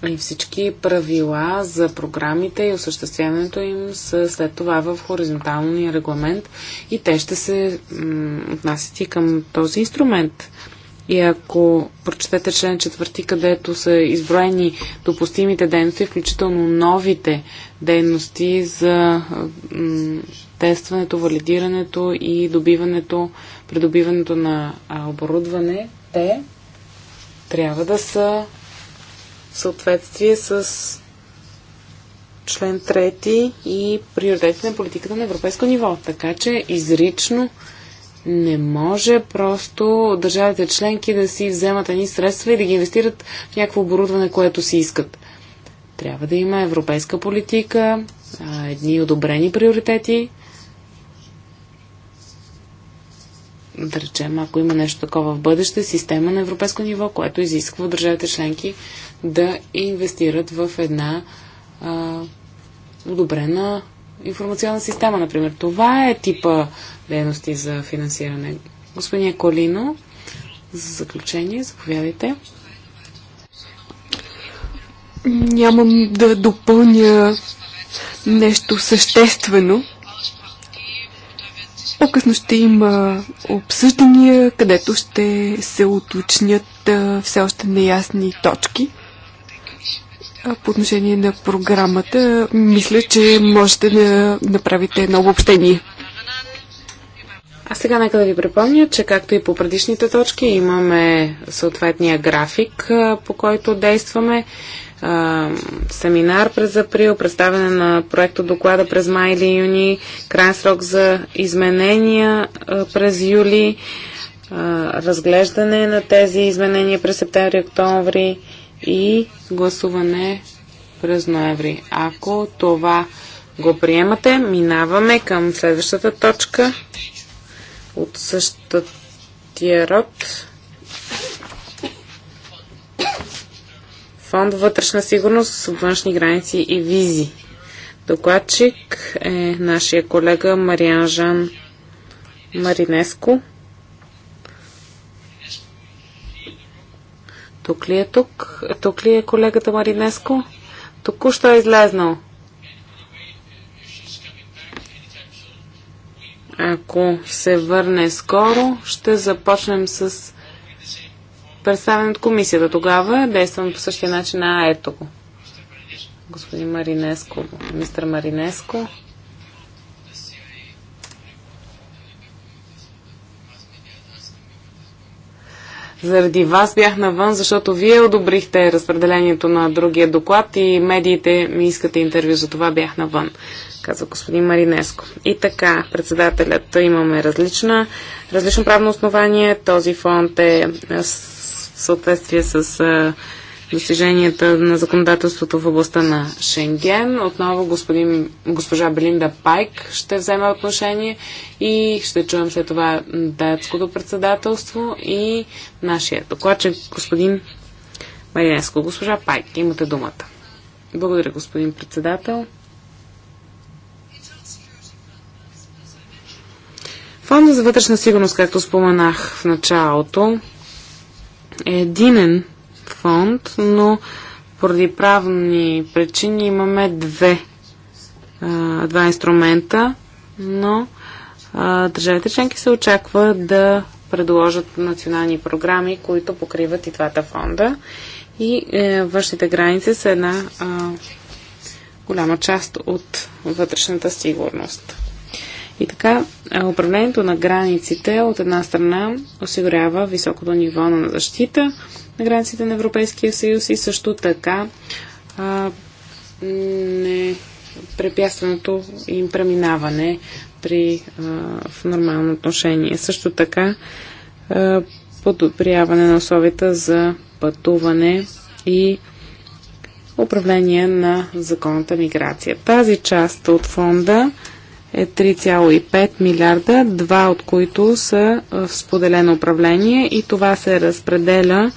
и всички правила за програмите и осъществяването им са след това в хоризонталния регламент и те ще се отнасят и към този инструмент. И ако прочетете член 4, където са изброени допустимите дейности, включително новите дейности за тестването, валидирането и добиването, придобиването на оборудване, те трябва да са съответствие с член 3 и приоритетите на политиката на европейско ниво. Така че изрично не може просто държавите членки да си вземат едни средства и да ги инвестират в някакво оборудване, което си искат. Трябва да има европейска политика, едни одобрени приоритети, да речем, ако има нещо такова в бъдеще, система на европейско ниво, което изисква от държавите членки да инвестират в една а, одобрена информационна система, например. Това е типа дейности за финансиране. Господин Колино, за заключение, заповядайте. Нямам да допълня нещо съществено. По-късно ще има обсъждания, където ще се уточнят все още неясни точки. По отношение на програмата, мисля, че можете да направите едно обобщение. А сега нека да ви припомня, че както и по предишните точки имаме съответния график, по който действаме а, семинар през април, представяне на проекто доклада през май или юни, крайен срок за изменения а, през юли, а, разглеждане на тези изменения през септември-октомври и гласуване през ноември. Ако това го приемате, минаваме към следващата точка от същата род. Фонд вътрешна сигурност, външни граници и визи. Докладчик е нашия колега Мариан Жан Маринеско. Тук ли е тук? Тук ли е колегата Маринеско? Току-що е излезнал. Ако се върне скоро, ще започнем с представен от комисията. Тогава е действам по същия начин. А, ето го. Господин Маринеско, мистер Маринеско. Заради вас бях навън, защото вие одобрихте разпределението на другия доклад и медиите ми искате интервю, за това бях навън, каза господин Маринеско. И така, председателят, имаме различна, различно правно основание. Този фонд е съответствие с достиженията на законодателството в областта на Шенген. Отново господин, госпожа Белинда Пайк ще вземе отношение и ще чуем след това датското председателство и нашия докладчик господин Маринеско. Госпожа Пайк, имате думата. Благодаря, господин председател. Фонда за вътрешна сигурност, както споменах в началото, единен фонд, но поради правни причини имаме две, а, два инструмента, но а, държавите членки се очаква да предложат национални програми, които покриват и двата фонда. И е, външните граници са една а, голяма част от вътрешната сигурност. И така, управлението на границите от една страна осигурява високото ниво на защита на границите на Европейския съюз и също така а, не препятственото им преминаване при, а, в нормално отношение. Също така а, подобряване на условията за пътуване и управление на законната миграция. Тази част от фонда е 3,5 милиарда, два от които са в споделено управление и това се разпределя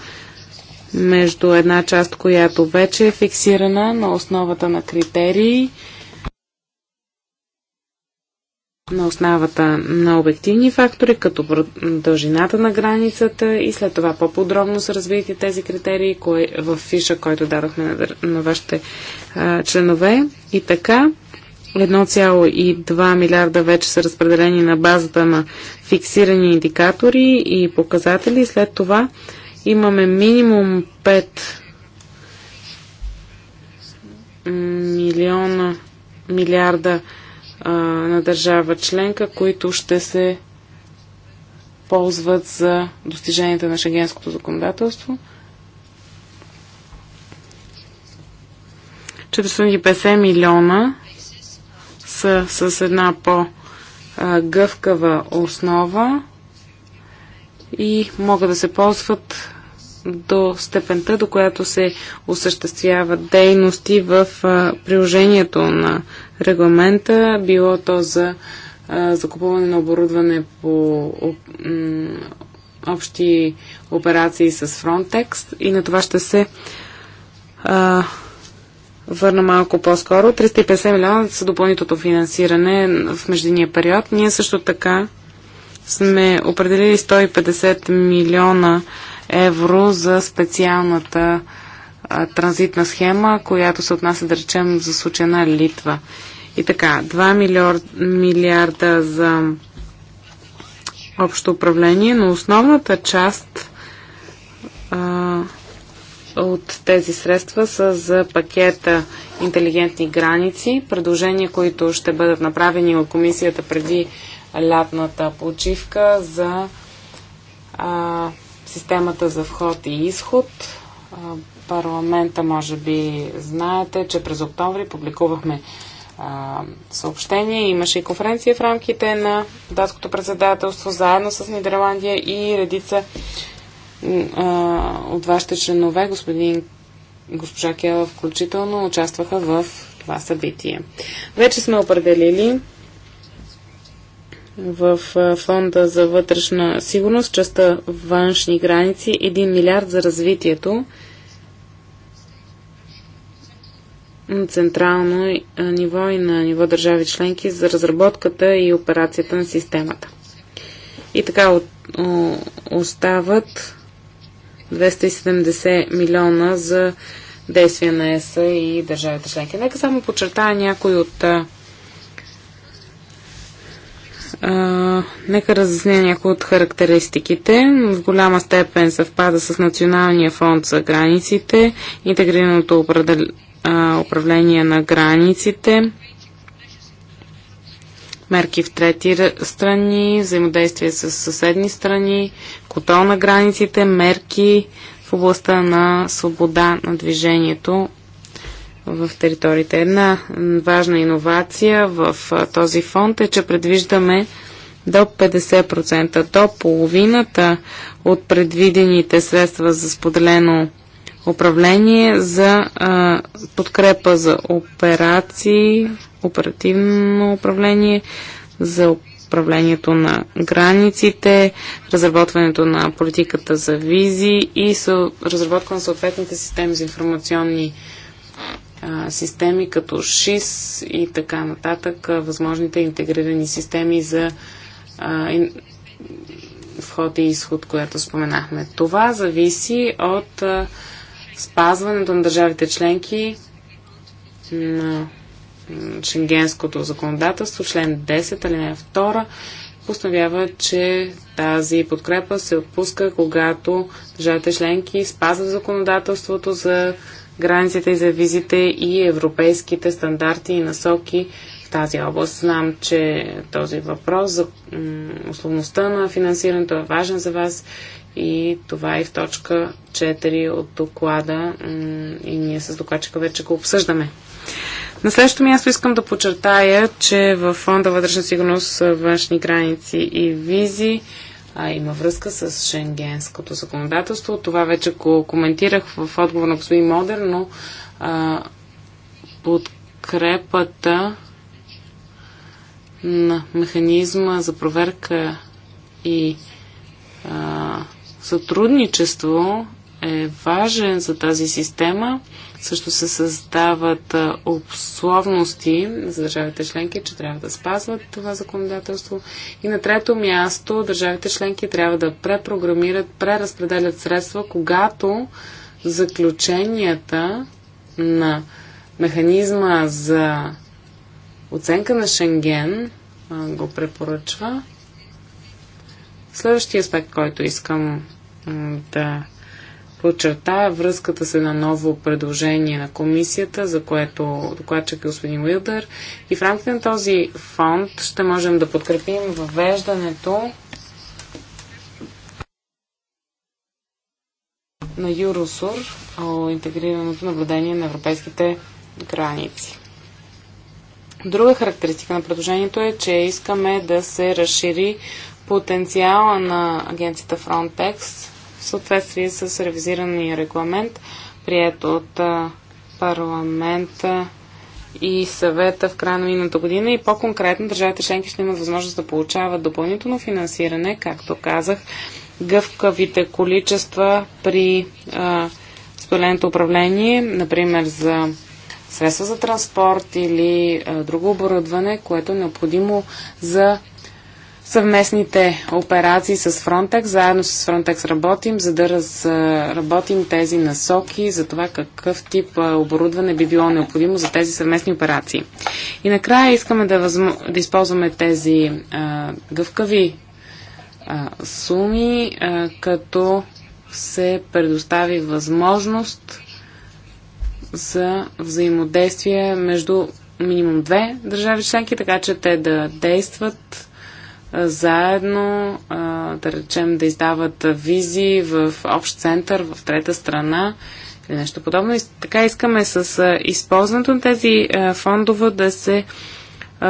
между една част, която вече е фиксирана на основата на критерии, на основата на обективни фактори, като дължината на границата и след това по-подробно са развити тези критерии кое, в фиша, който дадохме на, на вашите а, членове. И така, 1,2 милиарда вече са разпределени на базата на фиксирани индикатори и показатели. След това имаме минимум 5 милиона, милиарда а, на държава членка, които ще се ползват за достиженията на шенгенското законодателство. 450 милиона са с една по-гъвкава основа и могат да се ползват до степента, до която се осъществяват дейности в приложението на регламента, било то за закупуване на оборудване по общи операции с Frontex и на това ще се а, върна малко по-скоро. 350 милиона са допълнителното финансиране в междинния период. Ние също така сме определили 150 милиона евро за специалната а, транзитна схема, която се отнася, да речем, за случая на Литва. И така, 2 милиор, милиарда за общо управление, но основната част а, от тези средства са за пакета интелигентни граници, предложения, които ще бъдат направени от комисията преди лятната почивка за а, системата за вход и изход. А, парламента, може би знаете, че през октомври публикувахме а, съобщение. Имаше и конференция в рамките на датското председателство, заедно с Нидерландия и редица от вашите членове, господин госпожа Кела включително, участваха в това събитие. Вече сме определили в фонда за вътрешна сигурност, частта външни граници, 1 милиард за развитието на централно ниво и на ниво държави членки за разработката и операцията на системата. И така остават 270 милиона за действия на ЕСА и държавите членки. Нека само подчертая някои от. А, а, нека разясня някои от характеристиките. В голяма степен съвпада с Националния фонд за границите, интегрираното определ, а, управление на границите, мерки в трети страни, взаимодействие с съседни страни, контрол на границите, мерки в областта на свобода на движението в териториите. Една важна иновация в този фонд е, че предвиждаме до 50%, до половината от предвидените средства за споделено управление за а, подкрепа за операции, оперативно управление, за управлението на границите, разработването на политиката за визи и разработка на съответните системи за информационни а, системи като ШИС и така нататък, а, възможните интегрирани системи за а, ин, вход и изход, която споменахме. Това зависи от спазването на държавите членки на шенгенското законодателство, член 10, алинея 2, постановява, че тази подкрепа се отпуска, когато държавите членки спазват законодателството за границите и за визите и европейските стандарти и насоки в тази област. Знам, че този въпрос за условността на финансирането е важен за вас и това е в точка 4 от доклада и ние с докладчика вече го обсъждаме. На следващото място искам да подчертая, че в Фонда вътрешна сигурност, външни граници и визи а, има връзка с шенгенското законодателство. Това вече го коментирах в отговор на господин Модер, но а, подкрепата на механизма за проверка и а, сътрудничество е важен за тази система. Също се създават обсловности за държавите членки, че трябва да спазват това законодателство. И на трето място, държавите членки трябва да препрограмират, преразпределят средства, когато заключенията на механизма за оценка на Шенген го препоръчва. Следващия аспект, който искам да подчертая връзката с едно ново предложение на комисията, за което докладчик е господин Уилдър. И в рамките на този фонд ще можем да подкрепим въвеждането на Юросур, интегрираното наблюдение на европейските граници. Друга характеристика на предложението е, че искаме да се разшири потенциала на агенцията Frontex в съответствие с ревизирания регламент, прият от парламента и съвета в края на миналата година и по-конкретно държавите членки ще имат възможност да получават допълнително финансиране, както казах, гъвкавите количества при споделеното управление, например за средства за транспорт или а, друго оборудване, което е необходимо за съвместните операции с Frontex. Заедно с Frontex работим, за да разработим тези насоки за това какъв тип оборудване би било необходимо за тези съвместни операции. И накрая искаме да, възм... да използваме тези а, гъвкави а, суми, а, като се предостави възможност за взаимодействие между минимум две държави членки, така че те да действат заедно, да речем, да издават визи в общ център в трета страна или нещо подобно. И така искаме с използването на тези фондове да се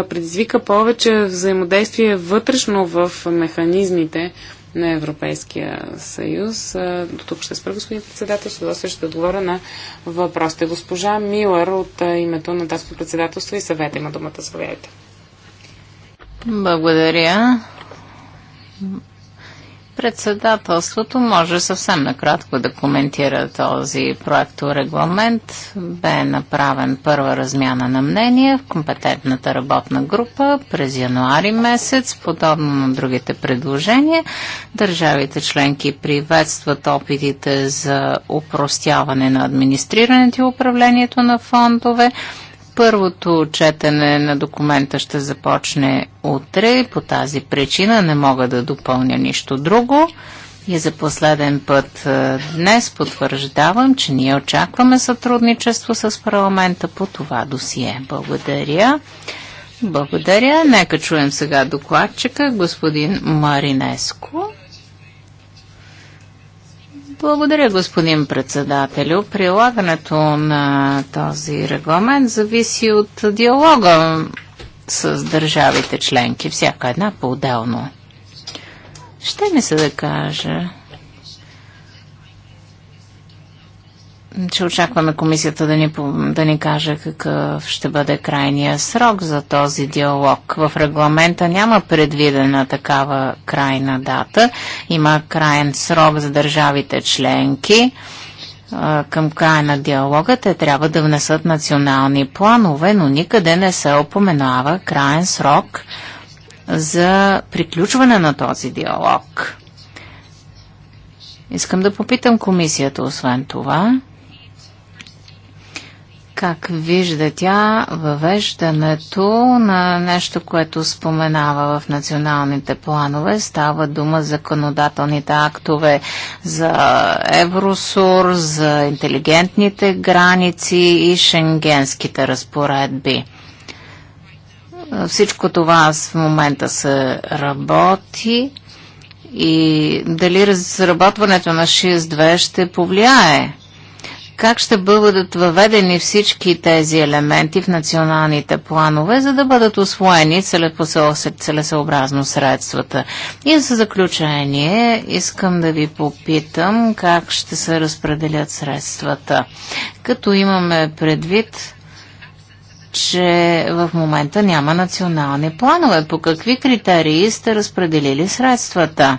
предизвика повече взаимодействие вътрешно в механизмите на Европейския съюз. До тук ще спра, господин председател. Ще удоволствие ще отговоря на въпросите. Госпожа Милър от името на датското председателство и съвета има думата. Заповядайте. Благодаря. Председателството може съвсем накратко да коментира този регламент. Бе направен първа размяна на мнения в компетентната работна група през януари месец, подобно на другите предложения. Държавите членки приветстват опитите за упростяване на администрирането и управлението на фондове Първото четене на документа ще започне утре. По тази причина не мога да допълня нищо друго. И за последен път е, днес потвърждавам, че ние очакваме сътрудничество с парламента по това досие. Благодаря. Благодаря. Нека чуем сега докладчика, господин Маринеско. Благодаря, господин председателю. Прилагането на този регламент зависи от диалога с държавите членки, всяка една по-отделно. Ще ми се да кажа, че очакваме комисията да ни, да ни каже какъв ще бъде крайния срок за този диалог. В регламента няма предвидена такава крайна дата. Има крайен срок за държавите членки. Към края на диалога те трябва да внесат национални планове, но никъде не се опоменава крайен срок за приключване на този диалог. Искам да попитам комисията, освен това, как вижда тя въвеждането на нещо, което споменава в националните планове? Става дума за законодателните актове за Евросур, за интелигентните граници и шенгенските разпоредби. Всичко това в момента се работи и дали разработването на 6.2 ще повлияе как ще бъдат въведени всички тези елементи в националните планове, за да бъдат освоени целесообразно средствата. И за заключение искам да ви попитам как ще се разпределят средствата, като имаме предвид че в момента няма национални планове. По какви критерии сте разпределили средствата?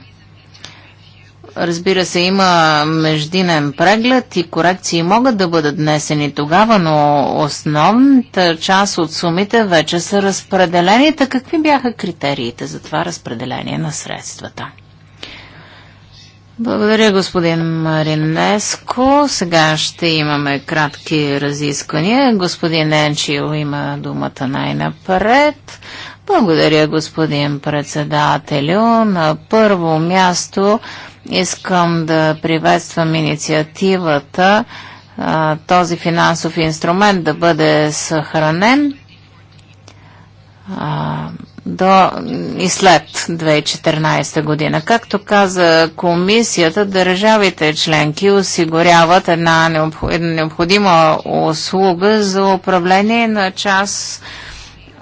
Разбира се, има междинен преглед и корекции могат да бъдат днесени тогава, но основната част от сумите вече са разпределените. Какви бяха критериите за това разпределение на средствата? Благодаря, господин Маринеско. Сега ще имаме кратки разисквания. Господин Енчил има думата най-напред. Благодаря, господин председателю. На първо място Искам да приветствам инициативата този финансов инструмент да бъде съхранен до и след 2014 година. Както каза комисията, държавите членки осигуряват една необходима услуга за управление на част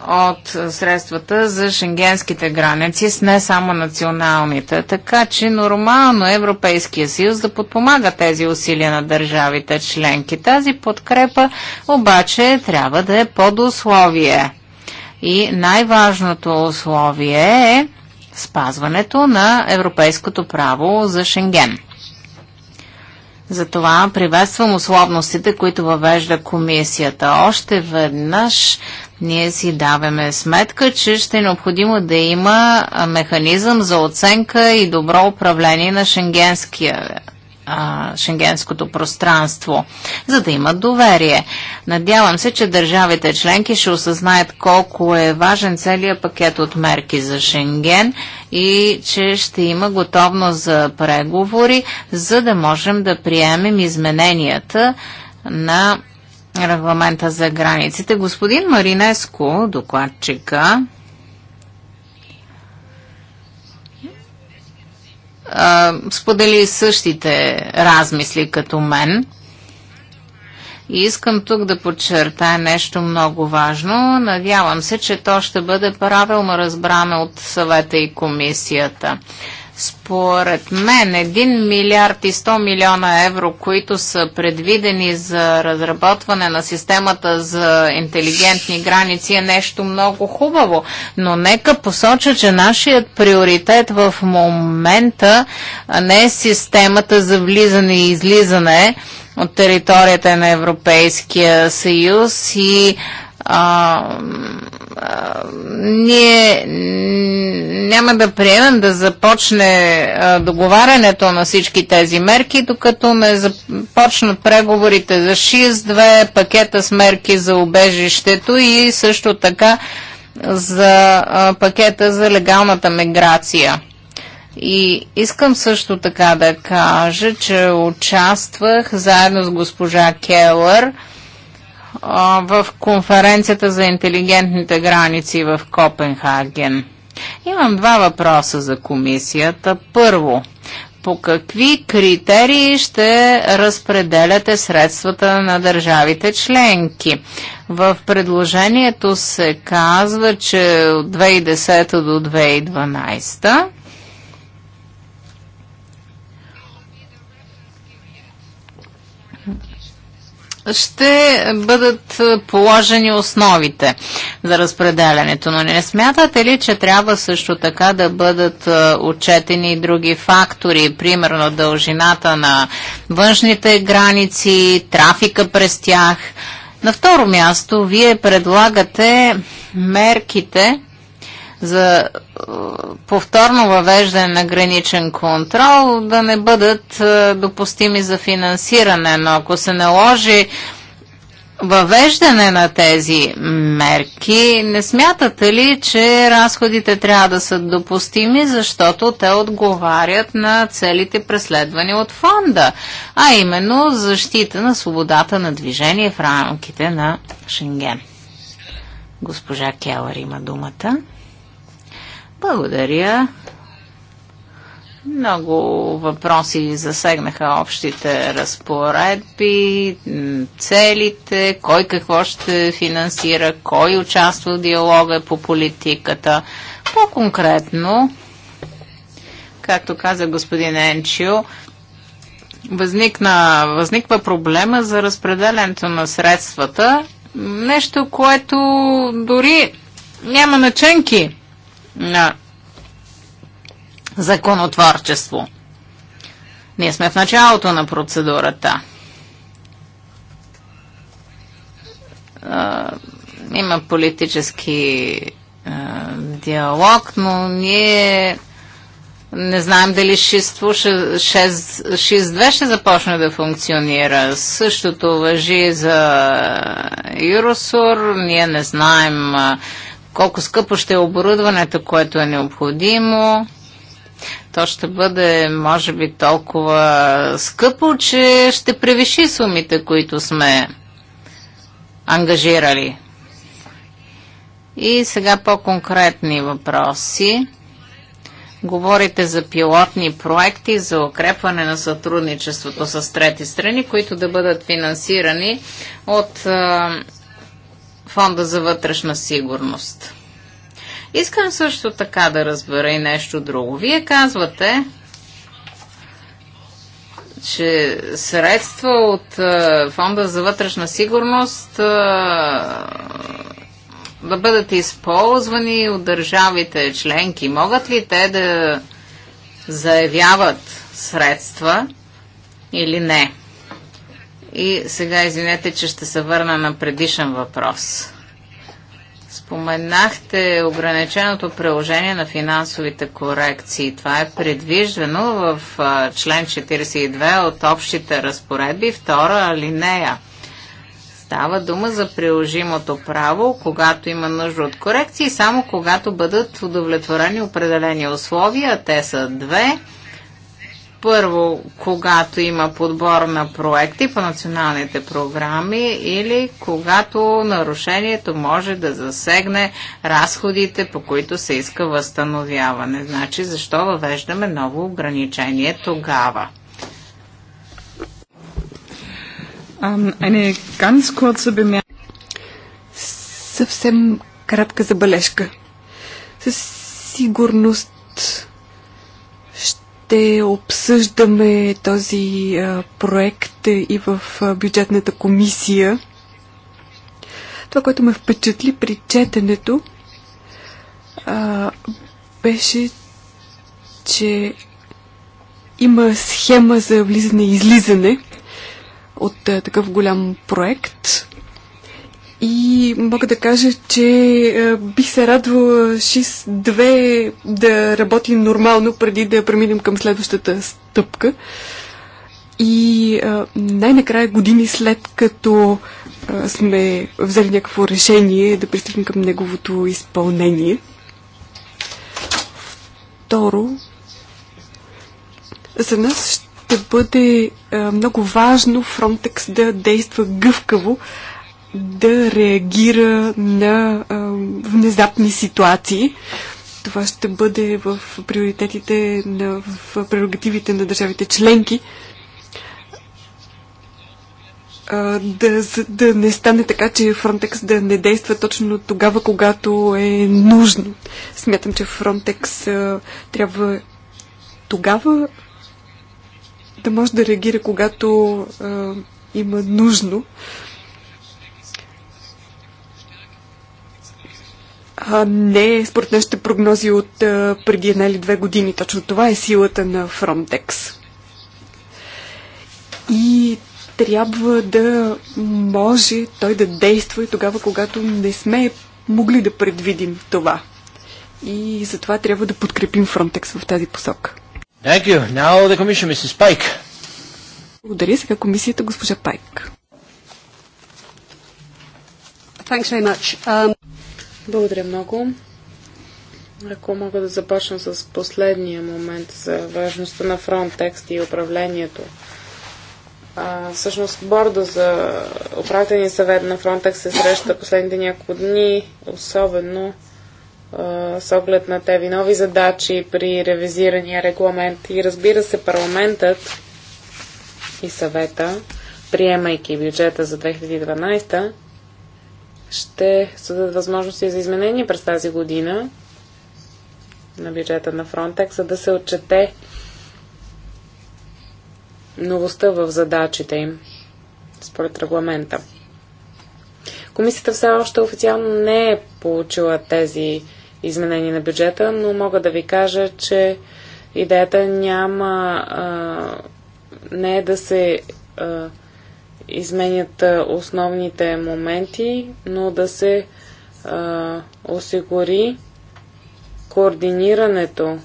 от средствата за шенгенските граници с не само националните. Така че нормално е Европейския съюз да подпомага тези усилия на държавите членки. Тази подкрепа обаче трябва да е под условие. И най-важното условие е спазването на европейското право за Шенген. Затова приветствам условностите, които въвежда комисията. Още веднъж ние си даваме сметка, че ще е необходимо да има механизъм за оценка и добро управление на шенгенския шенгенското пространство, за да имат доверие. Надявам се, че държавите членки ще осъзнаят колко е важен целият пакет от мерки за Шенген и че ще има готовност за преговори, за да можем да приемем измененията на регламента за границите. Господин Маринеско, докладчика, сподели същите размисли като мен – и искам тук да подчертая нещо много важно. Надявам се, че то ще бъде правилно разбрано от съвета и комисията. Според мен 1 милиард и 100 милиона евро, които са предвидени за разработване на системата за интелигентни граници е нещо много хубаво, но нека посоча, че нашият приоритет в момента не е системата за влизане и излизане, от територията на Европейския съюз и а, а, ние няма да приемем да започне а, договарянето на всички тези мерки, докато не започнат преговорите за 6 2 пакета с мерки за убежището и също така за а, пакета за легалната миграция. И искам също така да кажа, че участвах заедно с госпожа Келър в конференцията за интелигентните граници в Копенхаген. Имам два въпроса за комисията. Първо, по какви критерии ще разпределяте средствата на държавите членки? В предложението се казва, че от 2010 до 2012 ще бъдат положени основите за разпределянето. Но не смятате ли, че трябва също така да бъдат е, отчетени и други фактори, примерно дължината на външните граници, трафика през тях? На второ място, вие предлагате мерките, за е, повторно въвеждане на граничен контрол да не бъдат е, допустими за финансиране. Но ако се наложи въвеждане на тези мерки, не смятате ли, че разходите трябва да са допустими, защото те отговарят на целите преследвани от фонда, а именно защита на свободата на движение в рамките на Шенген? Госпожа Келър има думата. Благодаря. Много въпроси засегнаха общите разпоредби, целите, кой какво ще финансира, кой участва в диалога по политиката. По-конкретно, както каза господин Енчио, възникна, възниква проблема за разпределянето на средствата. Нещо, което дори няма наченки на законотворчество. Ние сме в началото на процедурата. Има политически диалог, но ние не знаем дали 6-2 ще започне да функционира. Същото въжи за Юросур. Ние не знаем колко скъпо ще е оборудването, което е необходимо. То ще бъде, може би, толкова скъпо, че ще превиши сумите, които сме ангажирали. И сега по-конкретни въпроси. Говорите за пилотни проекти за укрепване на сътрудничеството с трети страни, които да бъдат финансирани от Фонда за вътрешна сигурност. Искам също така да разбера и нещо друго. Вие казвате, че средства от е, Фонда за вътрешна сигурност е, да бъдат използвани от държавите членки. Могат ли те да заявяват средства или не? И сега извинете, че ще се върна на предишен въпрос. Споменахте ограниченото приложение на финансовите корекции. Това е предвиждано в член 42 от общите разпоредби, втора алинея. Става дума за приложимото право, когато има нужда от корекции, само когато бъдат удовлетворени определени условия, те са две – първо, когато има подбор на проекти по националните програми или когато нарушението може да засегне разходите, по които се иска възстановяване. Значи, защо въвеждаме ново ограничение тогава? Съвсем кратка забележка. Със сигурност ще обсъждаме този проект и в бюджетната комисия. Това, което ме впечатли при четенето, а, беше, че има схема за влизане и излизане от а, такъв голям проект. И мога да кажа, че е, бих се радвала 6-2 да работи нормално, преди да преминем към следващата стъпка. И е, най-накрая години след като е, сме взели някакво решение да пристъпим към неговото изпълнение. Второ, за нас ще бъде много важно Frontex да действа гъвкаво, да реагира на а, внезапни ситуации. Това ще бъде в приоритетите, на, в прерогативите на държавите членки. А, да, да не стане така, че Frontex да не действа точно тогава, когато е нужно. Смятам, че Frontex а, трябва тогава да може да реагира, когато а, има нужно. а не според нашите прогнози от а, преди една или две години. Точно това е силата на Frontex. И трябва да може той да действа и тогава, когато не сме могли да предвидим това. И затова трябва да подкрепим Frontex в тази посока. Благодаря сега комисията госпожа Пайк. Um... Благодаря много. Ако мога да започна с последния момент за важността на Frontex и управлението. А, всъщност борда за управителния съвет на Frontex се среща последните няколко дни, особено а, с оглед на теви нови задачи при ревизирания регламент. И разбира се, парламентът и съвета, приемайки бюджета за 2012 ще създадат възможности за изменения през тази година на бюджета на Frontex, за да се отчете новостта в задачите им според регламента. Комисията все още официално не е получила тези изменения на бюджета, но мога да ви кажа, че идеята няма а, не е да се а, изменят основните моменти, но да се а, осигури координирането,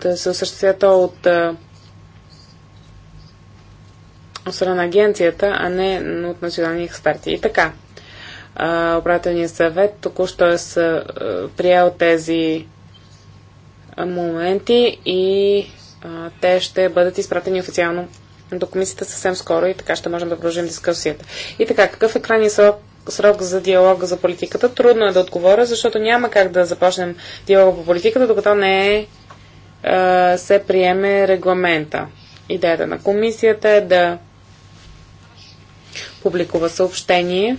да се осъществя то от, страна на агенцията, а не от национални експерти. И така, управителният съвет току-що е приел тези моменти и а, те ще бъдат изпратени официално до комисията съвсем скоро и така ще можем да продължим дискусията. И така, какъв е крайният срок, срок за диалога за политиката? Трудно е да отговоря, защото няма как да започнем диалога по политиката, докато не е, се приеме регламента. Идеята на комисията е да публикува съобщение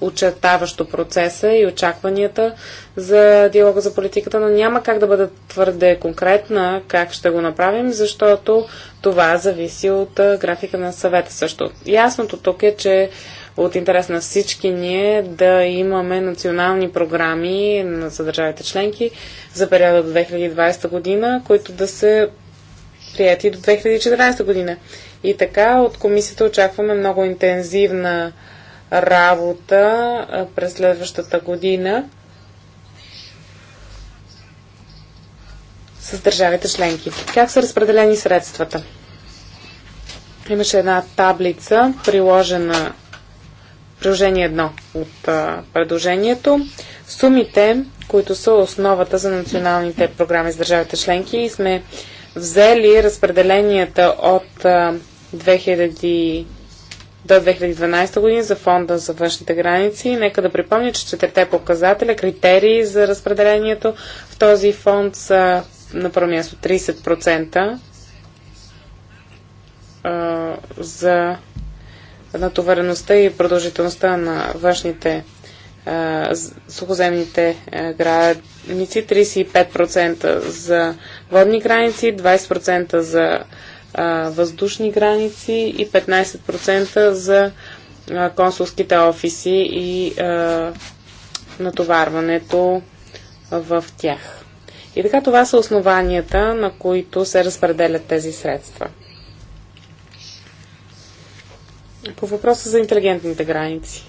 очертаващо процеса и очакванията за диалога за политиката, но няма как да бъда твърде конкретна как ще го направим, защото това зависи от графика на съвета също. Ясното тук е, че от интерес на всички ние да имаме национални програми за държавите членки за периода до 2020 година, които да се прияти до 2014 година. И така от комисията очакваме много интензивна работа през следващата година с държавите членки. Как са разпределени средствата? Имаше една таблица, приложена приложение 1 от предложението. Сумите, които са основата за националните програми с държавите членки и сме взели разпределенията от до 2012 година за Фонда за външните граници. Нека да припомня, че четирите показателя, критерии за разпределението в този фонд са на първо място 30% за натовареността и продължителността на външните сухоземните граници, 35% за водни граници, 20% за а, въздушни граници и 15% за а, консулските офиси и а, натоварването в тях. И така това са основанията, на които се разпределят тези средства. По въпроса за интелигентните граници.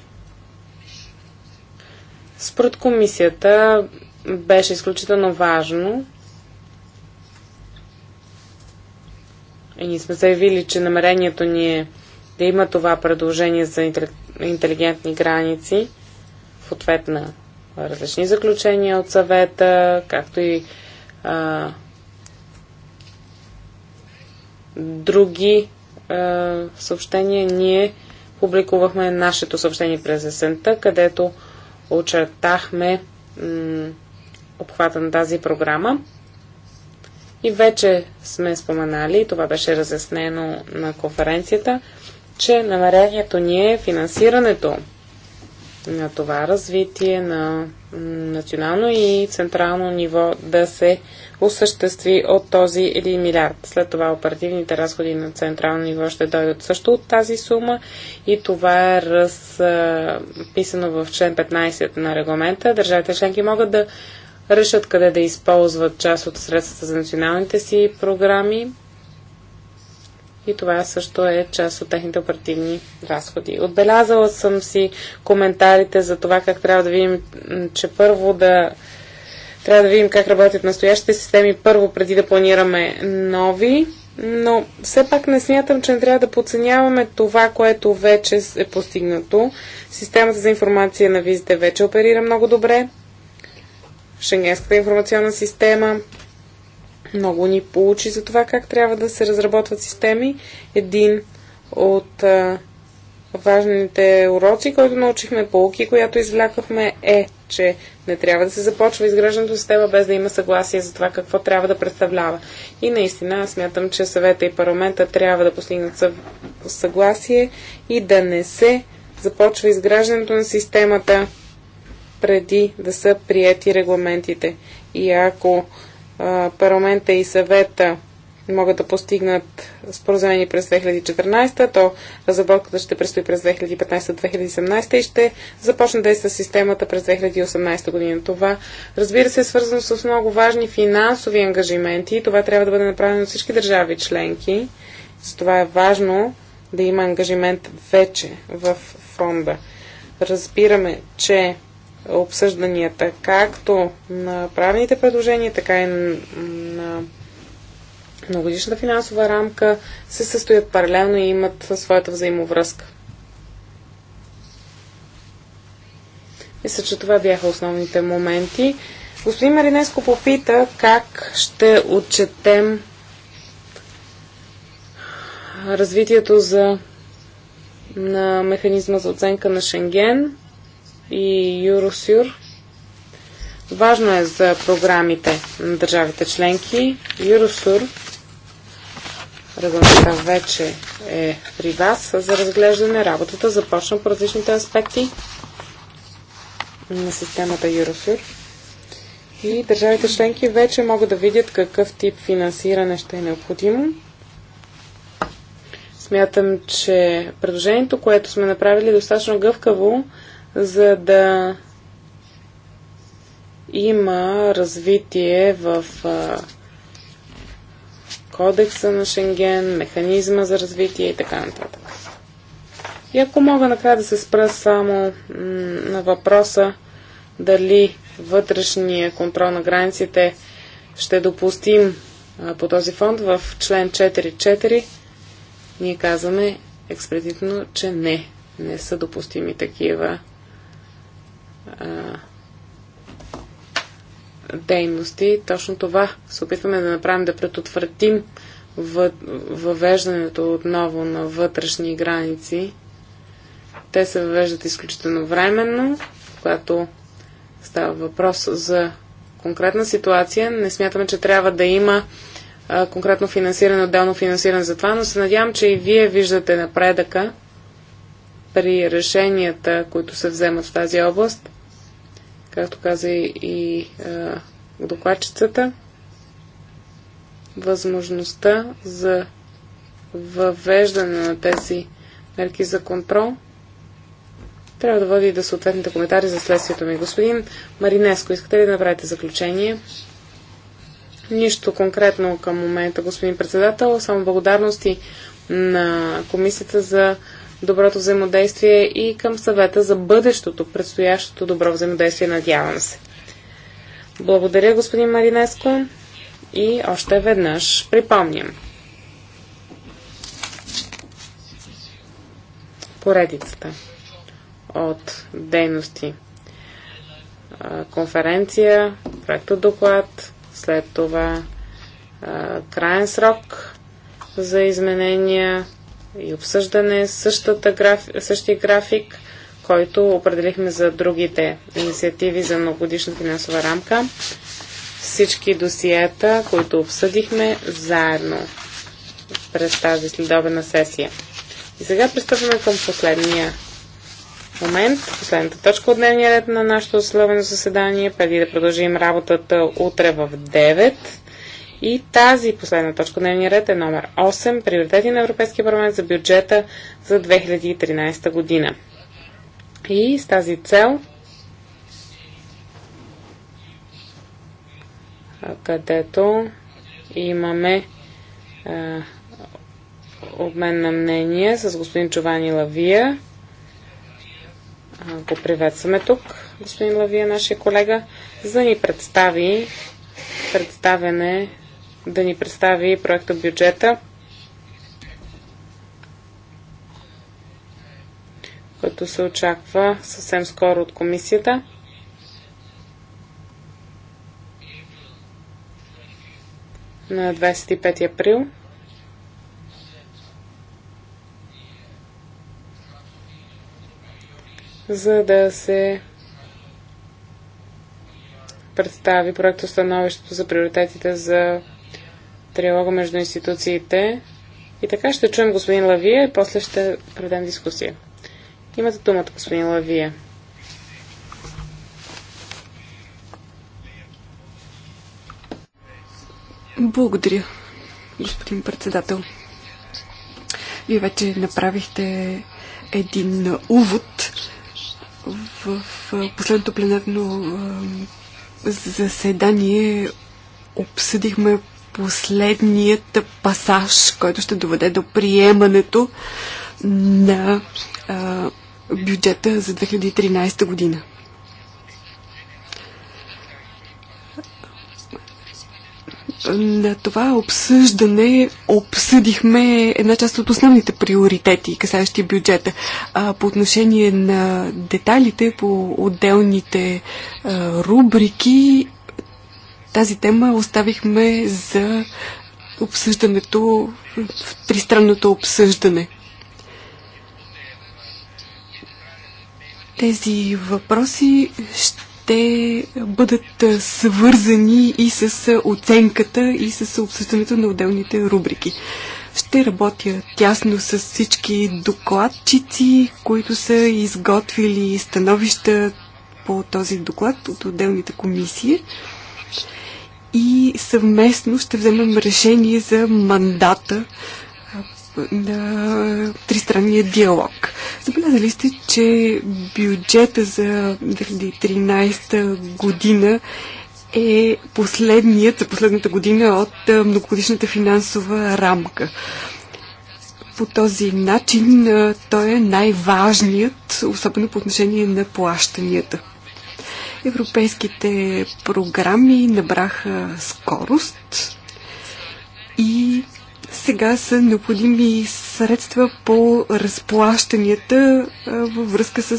Според комисията беше изключително важно И ние сме заявили, че намерението ни е да има това предложение за интелигентни граници в ответ на различни заключения от съвета, както и а, други а, съобщения. Ние публикувахме нашето съобщение през есента, където очертахме обхвата на тази програма. И вече сме споменали, това беше разяснено на конференцията, че намерението ни е финансирането на това развитие на национално и централно ниво да се осъществи от този 1 милиард. След това оперативните разходи на централно ниво ще дойдат също от тази сума и това е разписано в член 15 на регламента. Държавите членки могат да решат къде да използват част от средствата за националните си програми. И това също е част от техните оперативни разходи. Отбелязала съм си коментарите за това как трябва да видим, че първо да трябва да видим как работят настоящите системи първо, преди да планираме нови. Но все пак не смятам, че не трябва да подценяваме това, което вече е постигнато. Системата за информация на визите вече оперира много добре. Шенгенската информационна система много ни получи за това как трябва да се разработват системи. Един от а, важните уроци, който научихме полки, която извлякахме е, че не трябва да се започва изграждането система без да има съгласие за това какво трябва да представлява. И наистина аз смятам, че съвета и парламента трябва да постигнат съгласие и да не се започва изграждането на системата преди да са прияти регламентите. И ако а, парламента и съвета могат да постигнат споразумение през 2014, то разработката ще предстои през 2015-2017 и ще започне действа е системата през 2018 година. Това, разбира се, е свързано с много важни финансови ангажименти и това трябва да бъде направено от всички държави членки. това е важно да има ангажимент вече в фонда. Разбираме, че обсъжданията, както на правните предложения, така и на многодишната финансова рамка, се състоят паралелно и имат своята взаимовръзка. Мисля, че това бяха основните моменти. Господин Маринеско попита как ще отчетем развитието за, на механизма за оценка на Шенген и Юросюр. Важно е за програмите на държавите членки. Юросюр регламента вече е при вас за разглеждане. Работата започна по различните аспекти на системата Юросюр. И държавите членки вече могат да видят какъв тип финансиране ще е необходимо. Смятам, че предложението, което сме направили е достатъчно гъвкаво, за да има развитие в кодекса на Шенген, механизма за развитие и така нататък. И ако мога накрая да се спра само на въпроса дали вътрешния контрол на границите ще допустим а, по този фонд в член 4.4, ние казваме експредитно, че не, не са допустими такива дейности. Точно това се опитваме да направим, да предотвратим въвеждането отново на вътрешни граници. Те се въвеждат изключително временно, когато става въпрос за конкретна ситуация. Не смятаме, че трябва да има а, конкретно финансиране, отделно финансиране за това, но се надявам, че и вие виждате напредъка при решенията, които се вземат в тази област както каза и, а, докладчицата, възможността за въвеждане на тези мерки за контрол трябва да води и да съответните коментари за следствието ми. Господин Маринеско, искате ли да направите заключение? Нищо конкретно към момента, господин председател, само благодарности на комисията за доброто взаимодействие и към съвета за бъдещото, предстоящото добро взаимодействие, надявам се. Благодаря, господин Маринеско. И още веднъж припомням. Поредицата от дейности. Конференция, доклад, след това краен срок за изменения и обсъждане, същата граф... същия график, който определихме за другите инициативи за многогодишна финансова рамка. Всички досиета, които обсъдихме заедно през тази следобедна сесия. И сега пристъпваме към последния момент, последната точка от дневния ред на нашето следобедно заседание, преди да продължим работата утре в 9. И тази последна точка дневния ред е номер 8 Приоритети на Европейския парламент за бюджета за 2013 година. И с тази цел където имаме е, обмен на мнение с господин Човани Лавия. Го приветстваме тук, господин Лавия, нашия колега, за да ни представи представене да ни представи проекта бюджета, който се очаква съвсем скоро от комисията. на 25 април. за да се представи проектостановището за приоритетите за триалога между институциите. И така ще чуем господин Лавия и после ще предам дискусия. Имате думата, господин Лавия. Благодаря, господин председател. Вие вече направихте един увод в последното пленарно заседание обсъдихме последният пасаж, който ще доведе до приемането на а, бюджета за 2013 година. На това обсъждане обсъдихме една част от основните приоритети, касащи бюджета. А, по отношение на деталите по отделните а, рубрики тази тема оставихме за обсъждането, тристранното обсъждане. Тези въпроси ще бъдат свързани и с оценката, и с обсъждането на отделните рубрики. Ще работя тясно с всички докладчици, които са изготвили становища по този доклад от отделните комисии и съвместно ще вземем решение за мандата на тристранния диалог. Забелязали сте, че бюджета за 2013 година е последният за последната година от многогодишната финансова рамка. По този начин той е най-важният, особено по отношение на плащанията. Европейските програми набраха скорост и сега са необходими средства по разплащанията във връзка с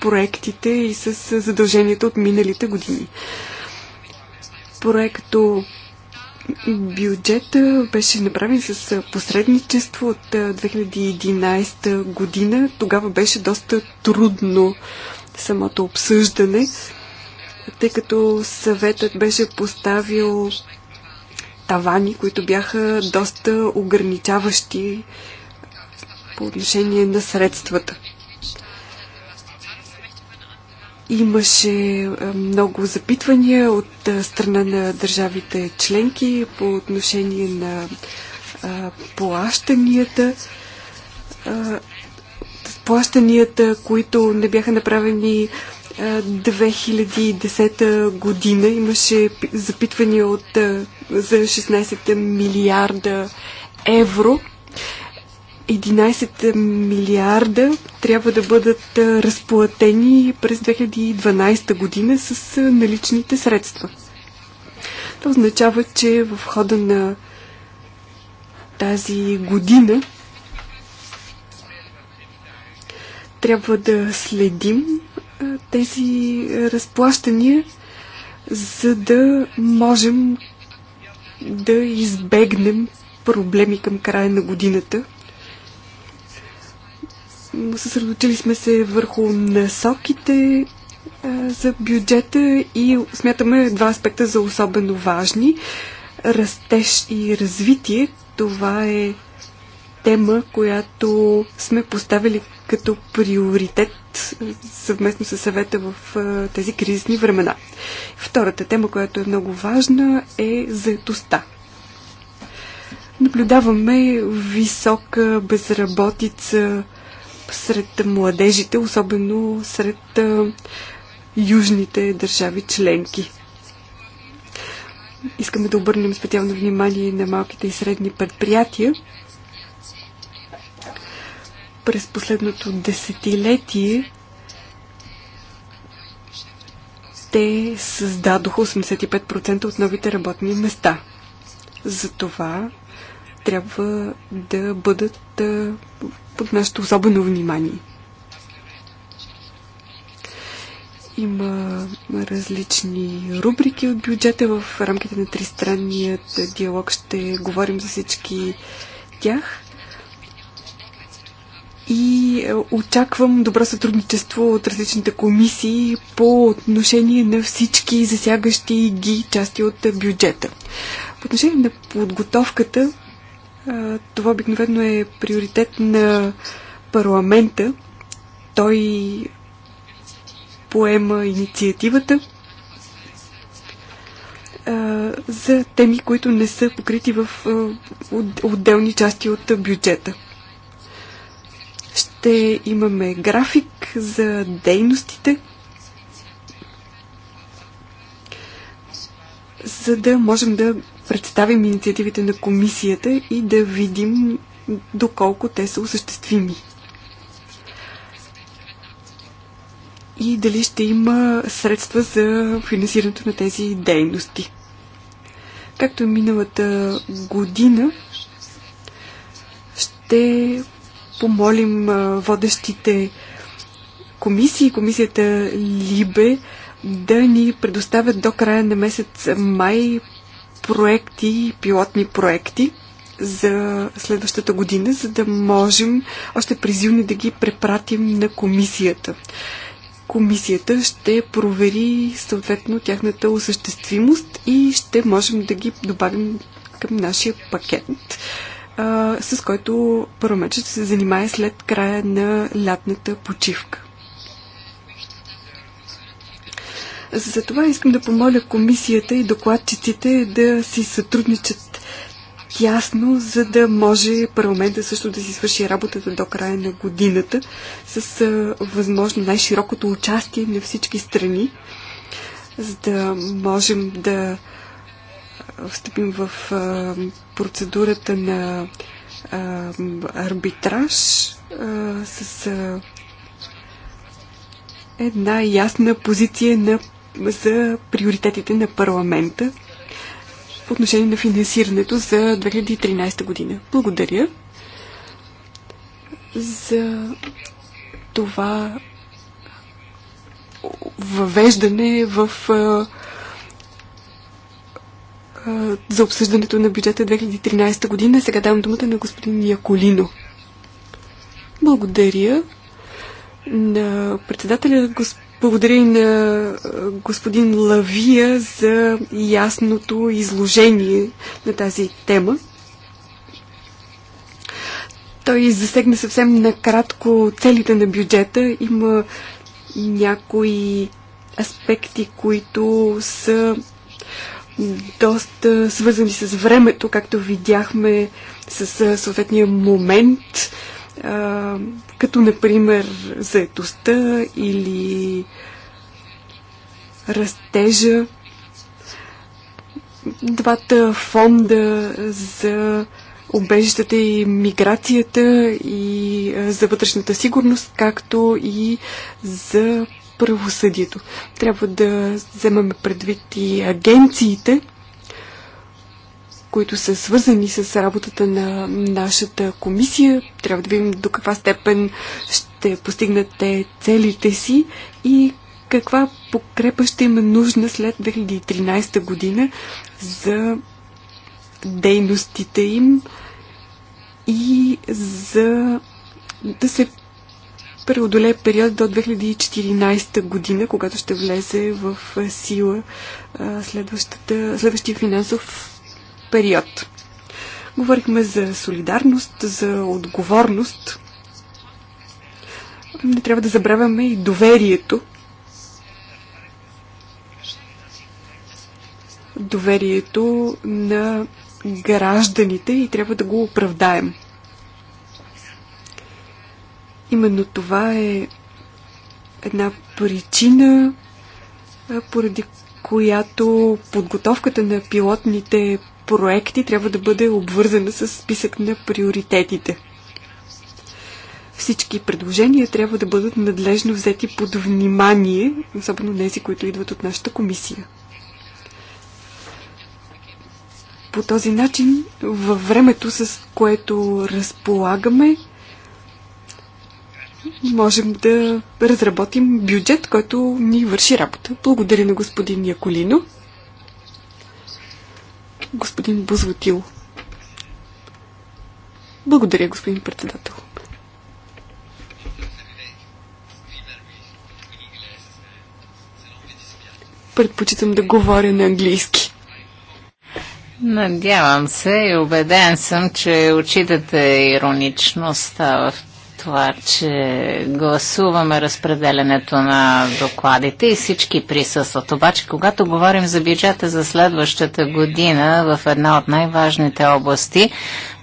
проектите и с задълженията от миналите години. Проекто бюджета беше направен с посредничество от 2011 година. Тогава беше доста трудно самото обсъждане тъй като съветът беше поставил тавани, които бяха доста ограничаващи по отношение на средствата. Имаше много запитвания от страна на държавите членки по отношение на плащанията. Плащанията, които не бяха направени 2010 е, година имаше запитвания от, е, за 16 милиарда евро. 11 милиарда трябва да бъдат е, разплатени през 2012 година с наличните средства. Това означава, че в хода на тази година трябва да следим тези разплащания, за да можем да избегнем проблеми към края на годината. Съсредоточили сме се върху насоките за бюджета и смятаме два аспекта за особено важни. Растеж и развитие. Това е тема, която сме поставили като приоритет съвместно с съвета в тези кризисни времена. Втората тема, която е много важна, е заетостта. Наблюдаваме висока безработица сред младежите, особено сред южните държави членки. Искаме да обърнем специално внимание на малките и средни предприятия, през последното десетилетие те създадоха 85% от новите работни места. Затова трябва да бъдат под нашето особено внимание. Има различни рубрики от бюджета в рамките на тристранният диалог. Ще говорим за всички тях и е, очаквам добро сътрудничество от различните комисии по отношение на всички засягащи ги части от бюджета. По отношение на подготовката, е, това обикновено е приоритет на парламента. Той поема инициативата е, за теми, които не са покрити в отделни части от бюджета. Ще имаме график за дейностите, за да можем да представим инициативите на комисията и да видим доколко те са осъществими. И дали ще има средства за финансирането на тези дейности. Както миналата година, ще помолим водещите комисии, комисията Либе, да ни предоставят до края на месец май проекти, пилотни проекти за следващата година, за да можем още през юни да ги препратим на комисията. Комисията ще провери съответно тяхната осъществимост и ще можем да ги добавим към нашия пакет а, с който парламентът ще се занимае след края на лятната почивка. За това искам да помоля комисията и докладчиците да си сътрудничат тясно, за да може парламента също да си свърши работата до края на годината с а, възможно най-широкото участие на всички страни, за да можем да встъпим в а, процедурата на а, арбитраж а, с а, една ясна позиция на, за приоритетите на парламента по отношение на финансирането за 2013 година. Благодаря за това въвеждане в а, за обсъждането на бюджета 2013 година. Сега давам думата на господин Яколино. Благодаря на председателя, господин благодаря и на господин Лавия за ясното изложение на тази тема. Той засегна съвсем накратко целите на бюджета. Има някои аспекти, които са доста свързани с времето, както видяхме с съответния момент, като например заетостта или растежа. Двата фонда за убежищата и миграцията и за вътрешната сигурност, както и за правосъдието. Трябва да вземаме предвид и агенциите, които са свързани с работата на нашата комисия. Трябва да видим до каква степен ще постигнат те целите си и каква покрепа ще има нужна след 2013 година за дейностите им и за да се преодолее период до 2014 година, когато ще влезе в сила следващия финансов период. Говорихме за солидарност, за отговорност. Не трябва да забравяме и доверието. Доверието на гражданите и трябва да го оправдаем. Именно това е една причина, поради която подготовката на пилотните проекти трябва да бъде обвързана с списък на приоритетите. Всички предложения трябва да бъдат надлежно взети под внимание, особено тези, които идват от нашата комисия. По този начин, във времето, с което разполагаме, можем да разработим бюджет, който ни върши работа. Благодаря на господин Яколино. Господин Бозвотил. Благодаря, господин председател. Предпочитам да говоря на английски. Надявам се и убеден съм, че очитате ироничността в това, че гласуваме разпределенето на докладите и всички присъстват. Обаче, когато говорим за бюджета за следващата година в една от най-важните области,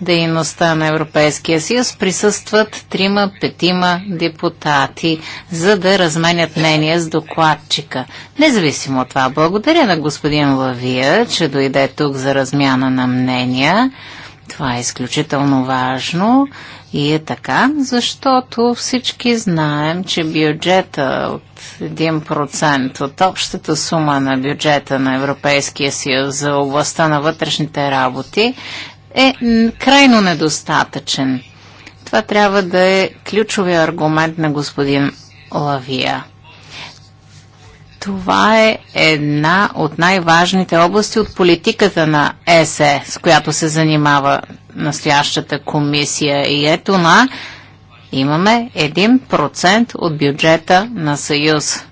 дейността на Европейския съюз, присъстват трима, петима депутати, за да разменят мнение с докладчика. Независимо от това, благодаря на господин Лавия, че дойде тук за размяна на мнения. Това е изключително важно и е така, защото всички знаем, че бюджета от 1% от общата сума на бюджета на Европейския съюз за областта на вътрешните работи е крайно недостатъчен. Това трябва да е ключовия аргумент на господин Лавия. Това е една от най-важните области от политиката на ЕСЕ, с която се занимава настоящата комисия. И ето на имаме 1% от бюджета на Съюз.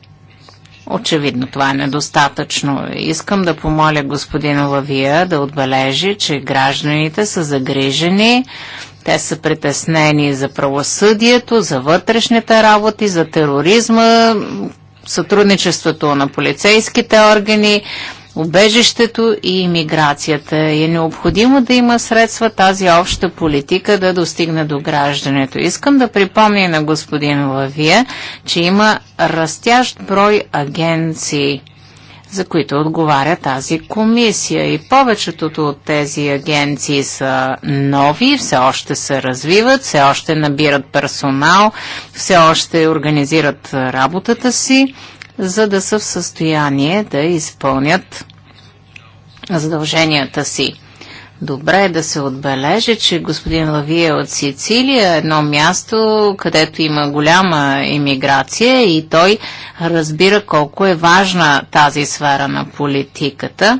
Очевидно това е недостатъчно. Искам да помоля господин Лавия да отбележи, че гражданите са загрижени, те са притеснени за правосъдието, за вътрешните работи, за тероризма, сътрудничеството на полицейските органи, убежището и иммиграцията. Е необходимо да има средства тази обща политика да достигне до граждането. Искам да припомня на господин Лавия, че има растящ брой агенции – за които отговаря тази комисия. И повечето от тези агенции са нови, все още се развиват, все още набират персонал, все още организират работата си, за да са в състояние да изпълнят задълженията си. Добре е да се отбележи, че господин Лавия от Сицилия е едно място, където има голяма иммиграция и той разбира колко е важна тази сфера на политиката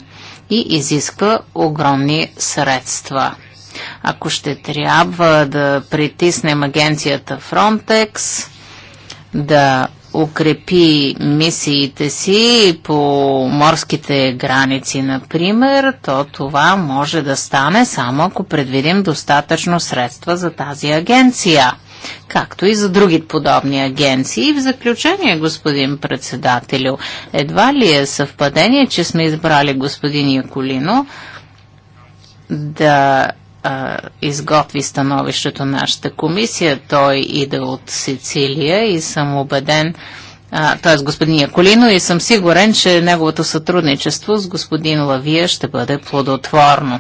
и изисква огромни средства. Ако ще трябва да притиснем агенцията Frontex, да укрепи мисиите си по морските граници, например, то това може да стане само ако предвидим достатъчно средства за тази агенция, както и за други подобни агенции. И в заключение, господин председателю, едва ли е съвпадение, че сме избрали господин Яколино да изготви становището нашата комисия. Той иде от Сицилия и съм убеден, т.е. господин Яколино, и съм сигурен, че неговото сътрудничество с господин Лавия ще бъде плодотворно.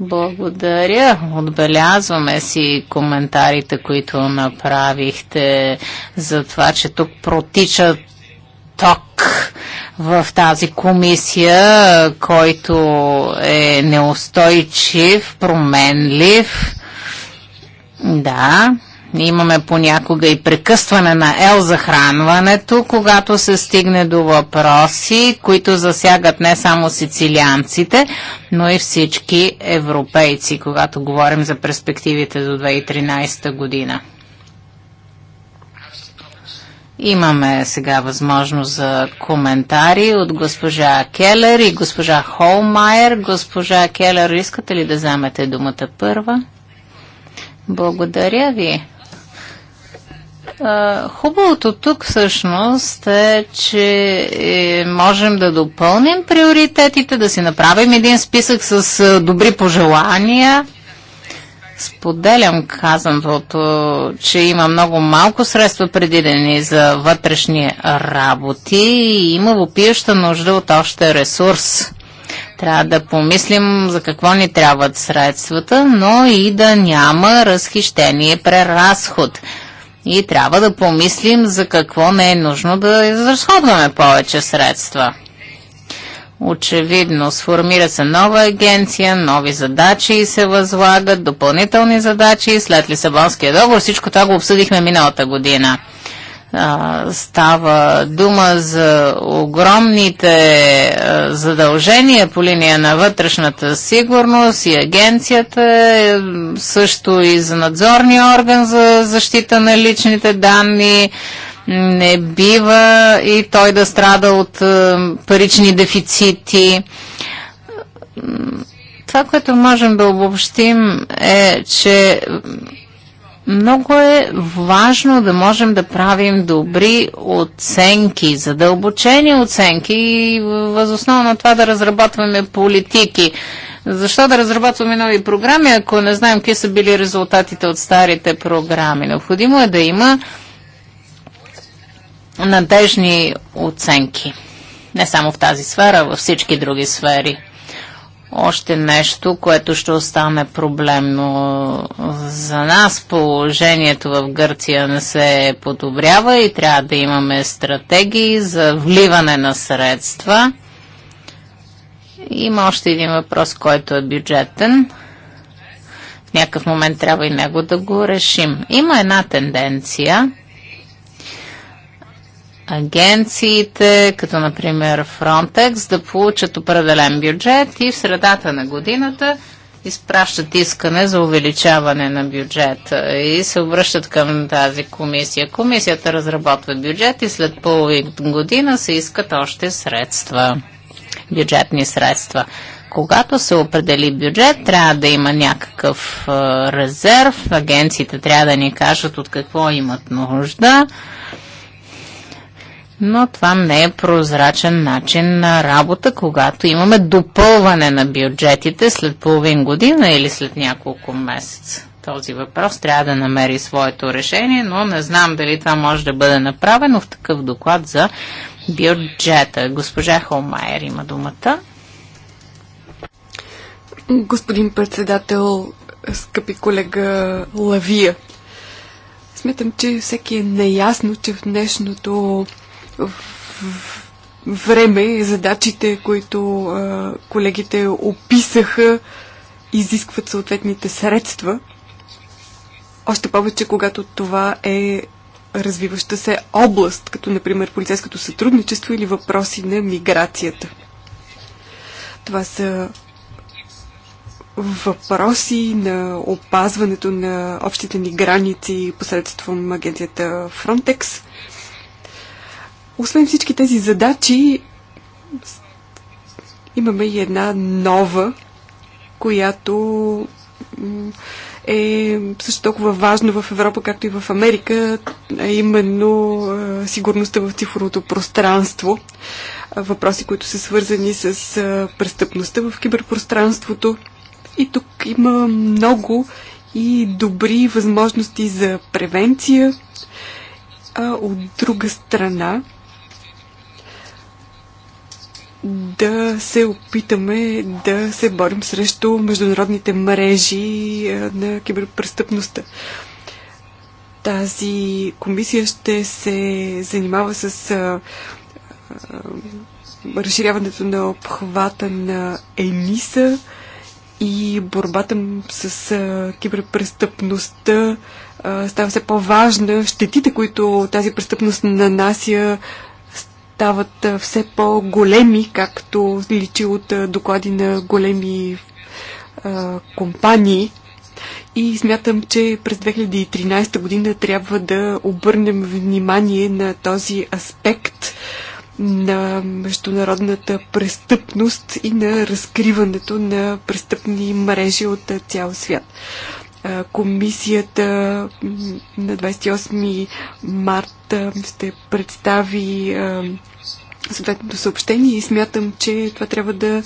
Благодаря. Отбелязваме си коментарите, които направихте за това, че тук протичат ток в тази комисия, който е неустойчив, променлив. Да, имаме понякога и прекъсване на Ел захранването, когато се стигне до въпроси, които засягат не само сицилианците, но и всички европейци, когато говорим за перспективите до 2013 година. Имаме сега възможност за коментари от госпожа Келер и госпожа Холмайер. Госпожа Келер, искате ли да вземете думата първа? Благодаря ви. Хубавото тук всъщност е, че е, можем да допълним приоритетите, да си направим един списък с е, добри пожелания Споделям казаното, че има много малко средства предидени за вътрешни работи и има вопиеща нужда от още ресурс. Трябва да помислим за какво ни трябват средствата, но и да няма разхищение преразход. И трябва да помислим за какво не е нужно да изразходваме повече средства. Очевидно, сформира се нова агенция, нови задачи се възлагат, допълнителни задачи след Лисабонския договор. Всичко това го обсъдихме миналата година. става дума за огромните задължения по линия на вътрешната сигурност и агенцията, е, също и за надзорния орган за защита на личните данни не бива и той да страда от е, парични дефицити. Това, което можем да обобщим е, че много е важно да можем да правим добри оценки, задълбочени оценки и възоснова на това да разработваме политики. Защо да разработваме нови програми, ако не знаем какви са били резултатите от старите програми? Необходимо е да има надежни оценки. Не само в тази сфера, във всички други сфери. Още нещо, което ще остане проблемно за нас. Положението в Гърция не се подобрява и трябва да имаме стратегии за вливане на средства. Има още един въпрос, който е бюджетен. В някакъв момент трябва и него да го решим. Има една тенденция агенциите, като например Frontex, да получат определен бюджет и в средата на годината изпращат искане за увеличаване на бюджета и се обръщат към тази комисия. Комисията разработва бюджет и след половин година се искат още средства, бюджетни средства. Когато се определи бюджет, трябва да има някакъв резерв, агенциите трябва да ни кажат от какво имат нужда но това не е прозрачен начин на работа, когато имаме допълване на бюджетите след половин година или след няколко месеца. Този въпрос трябва да намери своето решение, но не знам дали това може да бъде направено в такъв доклад за бюджета. Госпожа Холмайер има думата. Господин председател, скъпи колега Лавия, смятам, че всеки е неясно, че в днешното време и задачите, които а, колегите описаха, изискват съответните средства. Още повече, когато това е развиваща се област, като например полицейското сътрудничество или въпроси на миграцията. Това са въпроси на опазването на общите ни граници посредством агенцията Frontex – освен всички тези задачи, имаме и една нова, която е също толкова важна в Европа, както и в Америка, а именно сигурността в цифровото пространство. Въпроси, които са свързани с престъпността в киберпространството. И тук има много и добри възможности за превенция. А от друга страна, да се опитаме да се борим срещу международните мрежи на киберпрестъпността. Тази комисия ще се занимава с разширяването на обхвата на ЕНИСА и борбата с а, киберпрестъпността а, става все по-важна. Щетите, които тази престъпност нанася стават все по-големи, както личи от доклади на големи а, компании. И смятам, че през 2013 година трябва да обърнем внимание на този аспект на международната престъпност и на разкриването на престъпни мрежи от цял свят. Комисията на 28 март ще представи съответното съобщение и смятам, че това трябва да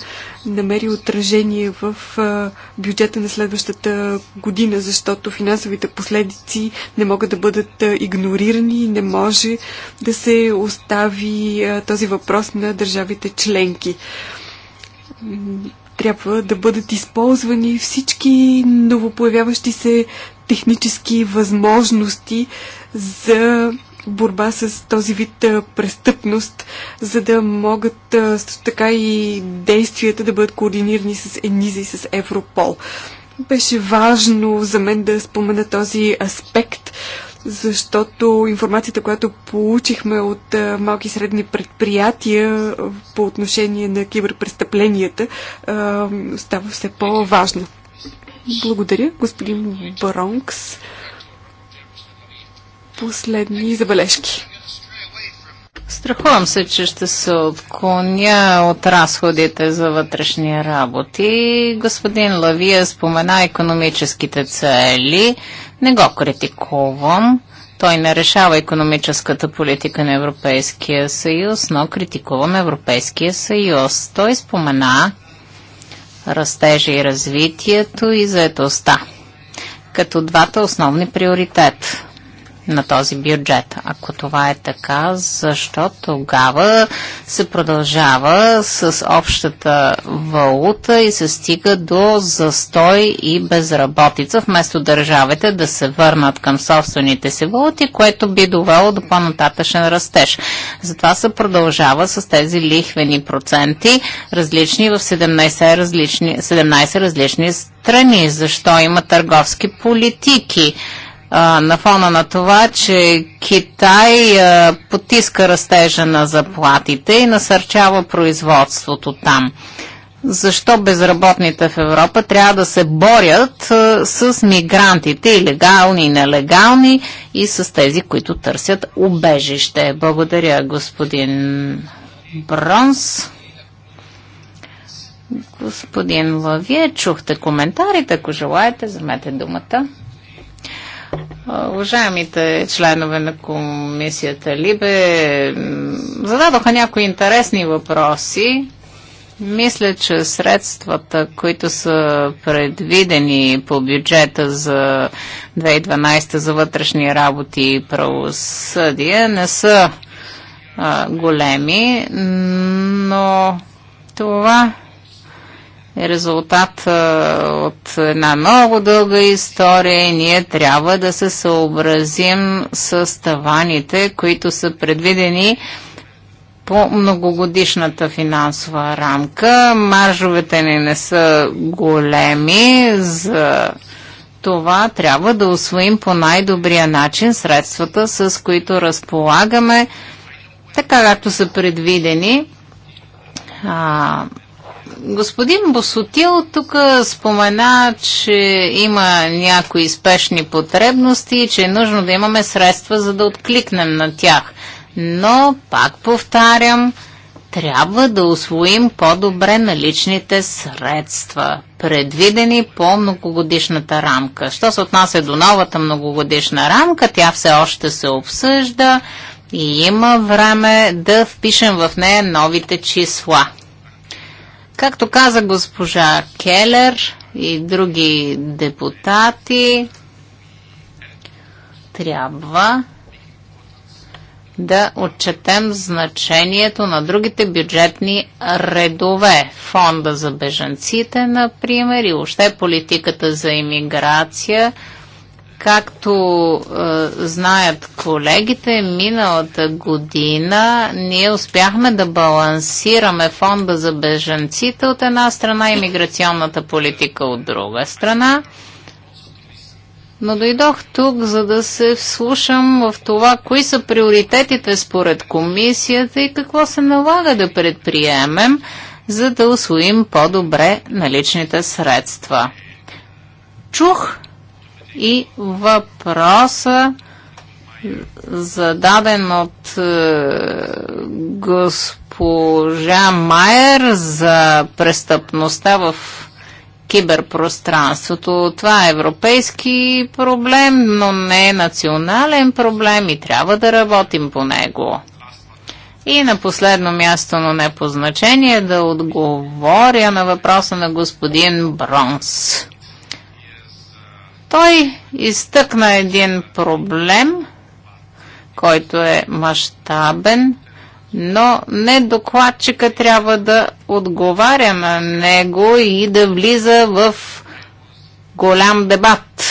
намери отражение в бюджета на следващата година, защото финансовите последици не могат да бъдат игнорирани и не може да се остави този въпрос на държавите членки трябва да бъдат използвани всички новопоявяващи се технически възможности за борба с този вид престъпност, за да могат така и действията да бъдат координирани с ЕНИЗа и с Европол. Беше важно за мен да спомена този аспект, защото информацията, която получихме от малки и средни предприятия по отношение на киберпрестъпленията, става все по-важна. Благодаря, господин Бронкс. Последни забележки. Страхувам се, че ще се отклоня от разходите за вътрешни работи. Господин Лавия спомена економическите цели. Не го критикувам. Той не решава економическата политика на Европейския съюз, но критикувам Европейския съюз. Той спомена растежа и развитието и заедостта като двата основни приоритета на този бюджет. Ако това е така, защо тогава се продължава с общата валута и се стига до застой и безработица, вместо държавите да се върнат към собствените си валути, което би довело до по-нататъчен растеж. Затова се продължава с тези лихвени проценти, различни в 17 различни, 17 различни страни. Защо има търговски политики? на фона на това, че Китай потиска растежа на заплатите и насърчава производството там. Защо безработните в Европа трябва да се борят с мигрантите, и легални и нелегални, и с тези, които търсят убежище? Благодаря, господин Бронс. Господин Лавие, чухте коментарите. Ако желаете, вземете думата. Уважаемите членове на комисията Либе зададоха някои интересни въпроси. Мисля, че средствата, които са предвидени по бюджета за 2012 за вътрешни работи и правосъдие, не са а, големи, но това е резултат от една много дълга история. Ние трябва да се съобразим с таваните, които са предвидени по многогодишната финансова рамка. Маржовете ни не са големи за това трябва да освоим по най-добрия начин средствата, с които разполагаме, така както са предвидени. А, Господин Босотил тук спомена, че има някои спешни потребности и че е нужно да имаме средства, за да откликнем на тях. Но, пак повтарям, трябва да освоим по-добре наличните средства, предвидени по многогодишната рамка. Що се отнася до новата многогодишна рамка, тя все още се обсъжда и има време да впишем в нея новите числа. Както каза госпожа Келер и други депутати, трябва да отчетем значението на другите бюджетни редове. Фонда за беженците, например, и още политиката за иммиграция – Както е, знаят колегите, миналата година ние успяхме да балансираме фонда за беженците от една страна и миграционната политика от друга страна. Но дойдох тук, за да се вслушам в това, кои са приоритетите според комисията и какво се налага да предприемем, за да освоим по-добре наличните средства. Чух и въпроса зададен от е, госпожа Майер за престъпността в киберпространството. Това е европейски проблем, но не е национален проблем и трябва да работим по него. И на последно място, но не по значение, да отговоря на въпроса на господин Бронс той изтъкна един проблем, който е мащабен, но не докладчика трябва да отговаря на него и да влиза в голям дебат.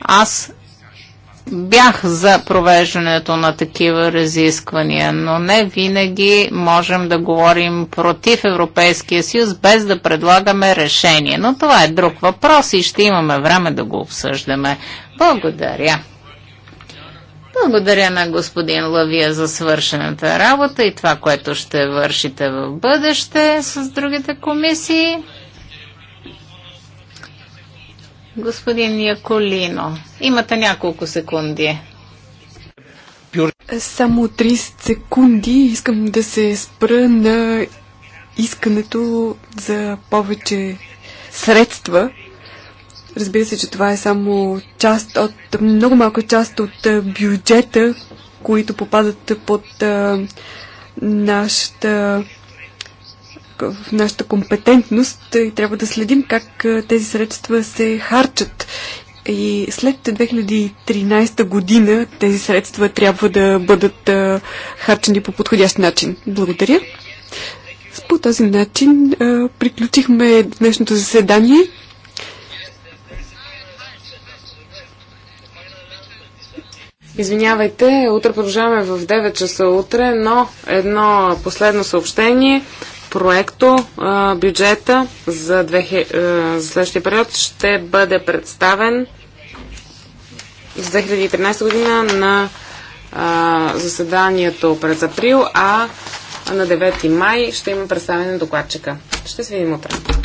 Аз бях за провеждането на такива разисквания, но не винаги можем да говорим против Европейския съюз без да предлагаме решение. Но това е друг въпрос и ще имаме време да го обсъждаме. Благодаря. Благодаря на господин Лавия за свършената работа и това, което ще вършите в бъдеще с другите комисии. Господин Яколино, имате няколко секунди. Само 30 секунди искам да се спра на искането за повече средства. Разбира се, че това е само част от, много малка част от бюджета, които попадат под а, нашата в нашата компетентност и трябва да следим как тези средства се харчат. И след 2013 година тези средства трябва да бъдат харчени по подходящ начин. Благодаря. По този начин приключихме днешното заседание. Извинявайте, утре продължаваме в 9 часа утре, но едно последно съобщение проекто бюджета за, за следващия период ще бъде представен за 2013 година на заседанието през април, а на 9 май ще има представене на докладчика. Ще се видим утре.